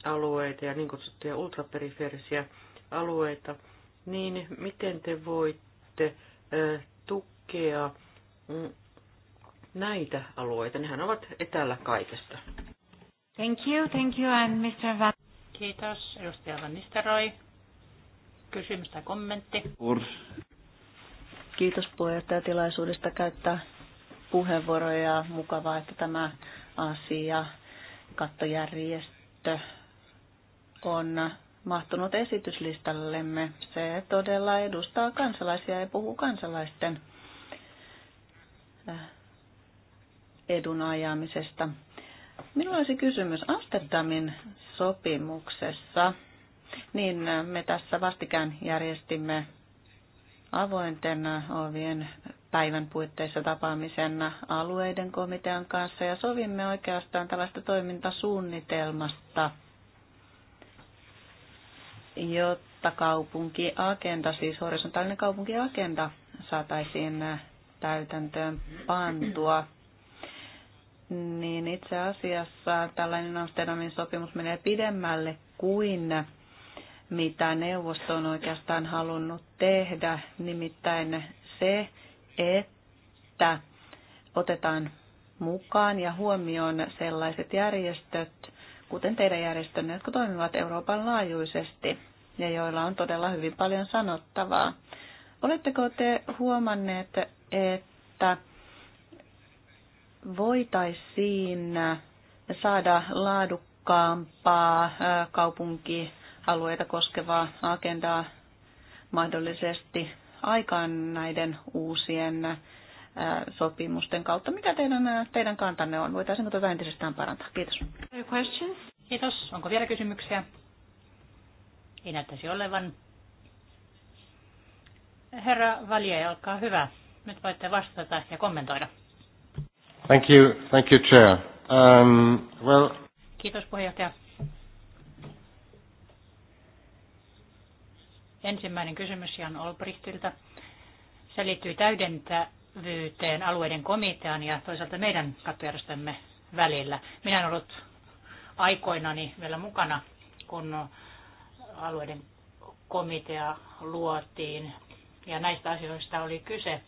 alueita ja niin kutsuttuja ultraperiferisiä alueita, niin miten te voitte tukea mm, näitä alueita? Nehän ovat etäällä kaikesta. Thank you, thank you, and Mr. Van... Kiitos, edustaja Van Nisteroi. Kysymys tai kommentti? Kiitos puheenjohtaja tilaisuudesta käyttää puheenvuoroja. Mukavaa, että tämä asia. Kattojärjestö on mahtunut esityslistallemme. Se todella edustaa kansalaisia ja puhuu kansalaisten äh, edun ajamisesta. Minulla olisi kysymys Amsterdamin sopimuksessa. Niin äh, me tässä vastikään järjestimme avointen äh, ovien päivän puitteissa tapaamisen alueiden komitean kanssa ja sovimme oikeastaan tällaista toimintasuunnitelmasta, jotta kaupunkiagenda, siis horisontaalinen kaupunkiagenda saataisiin täytäntöön pantua. Niin itse asiassa tällainen Amsterdamin sopimus menee pidemmälle kuin mitä neuvosto on oikeastaan halunnut tehdä, nimittäin se, että otetaan mukaan ja huomioon sellaiset järjestöt, kuten teidän järjestönne, jotka toimivat Euroopan laajuisesti ja joilla on todella hyvin paljon sanottavaa. Oletteko te huomanneet, että voitaisiin saada laadukkaampaa kaupunkialueita koskevaa agendaa mahdollisesti aikaan näiden uusien sopimusten kautta. Mikä teidän, teidän kantanne on? Voitaisiinko tätä entisestään parantaa? Kiitos. Questions? Kiitos. Onko vielä kysymyksiä? Ei näyttäisi olevan. Herra Valje, olkaa hyvä. Nyt voitte vastata ja kommentoida. Thank you, thank you, Chair. Um, well... Kiitos puheenjohtaja. Ensimmäinen kysymys Jan Olbrichtiltä. Se liittyy täydentävyyteen alueiden komitean ja toisaalta meidän kattojärjestömme välillä. Minä olen ollut aikoinani vielä mukana, kun alueiden komitea luotiin ja näistä asioista oli kyse.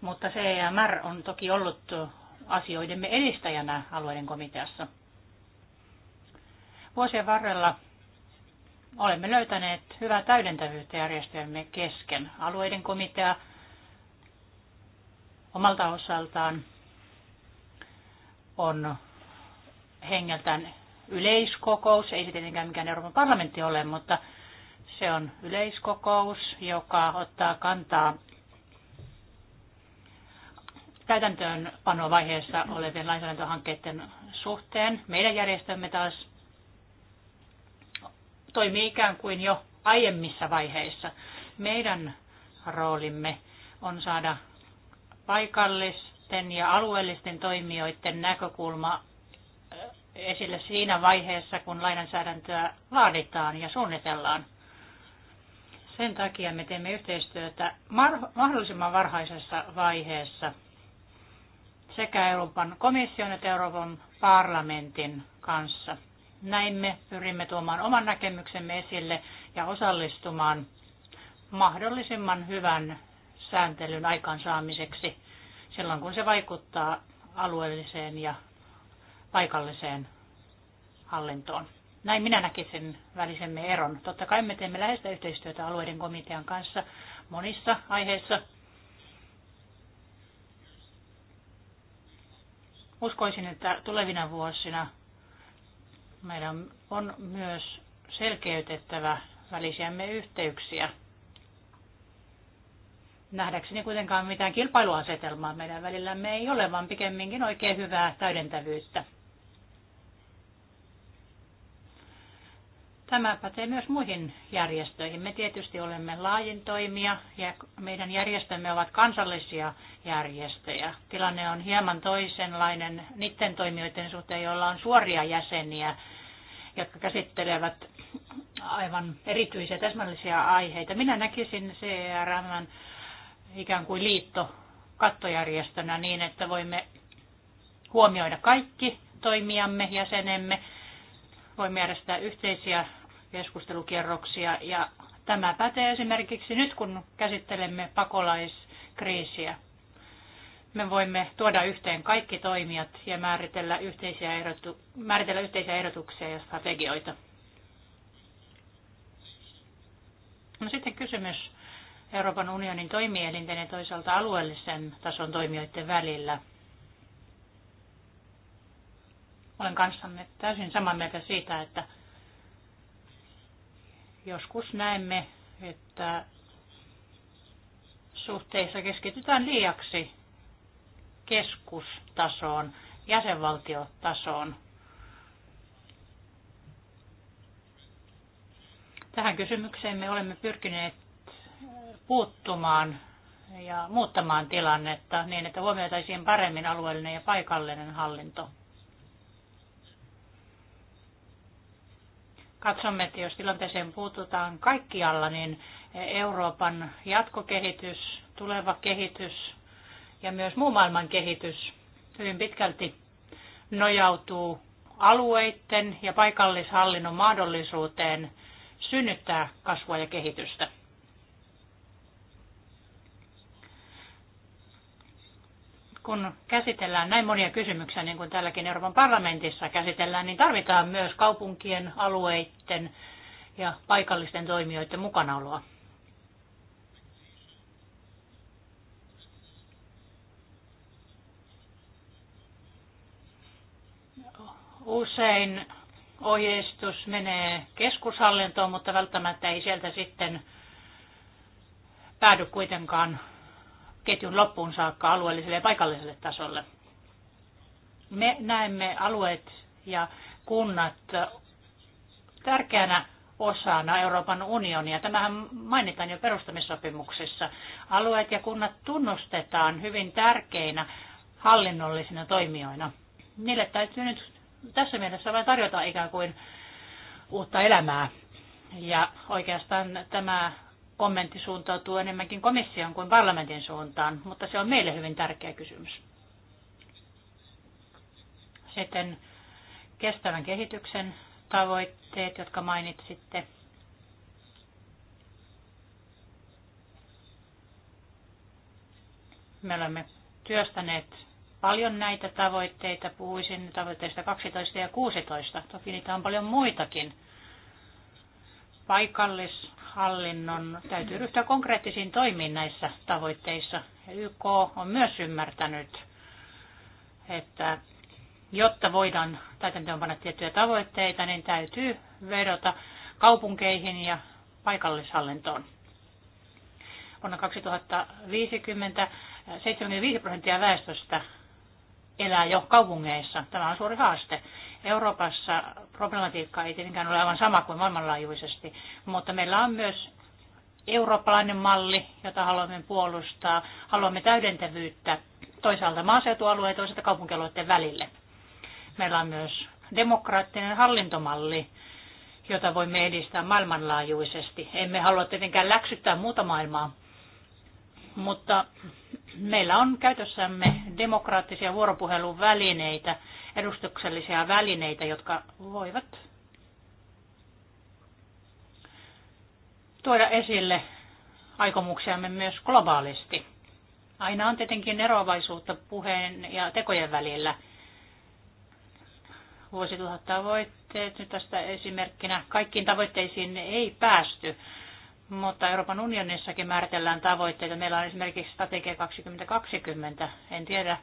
Mutta CMR on toki ollut asioidemme edistäjänä alueiden komiteassa. Vuosien varrella olemme löytäneet hyvää täydentävyyttä järjestelmien kesken. Alueiden komitea omalta osaltaan on hengeltään yleiskokous, ei se tietenkään mikään Euroopan parlamentti ole, mutta se on yleiskokous, joka ottaa kantaa täytäntöönpanovaiheessa olevien lainsäädäntöhankkeiden suhteen. Meidän järjestömme taas toimii ikään kuin jo aiemmissa vaiheissa. Meidän roolimme on saada paikallisten ja alueellisten toimijoiden näkökulma äh, esille siinä vaiheessa, kun lainsäädäntöä laaditaan ja suunnitellaan. Sen takia me teemme yhteistyötä mahdollisimman varhaisessa vaiheessa sekä Euroopan komission että Euroopan parlamentin kanssa – näin me pyrimme tuomaan oman näkemyksemme esille ja osallistumaan mahdollisimman hyvän sääntelyn aikaansaamiseksi silloin, kun se vaikuttaa alueelliseen ja paikalliseen hallintoon. Näin minä näkisin välisemme eron. Totta kai me teemme läheistä yhteistyötä alueiden komitean kanssa monissa aiheissa. Uskoisin, että tulevina vuosina meidän on myös selkeytettävä välisiämme yhteyksiä. Nähdäkseni kuitenkaan mitään kilpailuasetelmaa meidän välillämme ei ole, vaan pikemminkin oikein hyvää täydentävyyttä. Tämä pätee myös muihin järjestöihin. Me tietysti olemme laajin toimija ja meidän järjestömme ovat kansallisia järjestöjä. Tilanne on hieman toisenlainen niiden toimijoiden suhteen, joilla on suoria jäseniä, jotka käsittelevät aivan erityisiä täsmällisiä aiheita. Minä näkisin CRM ikään kuin liitto kattojärjestönä niin, että voimme huomioida kaikki toimijamme, jäsenemme, voimme järjestää yhteisiä keskustelukierroksia ja tämä pätee esimerkiksi nyt, kun käsittelemme pakolaiskriisiä. Me voimme tuoda yhteen kaikki toimijat ja määritellä yhteisiä, ehdotu- määritellä yhteisiä ehdotuksia ja strategioita. No sitten kysymys Euroopan unionin toimielinten ja toisaalta alueellisen tason toimijoiden välillä. Olen kanssanne täysin samaa mieltä siitä, että Joskus näemme, että suhteissa keskitytään liiaksi keskustasoon, jäsenvaltiotasoon. Tähän kysymykseen me olemme pyrkineet puuttumaan ja muuttamaan tilannetta niin, että huomioitaisiin paremmin alueellinen ja paikallinen hallinto. Katsomme, että jos tilanteeseen puututaan kaikkialla, niin Euroopan jatkokehitys, tuleva kehitys ja myös muu maailman kehitys hyvin pitkälti nojautuu alueiden ja paikallishallinnon mahdollisuuteen synnyttää kasvua ja kehitystä. kun käsitellään näin monia kysymyksiä, niin kuin täälläkin Euroopan parlamentissa käsitellään, niin tarvitaan myös kaupunkien, alueiden ja paikallisten toimijoiden mukanaoloa. Usein ohjeistus menee keskushallintoon, mutta välttämättä ei sieltä sitten päädy kuitenkaan ketjun loppuun saakka alueelliselle ja paikalliselle tasolle. Me näemme alueet ja kunnat tärkeänä osana Euroopan unionia. Tämähän mainitaan jo perustamissopimuksessa. Alueet ja kunnat tunnustetaan hyvin tärkeinä hallinnollisina toimijoina. Niille täytyy nyt tässä mielessä vain tarjota ikään kuin uutta elämää. Ja oikeastaan tämä kommentti suuntautuu enemmänkin komission kuin parlamentin suuntaan, mutta se on meille hyvin tärkeä kysymys. Sitten kestävän kehityksen tavoitteet, jotka mainitsitte. Me olemme työstäneet paljon näitä tavoitteita. Puhuisin tavoitteista 12 ja 16. Toki niitä on paljon muitakin. Paikallis hallinnon täytyy ryhtyä konkreettisiin toimiin näissä tavoitteissa. YK on myös ymmärtänyt, että jotta voidaan panna tiettyjä tavoitteita, niin täytyy vedota kaupunkeihin ja paikallishallintoon. Vuonna 2050 75 prosenttia väestöstä elää jo kaupungeissa. Tämä on suuri haaste. Euroopassa problematiikka ei tietenkään ole aivan sama kuin maailmanlaajuisesti, mutta meillä on myös eurooppalainen malli, jota haluamme puolustaa. Haluamme täydentävyyttä toisaalta maaseutualueen ja toisaalta kaupunkialueiden välille. Meillä on myös demokraattinen hallintomalli, jota voimme edistää maailmanlaajuisesti. Emme halua tietenkään läksyttää muuta maailmaa, mutta meillä on käytössämme demokraattisia vuoropuhelun välineitä, edustuksellisia välineitä, jotka voivat tuoda esille aikomuksiamme myös globaalisti. Aina on tietenkin eroavaisuutta puheen ja tekojen välillä. Vuosituhat tavoitteet nyt tästä esimerkkinä. Kaikkiin tavoitteisiin ei päästy, mutta Euroopan unionissakin määritellään tavoitteita. Meillä on esimerkiksi strategia 2020. En tiedä,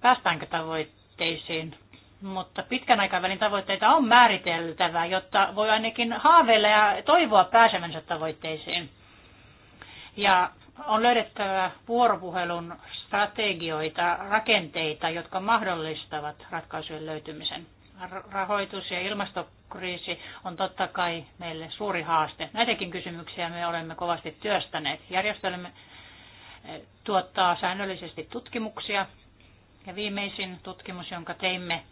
päästäänkö tavoitteisiin mutta pitkän aikavälin tavoitteita on määriteltävä, jotta voi ainakin haaveilla ja toivoa pääsemänsä tavoitteisiin. Ja on löydettävä vuoropuhelun strategioita, rakenteita, jotka mahdollistavat ratkaisujen löytymisen. Rahoitus- ja ilmastokriisi on totta kai meille suuri haaste. Näitäkin kysymyksiä me olemme kovasti työstäneet. Järjestelmä eh, tuottaa säännöllisesti tutkimuksia ja viimeisin tutkimus, jonka teimme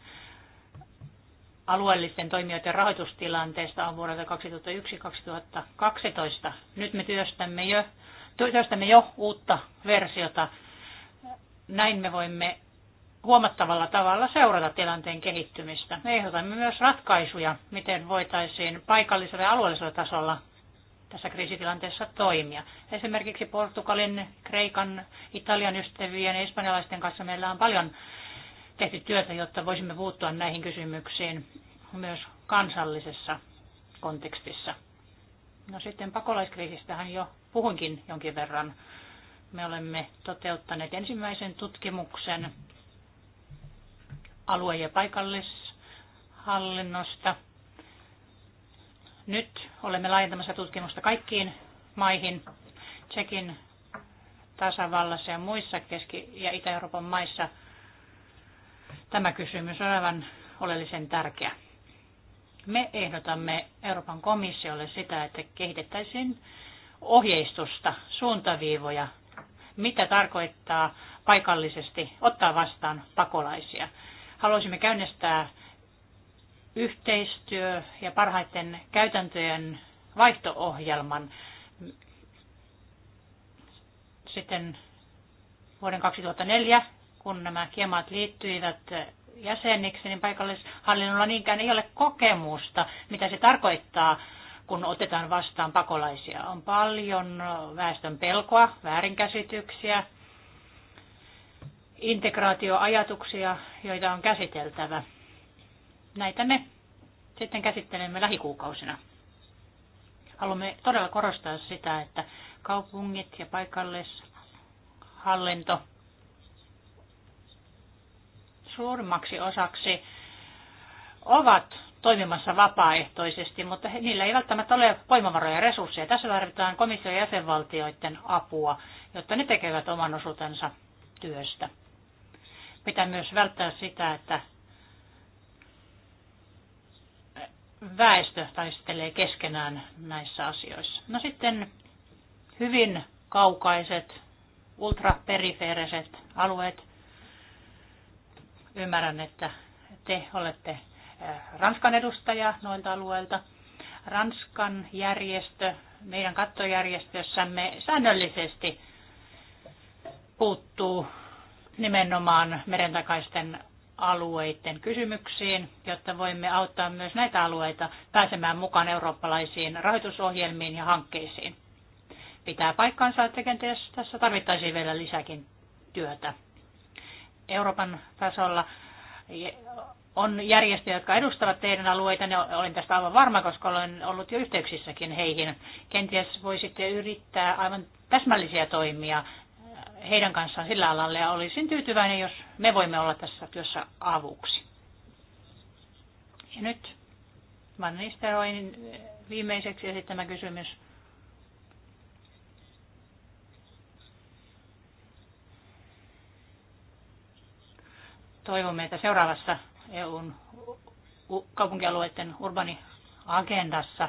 alueellisten toimijoiden rahoitustilanteesta on vuodelta 2001-2012. Nyt me työstämme jo, työstämme jo uutta versiota. Näin me voimme huomattavalla tavalla seurata tilanteen kehittymistä. Me ehdotamme myös ratkaisuja, miten voitaisiin paikallisella ja alueellisella tasolla tässä kriisitilanteessa toimia. Esimerkiksi Portugalin, Kreikan, Italian ystävien ja espanjalaisten kanssa meillä on paljon tehty työtä, jotta voisimme puuttua näihin kysymyksiin myös kansallisessa kontekstissa. No sitten pakolaiskriisistähän jo puhuinkin jonkin verran. Me olemme toteuttaneet ensimmäisen tutkimuksen alue- ja paikallishallinnosta. Nyt olemme laajentamassa tutkimusta kaikkiin maihin, Tsekin tasavallassa ja muissa Keski- ja Itä-Euroopan maissa – Tämä kysymys on aivan oleellisen tärkeä. Me ehdotamme Euroopan komissiolle sitä, että kehitettäisiin ohjeistusta, suuntaviivoja, mitä tarkoittaa paikallisesti ottaa vastaan pakolaisia. Haluaisimme käynnistää yhteistyö- ja parhaiten käytäntöjen vaihtoohjelman sitten vuoden 2004 kun nämä kieMAT liittyivät jäseniksi, niin paikallishallinnolla niinkään ei ole kokemusta, mitä se tarkoittaa, kun otetaan vastaan pakolaisia. On paljon väestön pelkoa, väärinkäsityksiä, integraatioajatuksia, joita on käsiteltävä. Näitä me sitten käsittelemme lähikuukausina. Haluamme todella korostaa sitä, että kaupungit ja paikallishallinto – suurimmaksi osaksi ovat toimimassa vapaaehtoisesti, mutta niillä ei välttämättä ole voimavaroja ja resursseja. Tässä tarvitaan komission ja jäsenvaltioiden apua, jotta ne tekevät oman osuutensa työstä. Pitää myös välttää sitä, että väestö taistelee keskenään näissä asioissa. No sitten hyvin kaukaiset, ultraperifeeriset alueet – Ymmärrän, että te olette äh, Ranskan edustaja noilta alueilta. Ranskan järjestö, meidän kattojärjestössämme säännöllisesti puuttuu nimenomaan merentakaisten alueiden kysymyksiin, jotta voimme auttaa myös näitä alueita pääsemään mukaan eurooppalaisiin rahoitusohjelmiin ja hankkeisiin. Pitää paikkaansa, että kenties tässä tarvittaisiin vielä lisäkin työtä. Euroopan tasolla on järjestöjä, jotka edustavat teidän alueita. Ne niin olen tästä aivan varma, koska olen ollut jo yhteyksissäkin heihin. Kenties voisitte yrittää aivan täsmällisiä toimia heidän kanssaan sillä alalla ja olisin tyytyväinen, jos me voimme olla tässä työssä avuksi. Ja nyt Van viimeiseksi esittämä kysymys. Toivomme, että seuraavassa EUn kaupunkialueiden urbaniagendassa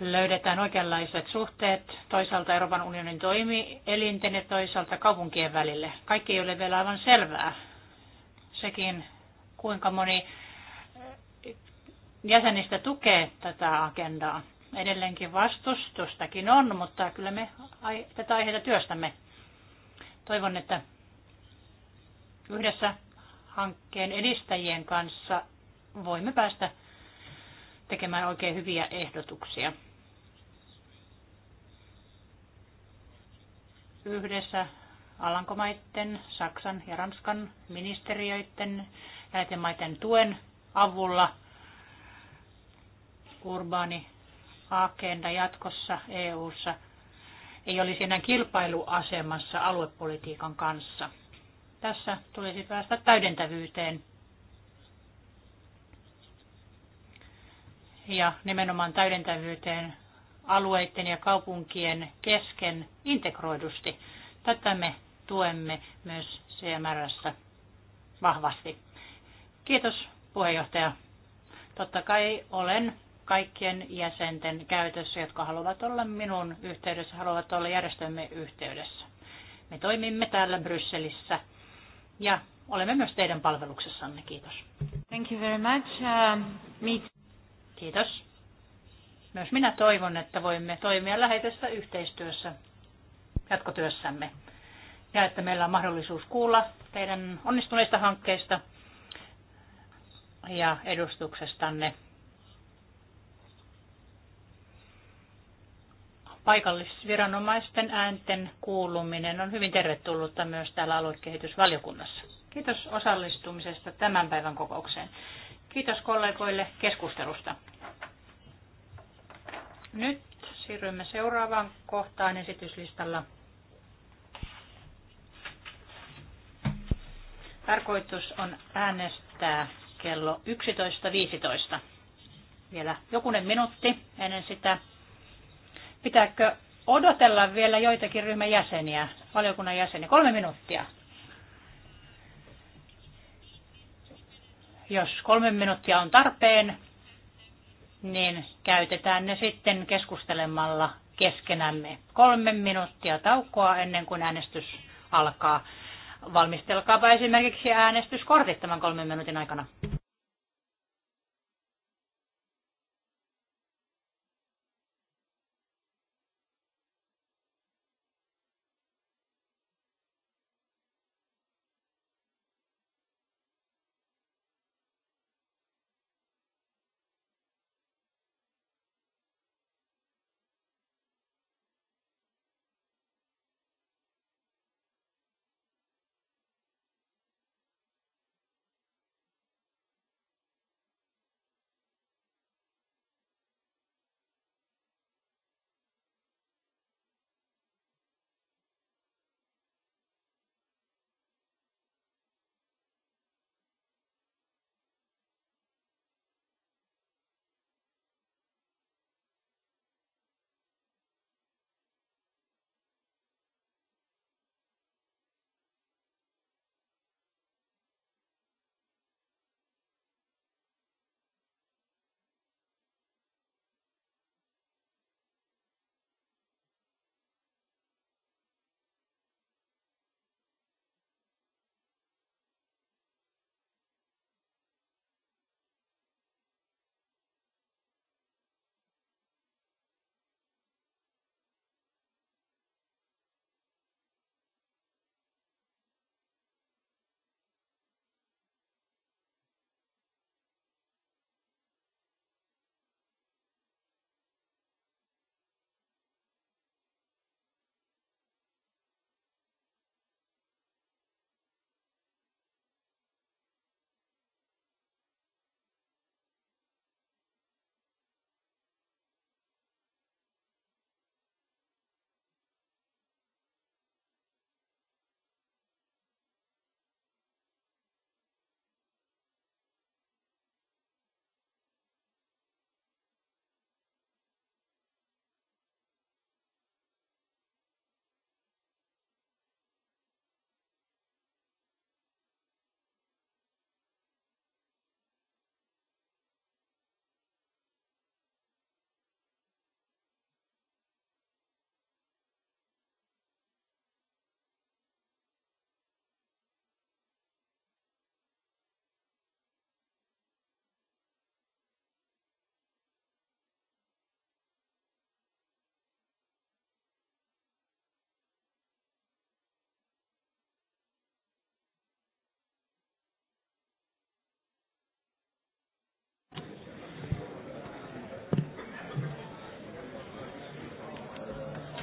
löydetään oikeanlaiset suhteet toisaalta Euroopan unionin toimielinten ja toisaalta kaupunkien välille. Kaikki ei ole vielä aivan selvää. Sekin, kuinka moni eh, jäsenistä tukee tätä agendaa. Edelleenkin vastustustakin on, mutta kyllä me tätä aiheita työstämme. Toivon, että yhdessä hankkeen edistäjien kanssa voimme päästä tekemään oikein hyviä ehdotuksia. Yhdessä Alankomaiden, Saksan ja Ranskan ministeriöiden näiden maiden tuen avulla urbaani agenda jatkossa EU:ssa ei olisi enää kilpailuasemassa aluepolitiikan kanssa. Tässä tulisi päästä täydentävyyteen. Ja nimenomaan täydentävyyteen alueiden ja kaupunkien kesken integroidusti. Tätä me tuemme myös cmr vahvasti. Kiitos puheenjohtaja. Totta kai olen kaikkien jäsenten käytössä, jotka haluavat olla minun yhteydessä, haluavat olla järjestömme yhteydessä. Me toimimme täällä Brysselissä ja olemme myös teidän palveluksessanne. Kiitos. Thank you very much. Um, Kiitos. Myös minä toivon, että voimme toimia läheisessä yhteistyössä jatkotyössämme ja että meillä on mahdollisuus kuulla teidän onnistuneista hankkeista ja edustuksestanne paikallisviranomaisten äänten kuuluminen on hyvin tervetullutta myös täällä aluekehitysvaliokunnassa. Kiitos osallistumisesta tämän päivän kokoukseen. Kiitos kollegoille keskustelusta. Nyt siirrymme seuraavaan kohtaan esityslistalla. Tarkoitus on äänestää kello 11.15. Vielä jokunen minuutti ennen sitä Pitääkö odotella vielä joitakin ryhmän jäseniä, valiokunnan jäseniä? Kolme minuuttia. Jos kolme minuuttia on tarpeen, niin käytetään ne sitten keskustelemalla keskenämme. Kolme minuuttia taukoa ennen kuin äänestys alkaa. Valmistelkaapa esimerkiksi äänestyskortit tämän kolmen minuutin aikana.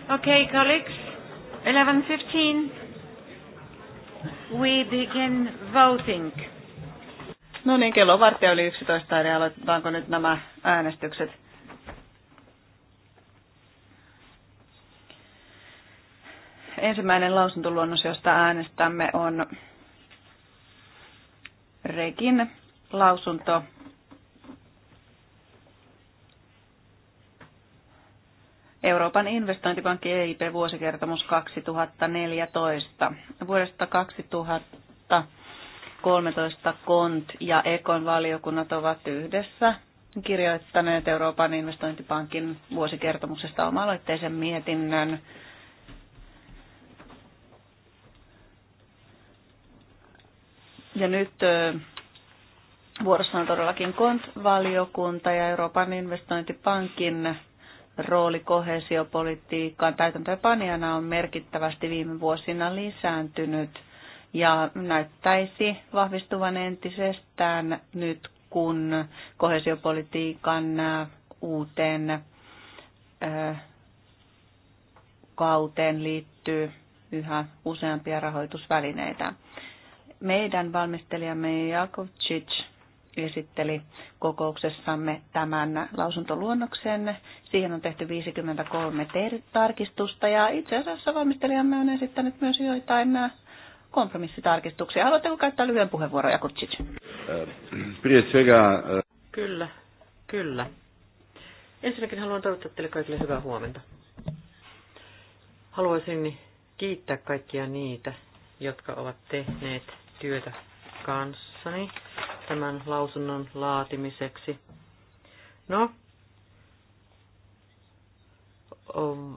Okay, colleagues, 11.15. We begin voting. No niin, kello on varttia yli 11, eli aloitetaanko nyt nämä äänestykset? Ensimmäinen lausuntoluonnos, josta äänestämme, on Rekin lausunto Euroopan investointipankki EIP vuosikertomus 2014. Vuodesta 2013 KONT ja EKON valiokunnat ovat yhdessä kirjoittaneet Euroopan investointipankin vuosikertomuksesta oma-aloitteisen mietinnön. Ja nyt vuorossa on todellakin KONT-valiokunta ja Euroopan investointipankin rooli kohesiopolitiikkaan täytäntöönpanijana on merkittävästi viime vuosina lisääntynyt ja näyttäisi vahvistuvan entisestään nyt, kun kohesiopolitiikan uuteen kauteen liittyy yhä useampia rahoitusvälineitä. Meidän valmistelijamme Jakovcic esitteli kokouksessamme tämän lausuntoluonnoksen. Siihen on tehty 53 tarkistusta ja itse asiassa valmistelijamme on esittänyt myös joitain äh, kompromissitarkistuksia. Haluatteko käyttää lyhyen puheenvuoron, Jakutsic? Kyllä, kyllä. Ensinnäkin haluan toivottaa teille kaikille hyvää huomenta. Haluaisin kiittää kaikkia niitä, jotka ovat tehneet työtä kanssani tämän lausunnon laatimiseksi. No,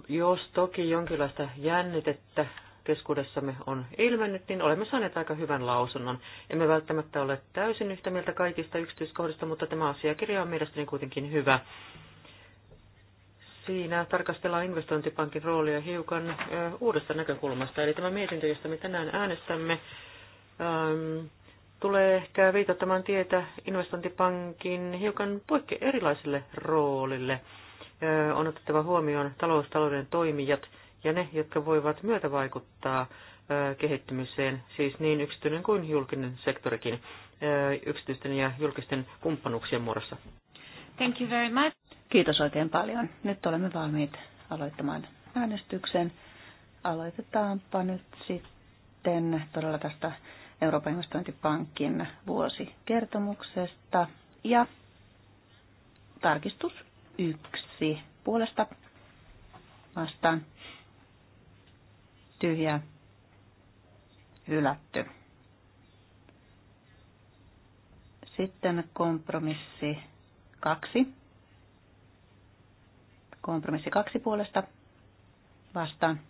jos toki jonkinlaista jännitettä keskuudessamme on ilmennyt, niin olemme saaneet aika hyvän lausunnon. Emme välttämättä ole täysin yhtä mieltä kaikista yksityiskohdista, mutta tämä asiakirja on mielestäni kuitenkin hyvä. Siinä tarkastellaan investointipankin roolia hiukan uudesta näkökulmasta. Eli tämä mietintö, josta me tänään äänestämme, tulee ehkä viitottamaan tietä investointipankin hiukan poikke erilaiselle roolille. On otettava huomioon taloustalouden toimijat ja ne, jotka voivat vaikuttaa kehittymiseen, siis niin yksityinen kuin julkinen sektorikin, yksityisten ja julkisten kumppanuuksien muodossa. Thank you very much. Kiitos oikein paljon. Nyt olemme valmiit aloittamaan äänestyksen. Aloitetaanpa nyt sitten todella tästä Euroopan investointipankin vuosikertomuksesta. Ja tarkistus yksi puolesta vastaan tyhjä hylätty. Sitten kompromissi kaksi. Kompromissi kaksi puolesta vastaan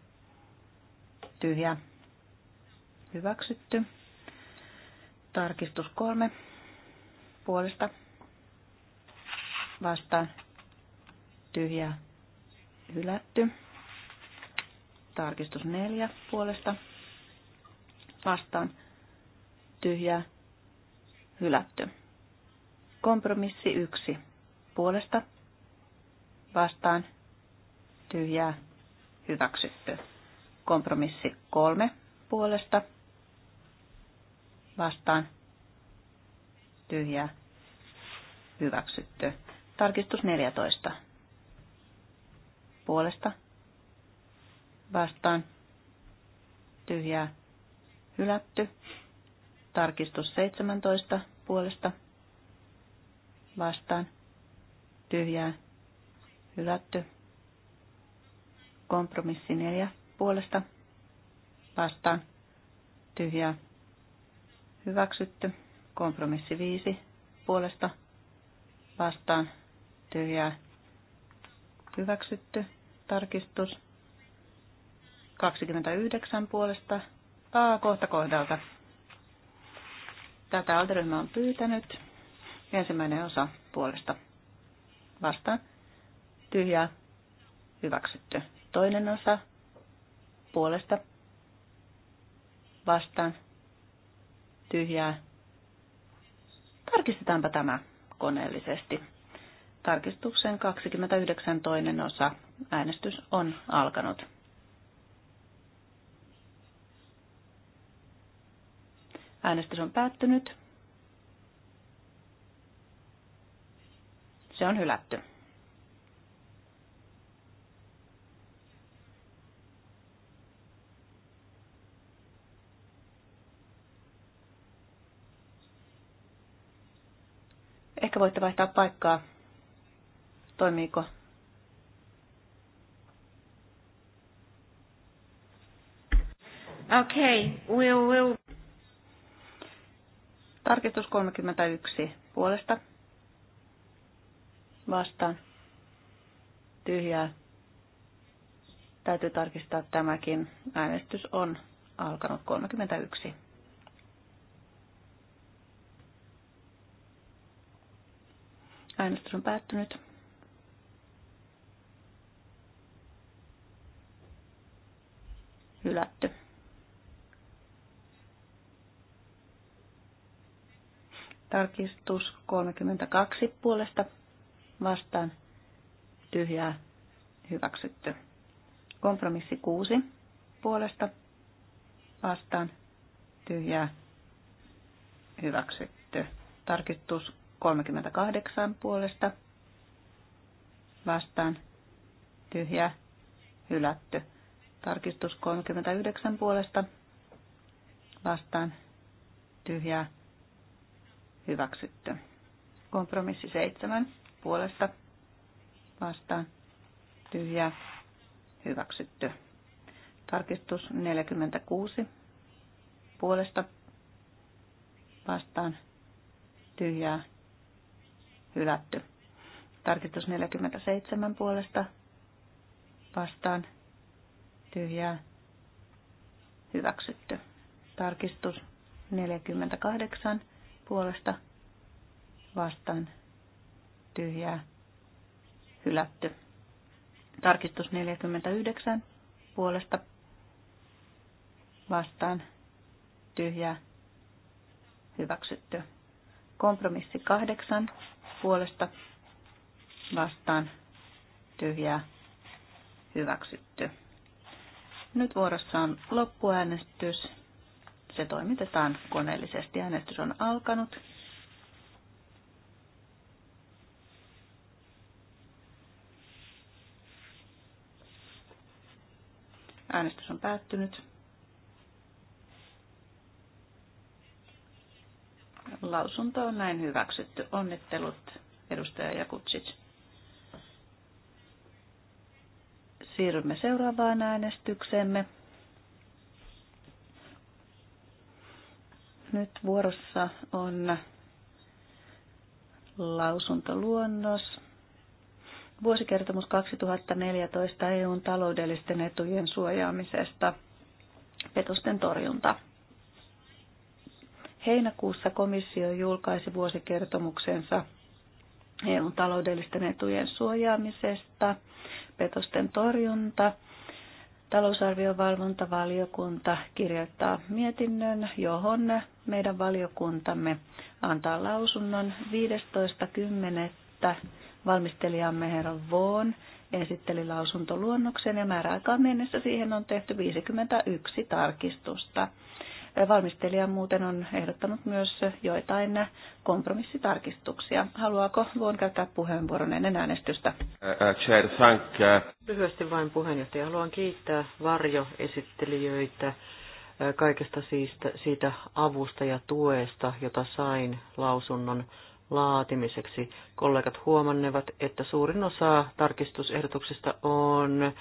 tyhjä hyväksytty. Tarkistus kolme puolesta vastaan tyhjä hylätty. Tarkistus neljä puolesta vastaan tyhjä hylätty. Kompromissi yksi puolesta vastaan tyhjää hyväksytty. Kompromissi kolme puolesta vastaan tyhjää hyväksytty. Tarkistus 14 puolesta vastaan tyhjää hylätty. Tarkistus 17 puolesta vastaan tyhjää hylätty. Kompromissi 4 puolesta vastaan tyhjää Hyväksytty. Kompromissi 5 puolesta vastaan tyhjää. Hyväksytty. Tarkistus 29 puolesta. A kohta kohdalta. Tätä alteryhmä on pyytänyt. Ensimmäinen osa puolesta. Vastaan. Tyhjää. Hyväksytty. Toinen osa puolesta. Vastaan tyhjää. Tarkistetaanpa tämä koneellisesti. Tarkistuksen 29 toinen osa. Äänestys on alkanut. Äänestys on päättynyt. Se on hylätty. Ehkä voitte vaihtaa paikkaa. Toimiiko? Okay, we'll, will. Tarkistus 31 puolesta. Vastaan. Tyhjää. Täytyy tarkistaa tämäkin. Äänestys on alkanut 31. Äänestys on päättynyt. Hylätty. Tarkistus 32 puolesta vastaan tyhjää hyväksytty. Kompromissi 6 puolesta vastaan tyhjää hyväksytty. Tarkistus 38 puolesta vastaan tyhjä hylätty. Tarkistus 39 puolesta vastaan tyhjä hyväksytty. Kompromissi 7 puolesta vastaan tyhjä hyväksytty. Tarkistus 46 puolesta vastaan tyhjää hylätty. Tarkistus 47 puolesta vastaan tyhjää hyväksytty. Tarkistus 48 puolesta vastaan tyhjää hylätty. Tarkistus 49 puolesta vastaan tyhjää hyväksytty. Kompromissi kahdeksan puolesta vastaan tyhjää hyväksytty. Nyt vuorossa on loppuäänestys. Se toimitetaan koneellisesti. Äänestys on alkanut. Äänestys on päättynyt. Lausunto on näin hyväksytty. Onnittelut, edustaja Jakutsic. Siirrymme seuraavaan äänestykseemme. Nyt vuorossa on lausuntoluonnos. Vuosikertomus 2014 EUn taloudellisten etujen suojaamisesta, petosten torjunta. Heinäkuussa komissio julkaisi vuosikertomuksensa EUn taloudellisten etujen suojaamisesta, petosten torjunta. Talousarviovalvontavaliokunta kirjoittaa mietinnön, johon meidän valiokuntamme antaa lausunnon 15.10. Valmistelijamme herra Voon esitteli lausuntoluonnoksen ja määräaikaan mennessä siihen on tehty 51 tarkistusta. Valmistelija muuten on ehdottanut myös joitain kompromissitarkistuksia. Haluaako Vuon käyttää puheenvuoron ennen äänestystä? Chair, thank. Uh, Lyhyesti vain puheenjohtaja. Haluan kiittää varjoesittelijöitä kaikesta siitä, siitä avusta ja tuesta, jota sain lausunnon laatimiseksi. Kollegat huomannevat, että suurin osa tarkistusehdotuksista on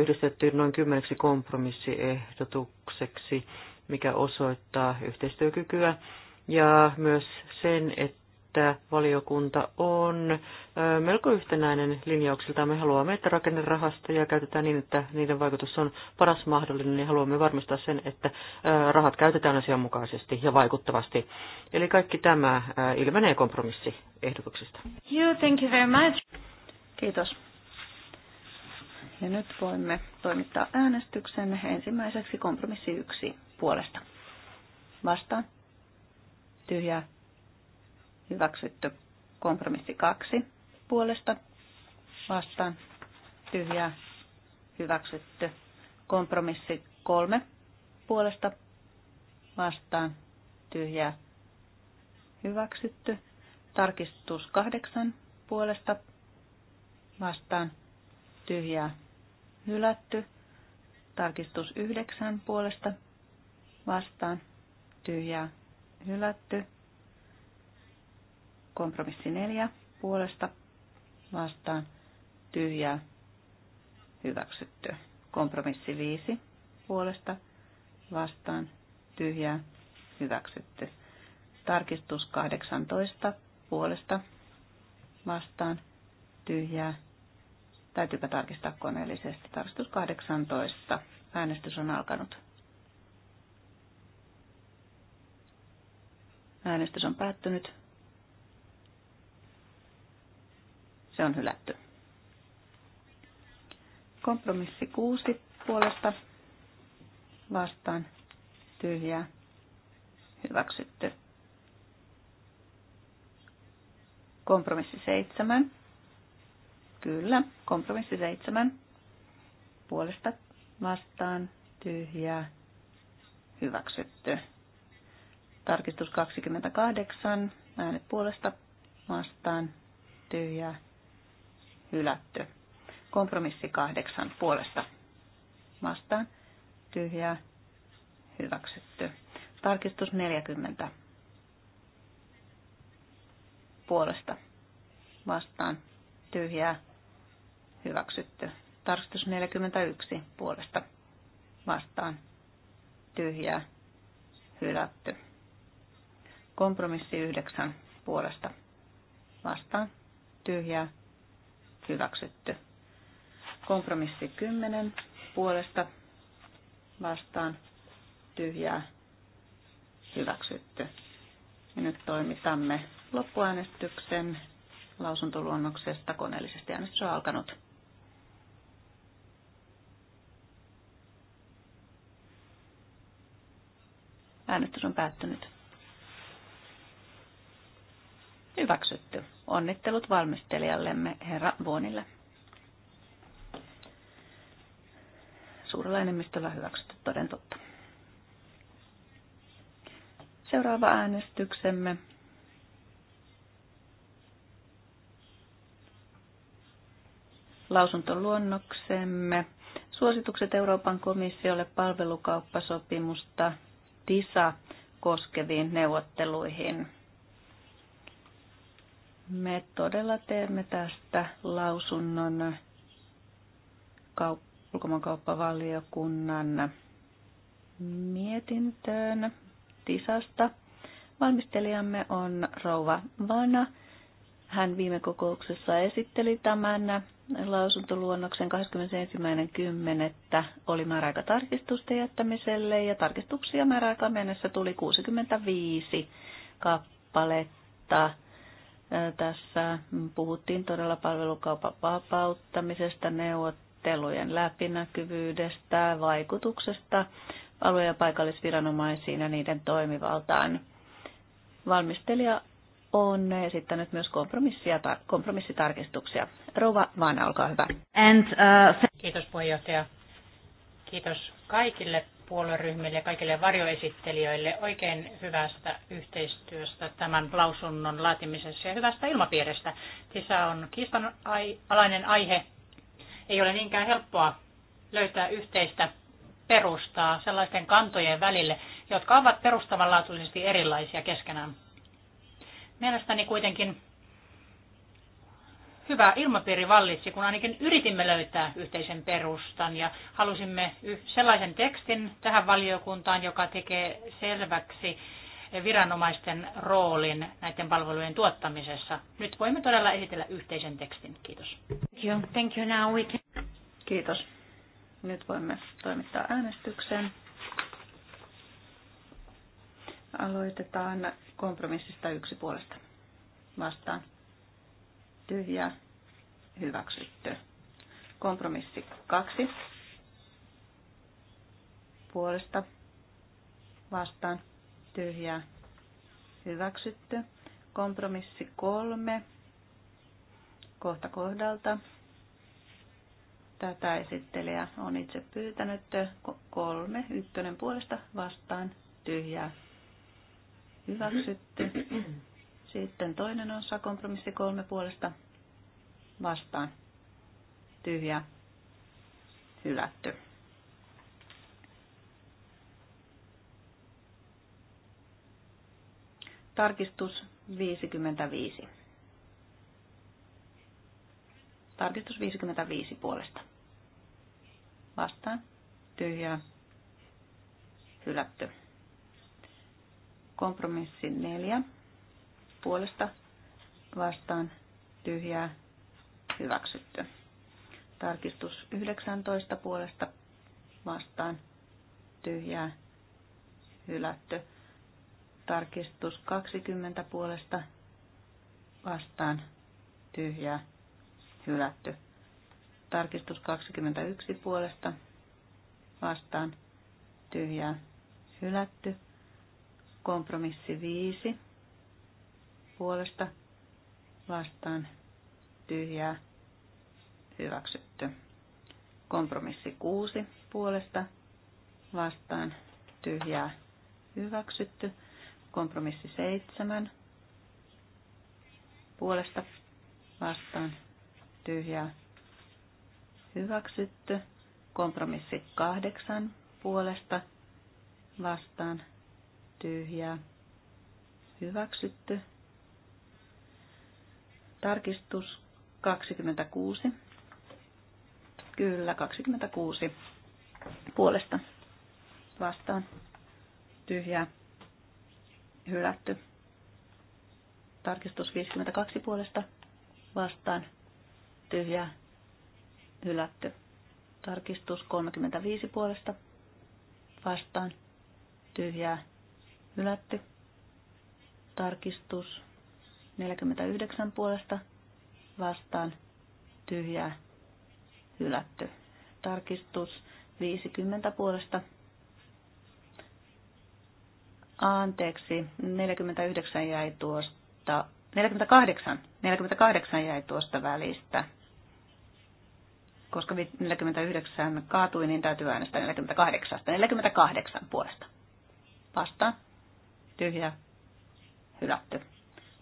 yhdistetty noin kymmeneksi kompromissiehdotukseksi mikä osoittaa yhteistyökykyä ja myös sen, että valiokunta on melko yhtenäinen linjauksilta. Me haluamme, että rakennerahastoja käytetään niin, että niiden vaikutus on paras mahdollinen ja haluamme varmistaa sen, että rahat käytetään asianmukaisesti ja vaikuttavasti. Eli kaikki tämä ilmenee kompromissiehdotuksesta. You, thank you very much. Kiitos. Ja nyt voimme toimittaa äänestyksen ensimmäiseksi kompromissi yksi puolesta. Vastaan. Tyhjää. Hyväksytty. Kompromissi kaksi puolesta. Vastaan. Tyhjää. Hyväksytty. Kompromissi kolme puolesta. Vastaan. Tyhjää. Hyväksytty. Tarkistus kahdeksan puolesta. Vastaan. Tyhjää. Hylätty. Tarkistus yhdeksän puolesta vastaan tyhjää hylätty. Kompromissi neljä puolesta vastaan tyhjää hyväksytty. Kompromissi viisi puolesta vastaan tyhjää hyväksytty. Tarkistus 18 puolesta vastaan tyhjää. Täytyypä tarkistaa koneellisesti. Tarkistus 18. Äänestys on alkanut. Äänestys on päättynyt. Se on hylätty. Kompromissi 6 puolesta vastaan tyhjää hyväksytty. Kompromissi 7. Kyllä, kompromissi 7. Puolesta vastaan tyhjää hyväksytty. Tarkistus 28. Äänet puolesta vastaan tyhjää hylätty. Kompromissi 8 puolesta vastaan tyhjää hyväksytty. Tarkistus 40 puolesta vastaan tyhjää hyväksytty. Tarkistus 41 puolesta vastaan tyhjää hylätty. Kompromissi yhdeksän puolesta vastaan tyhjää hyväksytty. Kompromissi kymmenen puolesta vastaan tyhjää hyväksytty. Ja nyt toimitamme loppuäänestyksen lausuntoluonnoksesta. Koneellisesti äänestys on alkanut. Äänestys on päättynyt. Hyväksytty. Onnittelut valmistelijallemme herra Vuonille. Suurella enemmistöllä hyväksytty toden totta. Seuraava äänestyksemme lausuntoluonnoksemme. Suositukset Euroopan komissiolle palvelukauppasopimusta TISA koskeviin neuvotteluihin. Me todella teemme tästä lausunnon ulkomaankauppavaliokunnan mietintöön TISasta. Valmistelijamme on Rouva Vana. Hän viime kokouksessa esitteli tämän lausuntoluonnoksen 21.10. oli määräaika tarkistusten jättämiselle ja tarkistuksia määräaika mennessä tuli 65 kappaletta. Tässä puhuttiin todella palvelukaupan vapauttamisesta, neuvottelujen läpinäkyvyydestä, vaikutuksesta alue- ja paikallisviranomaisiin ja niiden toimivaltaan. Valmistelija on esittänyt myös kompromissia, kompromissitarkistuksia. Rova Vaana, olkaa hyvä. And, uh, kiitos puheenjohtaja. Kiitos kaikille puolueryhmille ja kaikille varjoesittelijöille oikein hyvästä yhteistyöstä tämän lausunnon laatimisessa ja hyvästä ilmapiiristä. TISA on kiistanalainen aihe. Ei ole niinkään helppoa löytää yhteistä perustaa sellaisten kantojen välille, jotka ovat perustavanlaatuisesti erilaisia keskenään. Mielestäni kuitenkin hyvä ilmapiiri vallitsi, kun ainakin yritimme löytää yhteisen perustan ja halusimme sellaisen tekstin tähän valiokuntaan, joka tekee selväksi viranomaisten roolin näiden palvelujen tuottamisessa. Nyt voimme todella esitellä yhteisen tekstin. Kiitos. Thank you. Thank you. Now we can... Kiitos. Nyt voimme toimittaa äänestyksen. Aloitetaan kompromissista yksi puolesta. Vastaan tyhjä hyväksytty. Kompromissi kaksi puolesta vastaan tyhjä hyväksytty. Kompromissi kolme kohta kohdalta. Tätä esittelijä on itse pyytänyt kolme, ykkönen puolesta vastaan, tyhjää, hyväksytty. Sitten toinen osa, kompromissi kolme puolesta vastaan. Tyhjä, hylätty. Tarkistus 55. Tarkistus 55 puolesta. Vastaan. tyhjä, Hylätty. Kompromissi 4 puolesta vastaan tyhjää hyväksytty. Tarkistus 19 puolesta vastaan tyhjää hylätty. Tarkistus 20 puolesta vastaan tyhjää hylätty. Tarkistus 21 puolesta vastaan tyhjää hylätty. Kompromissi 5 puolesta vastaan tyhjää hyväksytty. Kompromissi 6 puolesta vastaan tyhjää hyväksytty. Kompromissi 7 puolesta vastaan tyhjää hyväksytty. Kompromissi 8 puolesta vastaan tyhjää hyväksytty Tarkistus 26. Kyllä, 26 puolesta vastaan. tyhjä Hylätty. Tarkistus 52 puolesta vastaan. tyhjä Hylätty. Tarkistus 35 puolesta vastaan. tyhjä Hylätty. Tarkistus 49 puolesta vastaan tyhjää hylätty. Tarkistus 50 puolesta. Anteeksi, 49 jäi tuosta, 48, 48 jäi tuosta välistä. Koska 49 kaatui, niin täytyy äänestää 48. 48 puolesta. Vastaan. Tyhjä. Hylätty.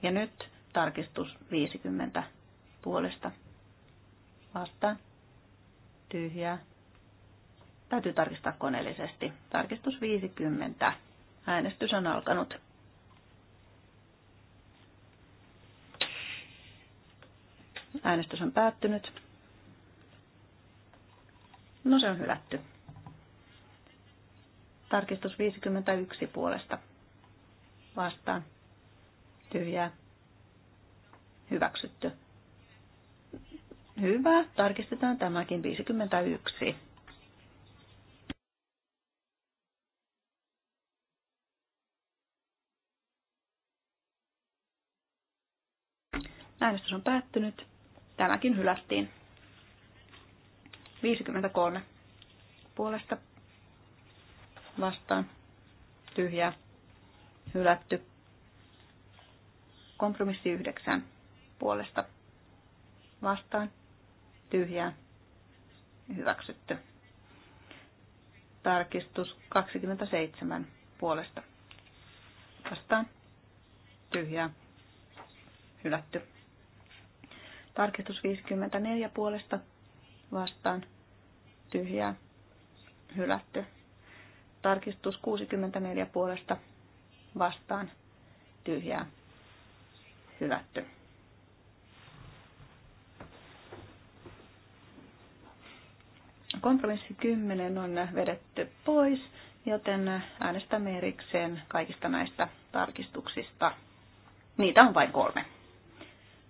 Ja nyt tarkistus 50 puolesta. Vastaan. Tyhjää. Täytyy tarkistaa koneellisesti. Tarkistus 50. Äänestys on alkanut. Äänestys on päättynyt. No se on hylätty. Tarkistus 51 puolesta. Vastaan tyhjää hyväksytty. Hyvä, tarkistetaan tämäkin 51. Äänestys on päättynyt. Tämäkin hylättiin. 53 puolesta vastaan tyhjä hylätty Kompromissi yhdeksän puolesta vastaan tyhjää hyväksytty. Tarkistus 27 puolesta vastaan tyhjää hylätty. Tarkistus 54 puolesta vastaan tyhjää hylätty. Tarkistus 64 puolesta vastaan tyhjää hylätty. Kompromissi 10 on vedetty pois, joten äänestämme erikseen kaikista näistä tarkistuksista. Niitä on vain kolme.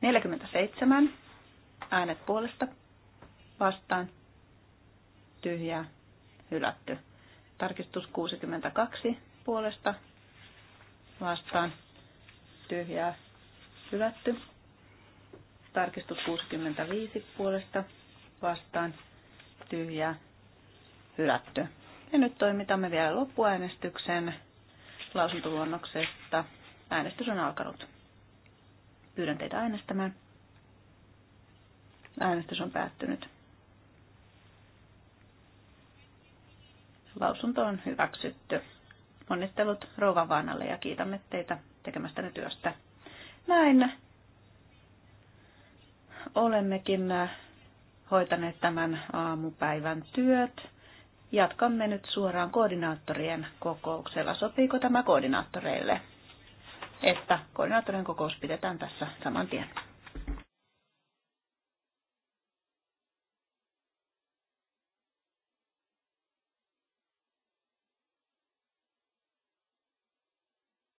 47 äänet puolesta vastaan tyhjää hylätty. Tarkistus 62 puolesta vastaan tyhjää hylätty. Tarkistus 65 puolesta vastaan tyhjä hylätty. Ja nyt toimitamme vielä loppuäänestyksen lausuntoluonnoksesta. Äänestys on alkanut. Pyydän teitä äänestämään. Äänestys on päättynyt. Lausunto on hyväksytty. Onnittelut Rouva Vaanalle ja kiitämme teitä tekemästänne työstä. Näin olemmekin hoitaneet tämän aamupäivän työt. Jatkamme nyt suoraan koordinaattorien kokouksella. Sopiiko tämä koordinaattoreille, että koordinaattorien kokous pidetään tässä saman tien?